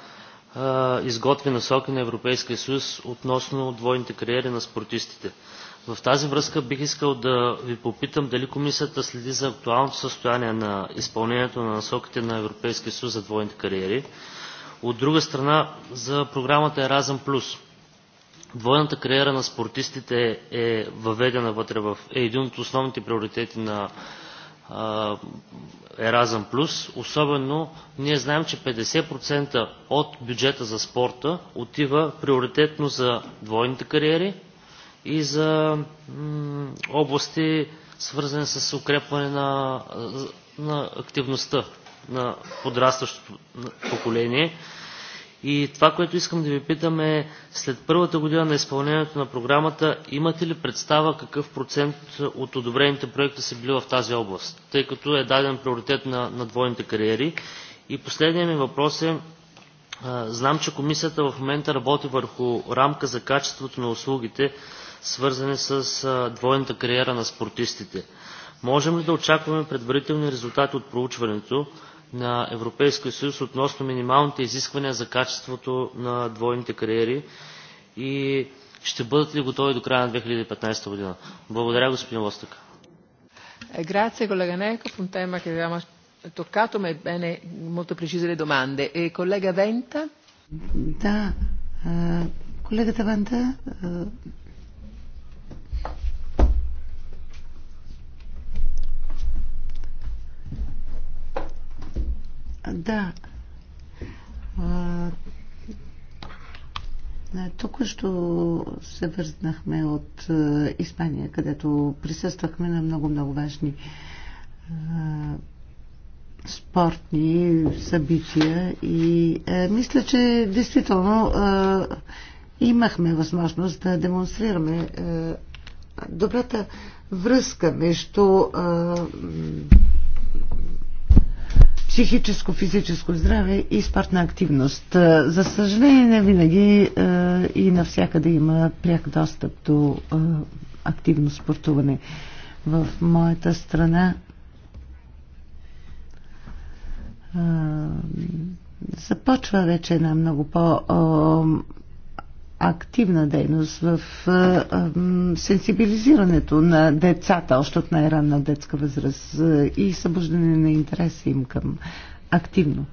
а, изготви насоки на Европейския съюз относно двойните кариери на спортистите. В тази връзка бих искал да ви попитам дали Комисията следи за актуалното състояние на изпълнението на насоките на Европейския съюз за двойните кариери. От друга страна, за програмата Еразъм Плюс. Двойната кариера на спортистите е въведена вътре в е един от основните приоритети на Еразъм Плюс. Особено ние знаем, че 50% от бюджета за спорта отива приоритетно за двойните кариери и за области, свързани с укрепване на, на активността на подрастващото поколение. И това, което искам да ви питам е, след първата година на изпълнението на програмата, имате ли представа какъв процент от одобрените проекти са били в тази област, тъй като е даден приоритет на, на двойните кариери? И последният ми въпрос е, знам, че комисията в момента работи върху рамка за качеството на услугите, свързани с двойната кариера на спортистите. Можем ли да очакваме предварителни резултати от проучването на Европейския съюз относно минималните изисквания за качеството на двойните кариери и ще бъдат ли готови до края на 2015 година? Благодаря, господин Лостък. Grazie collega Neco, un tema che avevamo toccato, ma è bene molto precise le domande. E collega Venta? Da, eh, collega Venta, eh, Да. тук що се върнахме от Испания, където присъствахме на много-много важни спортни събития и а, мисля, че действително а, имахме възможност да демонстрираме е, добрата връзка между психическо, физическо здраве и спортна активност. Е, за съжаление, не винаги е, и навсякъде има пряк достъп до е, активно спортуване. В моята страна започва вече една много по- активна дейност в сенсибилизирането на децата още от най-ранна детска възраст и събуждане на интереса им към активно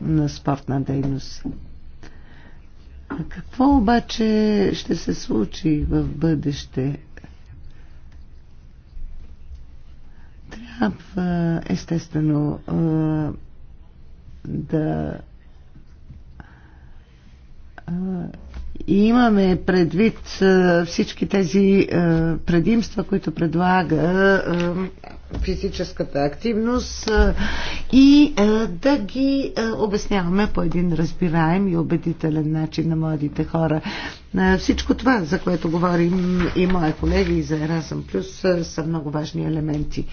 на спортна дейност. А какво обаче ще се случи в бъдеще? Трябва естествено да и имаме предвид всички тези предимства, които предлага физическата активност и да ги обясняваме по един разбираем и убедителен начин на младите хора. Всичко това, за което говорим и мои колеги и за Erasmus Plus, са много важни елементи.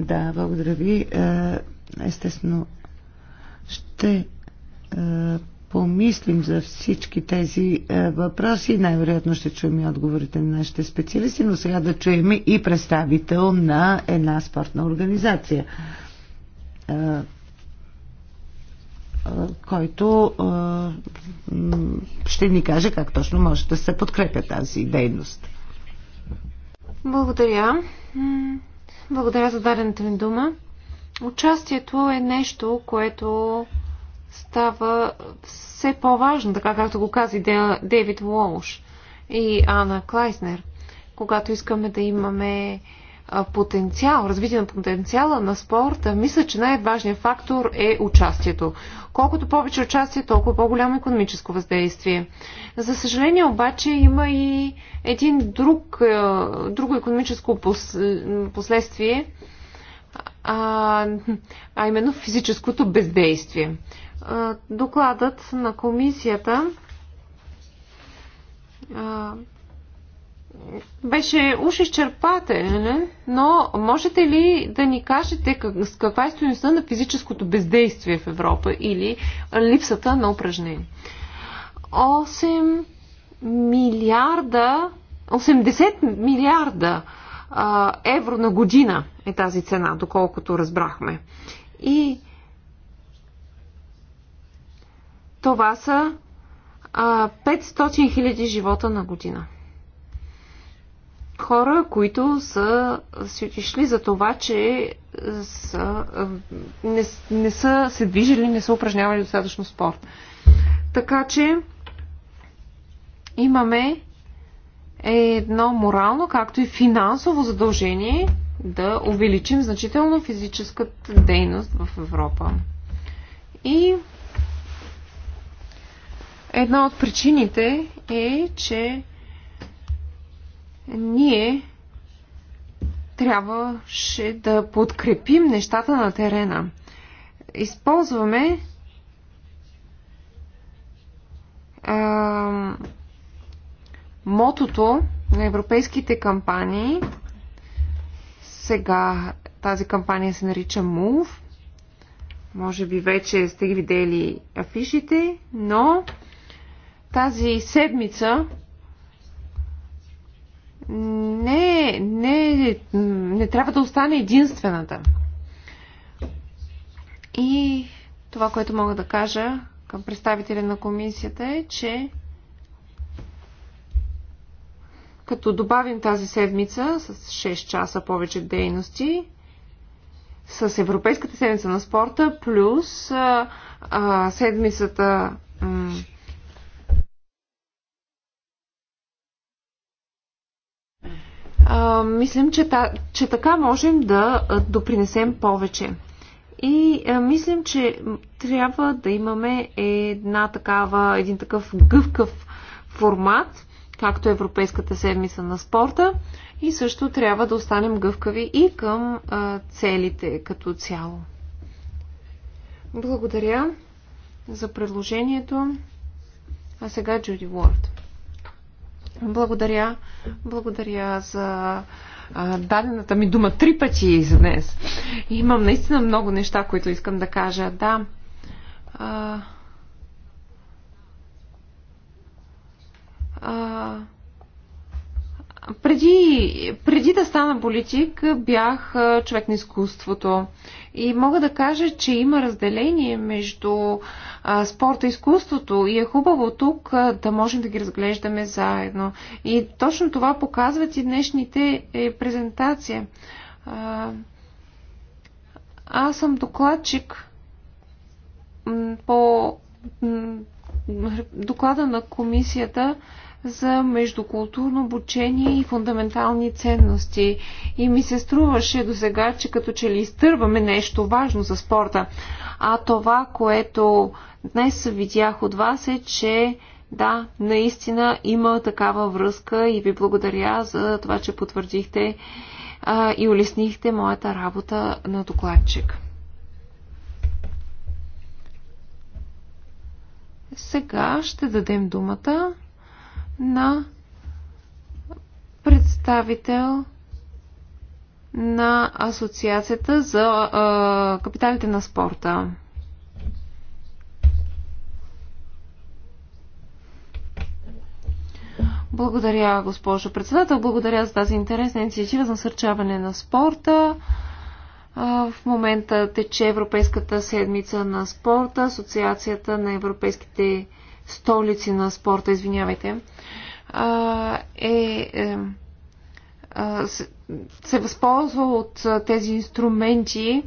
Да, благодаря ви. Естествено, ще е, помислим за всички тези е, въпроси. Най-вероятно ще чуем и отговорите на нашите специалисти, но сега да чуем и представител на една спортна организация, е, който ще ни каже как точно може да се подкрепя тази дейност. Благодаря. Благодаря за дадената ми дума. Участието е нещо, което става все по-важно, така както го каза Дейвид Уолш и Ана Клайснер, когато искаме да имаме потенциал, развитие на потенциала на спорта, мисля, че най-важният фактор е участието. Колкото повече участие, толкова по-голямо економическо въздействие. За съжаление обаче има и един друг, друго економическо последствие, а, а именно физическото бездействие. А, докладът на комисията а, беше уж изчерпателен, но можете ли да ни кажете как, с каква е стоеността на физическото бездействие в Европа или липсата на упражнение? 8 милиарда, 80 милиарда евро на година е тази цена, доколкото разбрахме. И това са 500 000 живота на година. Хора, които са си отишли за това, че са, не, не са се движили, не са упражнявали достатъчно спорт. Така че имаме е едно морално, както и финансово задължение да увеличим значително физическата дейност в Европа. И една от причините е, че ние трябваше да подкрепим нещата на терена. Използваме мотото на европейските кампании, сега тази кампания се нарича MOVE, може би вече сте ги видели афишите, но тази седмица не, не, не трябва да остане единствената. И това, което мога да кажа към представителя на комисията е, че като добавим тази седмица с 6 часа повече дейности, с Европейската седмица на спорта, плюс а, а, седмицата. а, мислим, че, та, че така можем да допринесем повече. И а, мислим, че трябва да имаме една такава, един такъв гъвкав формат, както Европейската седмица на спорта и също трябва да останем гъвкави и към а, целите като цяло. Благодаря за предложението. А сега Джуди Уорд. Благодаря. Благодаря за а, дадената ми дума три пъти за днес. Имам наистина много неща, които искам да кажа. Да. А, а, преди, преди да стана политик, бях човек на изкуството. И мога да кажа, че има разделение между а, спорта и изкуството. И е хубаво тук а, да можем да ги разглеждаме заедно. И точно това показват и днешните е, презентации. А, аз съм докладчик по доклада на комисията за междукултурно обучение и фундаментални ценности. И ми се струваше до сега, че като че ли изтърваме нещо важно за спорта. А това, което днес видях от вас е, че да, наистина има такава връзка и ви благодаря за това, че потвърдихте а, и улеснихте моята работа на докладчик. Сега ще дадем думата на представител на Асоциацията за а, капиталите на спорта. Благодаря, госпожо председател. Благодаря за тази интересна инициатива за насърчаване на спорта. В момента тече Европейската седмица на спорта, Асоциацията на европейските столици на спорта, извинявайте, е, е се възползва от тези инструменти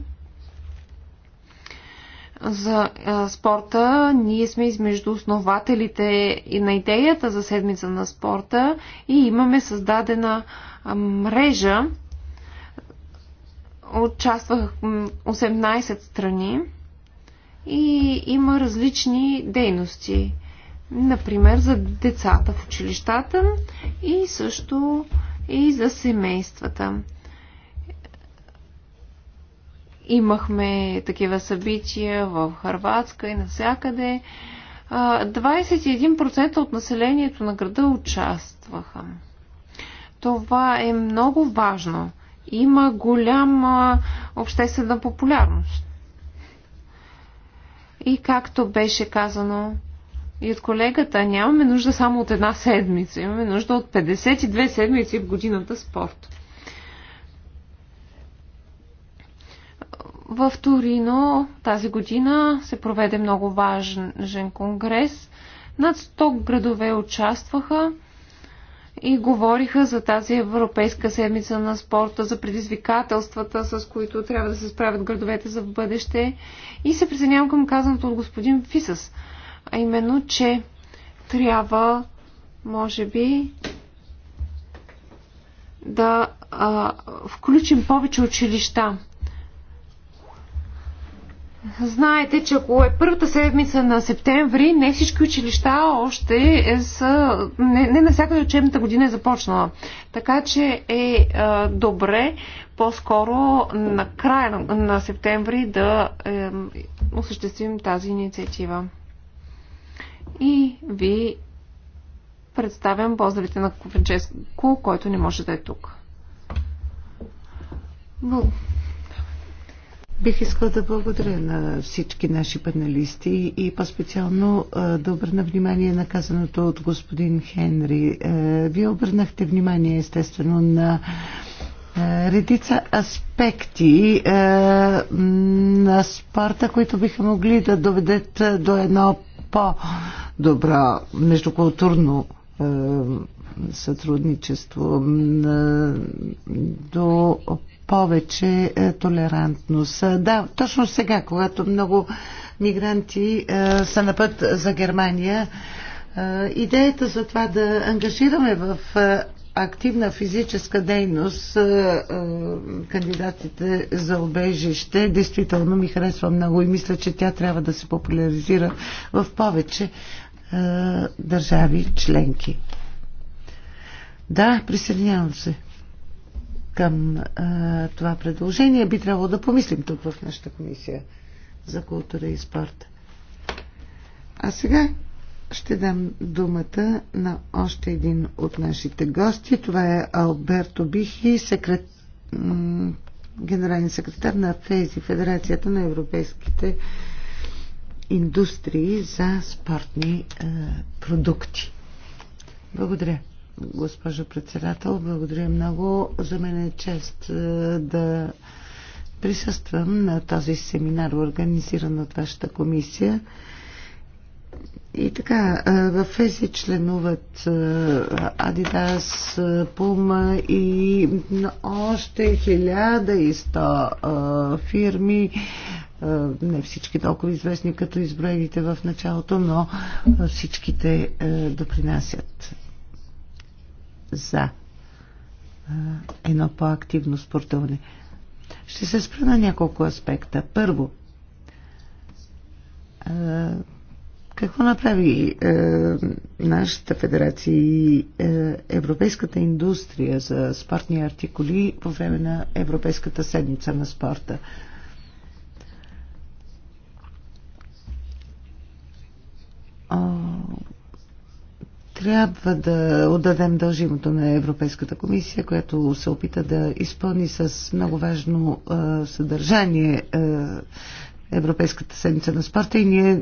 за спорта. Ние сме измежду основателите и на идеята за седмица на спорта и имаме създадена мрежа. Участвах 18 страни и има различни дейности например, за децата в училищата и също и за семействата. Имахме такива събития в Харватска и навсякъде. 21% от населението на града участваха. Това е много важно. Има голяма обществена популярност. И както беше казано, и от колегата, нямаме нужда само от една седмица, имаме нужда от 52 седмици в годината спорт. В Торино тази година се проведе много важен конгрес. Над 100 градове участваха и говориха за тази Европейска седмица на спорта, за предизвикателствата, с които трябва да се справят градовете за бъдеще. И се присъединявам към казаното от господин Фисас а именно, че трябва, може би, да а, включим повече училища. Знаете, че ако е първата седмица на септември, не всички училища още е са... Не, не на всяка учебната година е започнала. Така че е е добре по-скоро на края на, на септември да е, осъществим тази инициатива и ви представям поздравите на Франческо, който не може да е тук. Благодаря. Бих искала да благодаря на всички наши паналисти и по-специално да обърна внимание на казаното от господин Хенри. Вие обърнахте внимание естествено на редица аспекти на спорта, които биха могли да доведат до едно по-добро междукултурно е, сътрудничество, е, до повече е, толерантност. Да, точно сега, когато много мигранти са на път за Германия, идеята за това да ангажираме в активна физическа дейност кандидатите за обежище действително ми харесва много и мисля, че тя трябва да се популяризира в повече държави членки. Да, присъединявам се към а, това предложение. Би трябвало да помислим тук в нашата комисия за култура и спорта. А сега ще дам думата на още един от нашите гости. Това е Алберто Бихи, секрет... генерален секретар на ФЕЗИ, Федерацията на европейските индустрии за спортни е, продукти. Благодаря, госпожо председател. Благодаря много. За мен е чест е, да присъствам на този семинар, организиран от вашата комисия. И така, в ЕСИ членуват Адидас, Пума и още 1100 фирми, не всички толкова известни като изброените в началото, но всичките допринасят за едно по-активно спортуване. Ще се спра на няколко аспекта. Първо, какво направи е, нашата федерация и е, европейската индустрия за спортни артикули по време на Европейската седмица на спорта? О, трябва да отдадем дължимото на Европейската комисия, която се опита да изпълни с много важно е, съдържание е, Европейската седмица на спорта и ние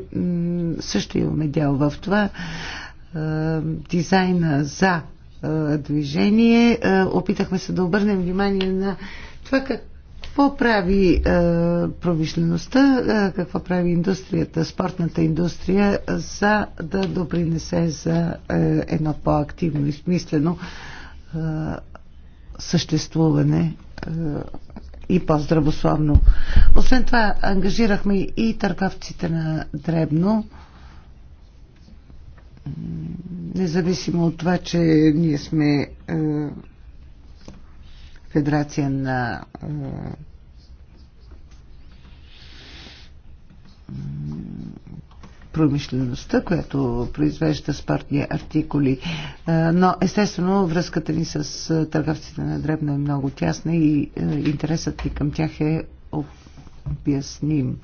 също имаме дял в това. Е, дизайна за е, движение. Е, опитахме се да обърнем внимание на това как какво прави промишлеността, какво прави индустрията, спортната индустрия, за да допринесе за едно по-активно и смислено съществуване и по-здравословно. Освен това, ангажирахме и търговците на Дребно, независимо от това, че ние сме е, федерация на е, промишлеността, която произвежда спортни артикули. Но естествено връзката ни с търговците на Дребно е много тясна и интересът ни към тях е обясним.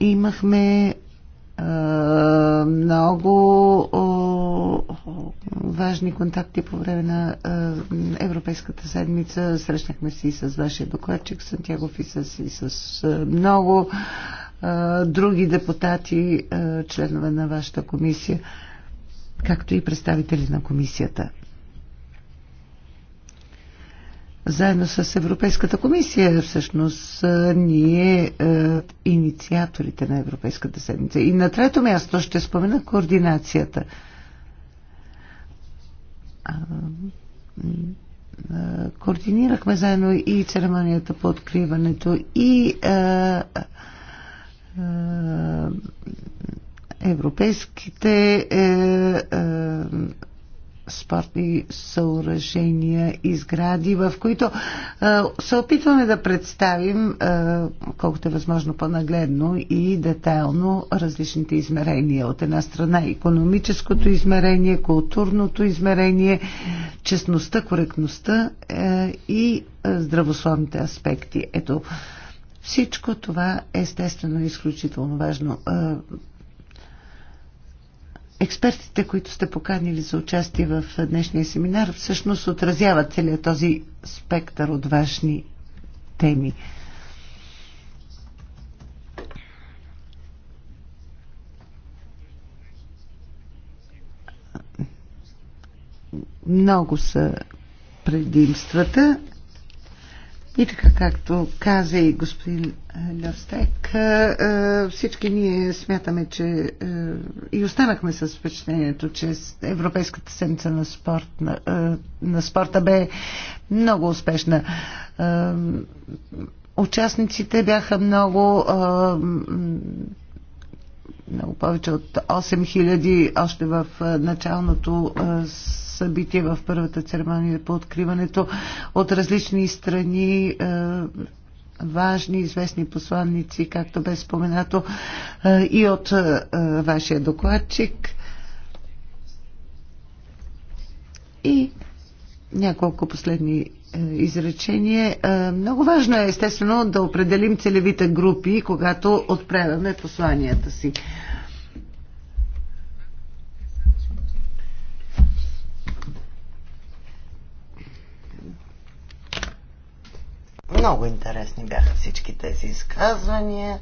Имахме е, много важни контакти по време на е, Европейската седмица. Срещнахме се и с вашия докладчик Сантьягов и с, и с е, много други депутати, членове на вашата комисия, както и представители на комисията. Заедно с Европейската комисия, всъщност, ние, инициаторите на Европейската седмица. И на трето място ще спомена координацията координирахме заедно и церемонията по откриването и европейските е, е, спортни съоръжения и сгради, в които а, се опитваме да представим а, колкото е възможно по-нагледно и детайлно различните измерения. От една страна економическото измерение, културното измерение, честността, коректността а, е, и а, е, здравословните аспекти. Ето, всичко това естествено е изключително важно експертите, които сте поканили за участие в днешния семинар, всъщност отразяват целият този спектър от важни теми. Много са предимствата. И така, както каза и господин Льостек, всички ние смятаме, че и останахме с впечатлението, че Европейската седмица на, спорт, на, на спорта бе много успешна. Участниците бяха много много повече от 8000 още в началното събитие в първата церемония по откриването от различни страни е, важни, известни посланници, както бе споменато е, и от е, вашия докладчик. И няколко последни изречение. Много важно е, естествено, да определим целевите групи, когато отправяме посланията си. Много интересни бяха всички тези изказвания.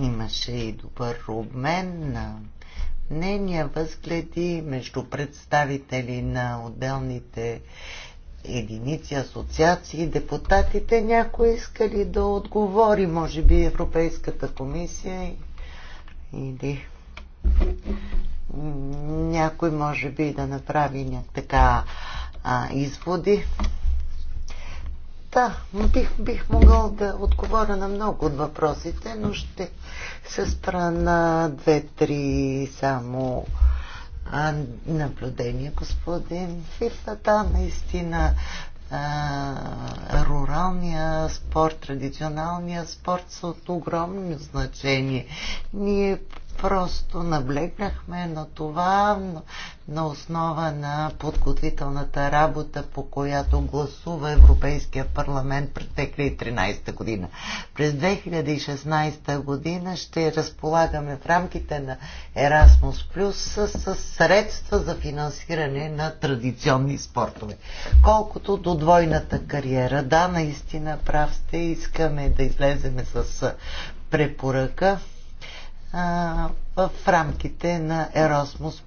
Имаше и добър обмен на мнения, възгледи между представители на отделните единици, асоциации, депутатите. Някой искали да отговори, може би, Европейската комисия или някой може би да направи някак така а, изводи. Да, бих, бих могъл да отговоря на много от въпросите, но ще се спра на две-три само а, наблюдения, господин Фифа. Да, наистина а, руралния спорт, традиционалния спорт са от огромно значение. Ние Просто наблегнахме на това на основа на подготвителната работа, по която гласува Европейския парламент през 2013 година. През 2016 година ще разполагаме в рамките на Erasmus Plus с средства за финансиране на традиционни спортове. Колкото до двойната кариера, да, наистина прав сте, искаме да излеземе с препоръка а, в рамките на Erasmus+.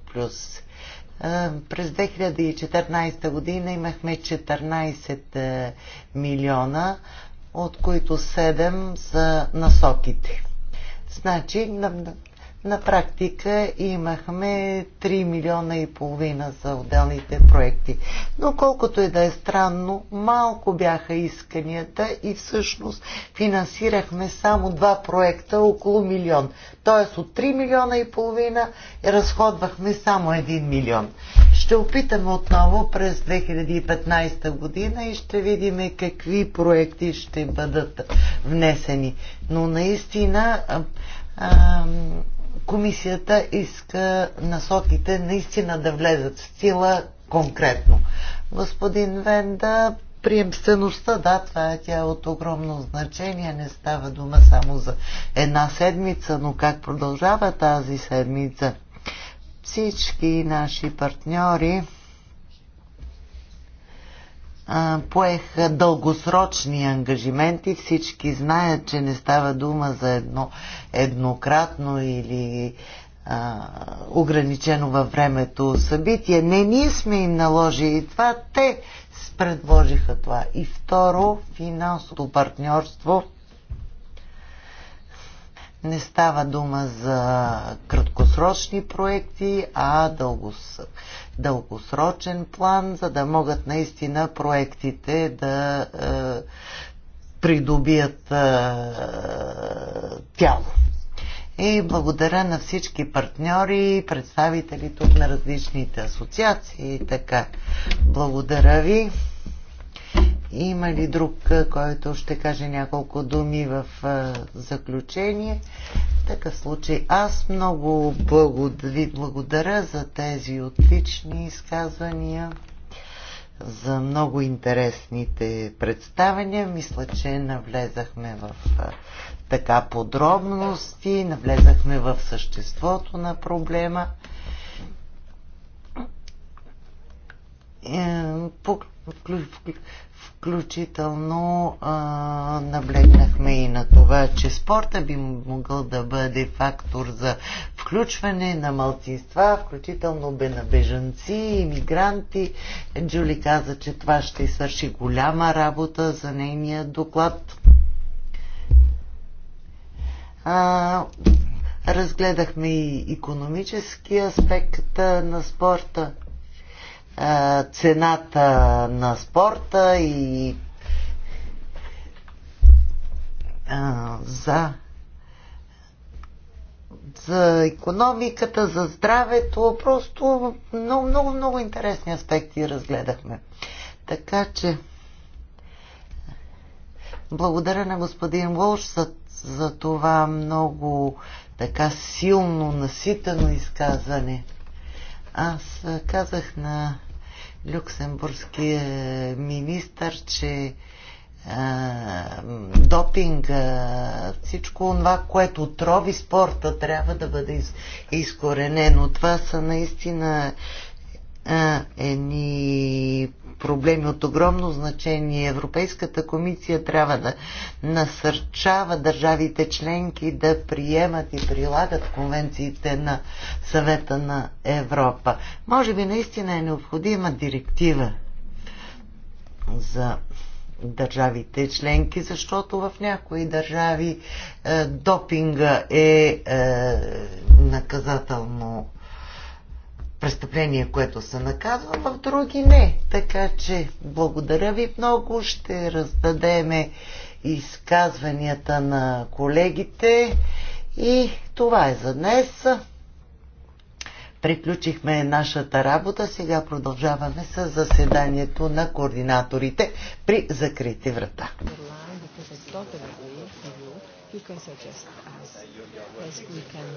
А, през 2014 година имахме 14 милиона, от които 7 са насоките. Значи, на практика имахме 3 милиона и половина за отделните проекти. Но колкото и да е странно, малко бяха исканията и всъщност финансирахме само два проекта около милион. Тоест от 3 милиона и половина разходвахме само 1 милион. Ще опитаме отново през 2015 година и ще видим какви проекти ще бъдат внесени. Но наистина а, а, комисията иска насоките наистина да влезат в сила конкретно. Господин Венда, приемствеността, да, това е тя е от огромно значение. Не става дума само за една седмица, но как продължава тази седмица? Всички наши партньори поех дългосрочни ангажименти. Всички знаят, че не става дума за едно еднократно или а, ограничено във времето събитие. Не ние сме им наложили това, те предложиха това. И второ, финансовото партньорство не става дума за краткосрочни проекти, а дългосрочни дългосрочен план, за да могат наистина проектите да е, придобият е, тяло. И благодаря на всички партньори, представители тук на различните асоциации и така. Благодаря ви. Има ли друг, който ще каже няколко думи в заключение? В такъв случай аз много ви благодаря за тези отлични изказвания, за много интересните представения. Мисля, че навлезахме в така подробности, навлезахме в съществото на проблема. Е, Включително а, наблегнахме и на това, че спорта би могъл да бъде фактор за включване на малцинства, включително бе на бежанци, иммигранти. Джули каза, че това ще свърши голяма работа за нейния доклад. А, разгледахме и економически аспект на спорта цената на спорта и за за економиката, за здравето. Просто много, много, много интересни аспекти разгледахме. Така че благодаря на господин Волш за, за това много така силно, наситено изказване. Аз казах на люксембургския министр, че допинг, всичко това, което трови спорта, трябва да бъде изкоренено. Това са наистина едни проблеми от огромно значение. Европейската комисия трябва да насърчава държавите членки да приемат и прилагат конвенциите на съвета на Европа. Може би наистина е необходима директива за държавите членки, защото в някои държави е, допинга е, е наказателно престъпление, което се наказва, в други не. Така че благодаря ви много. Ще раздадеме изказванията на колегите. И това е за днес. Приключихме нашата работа. Сега продължаваме с заседанието на координаторите при закрити врата. You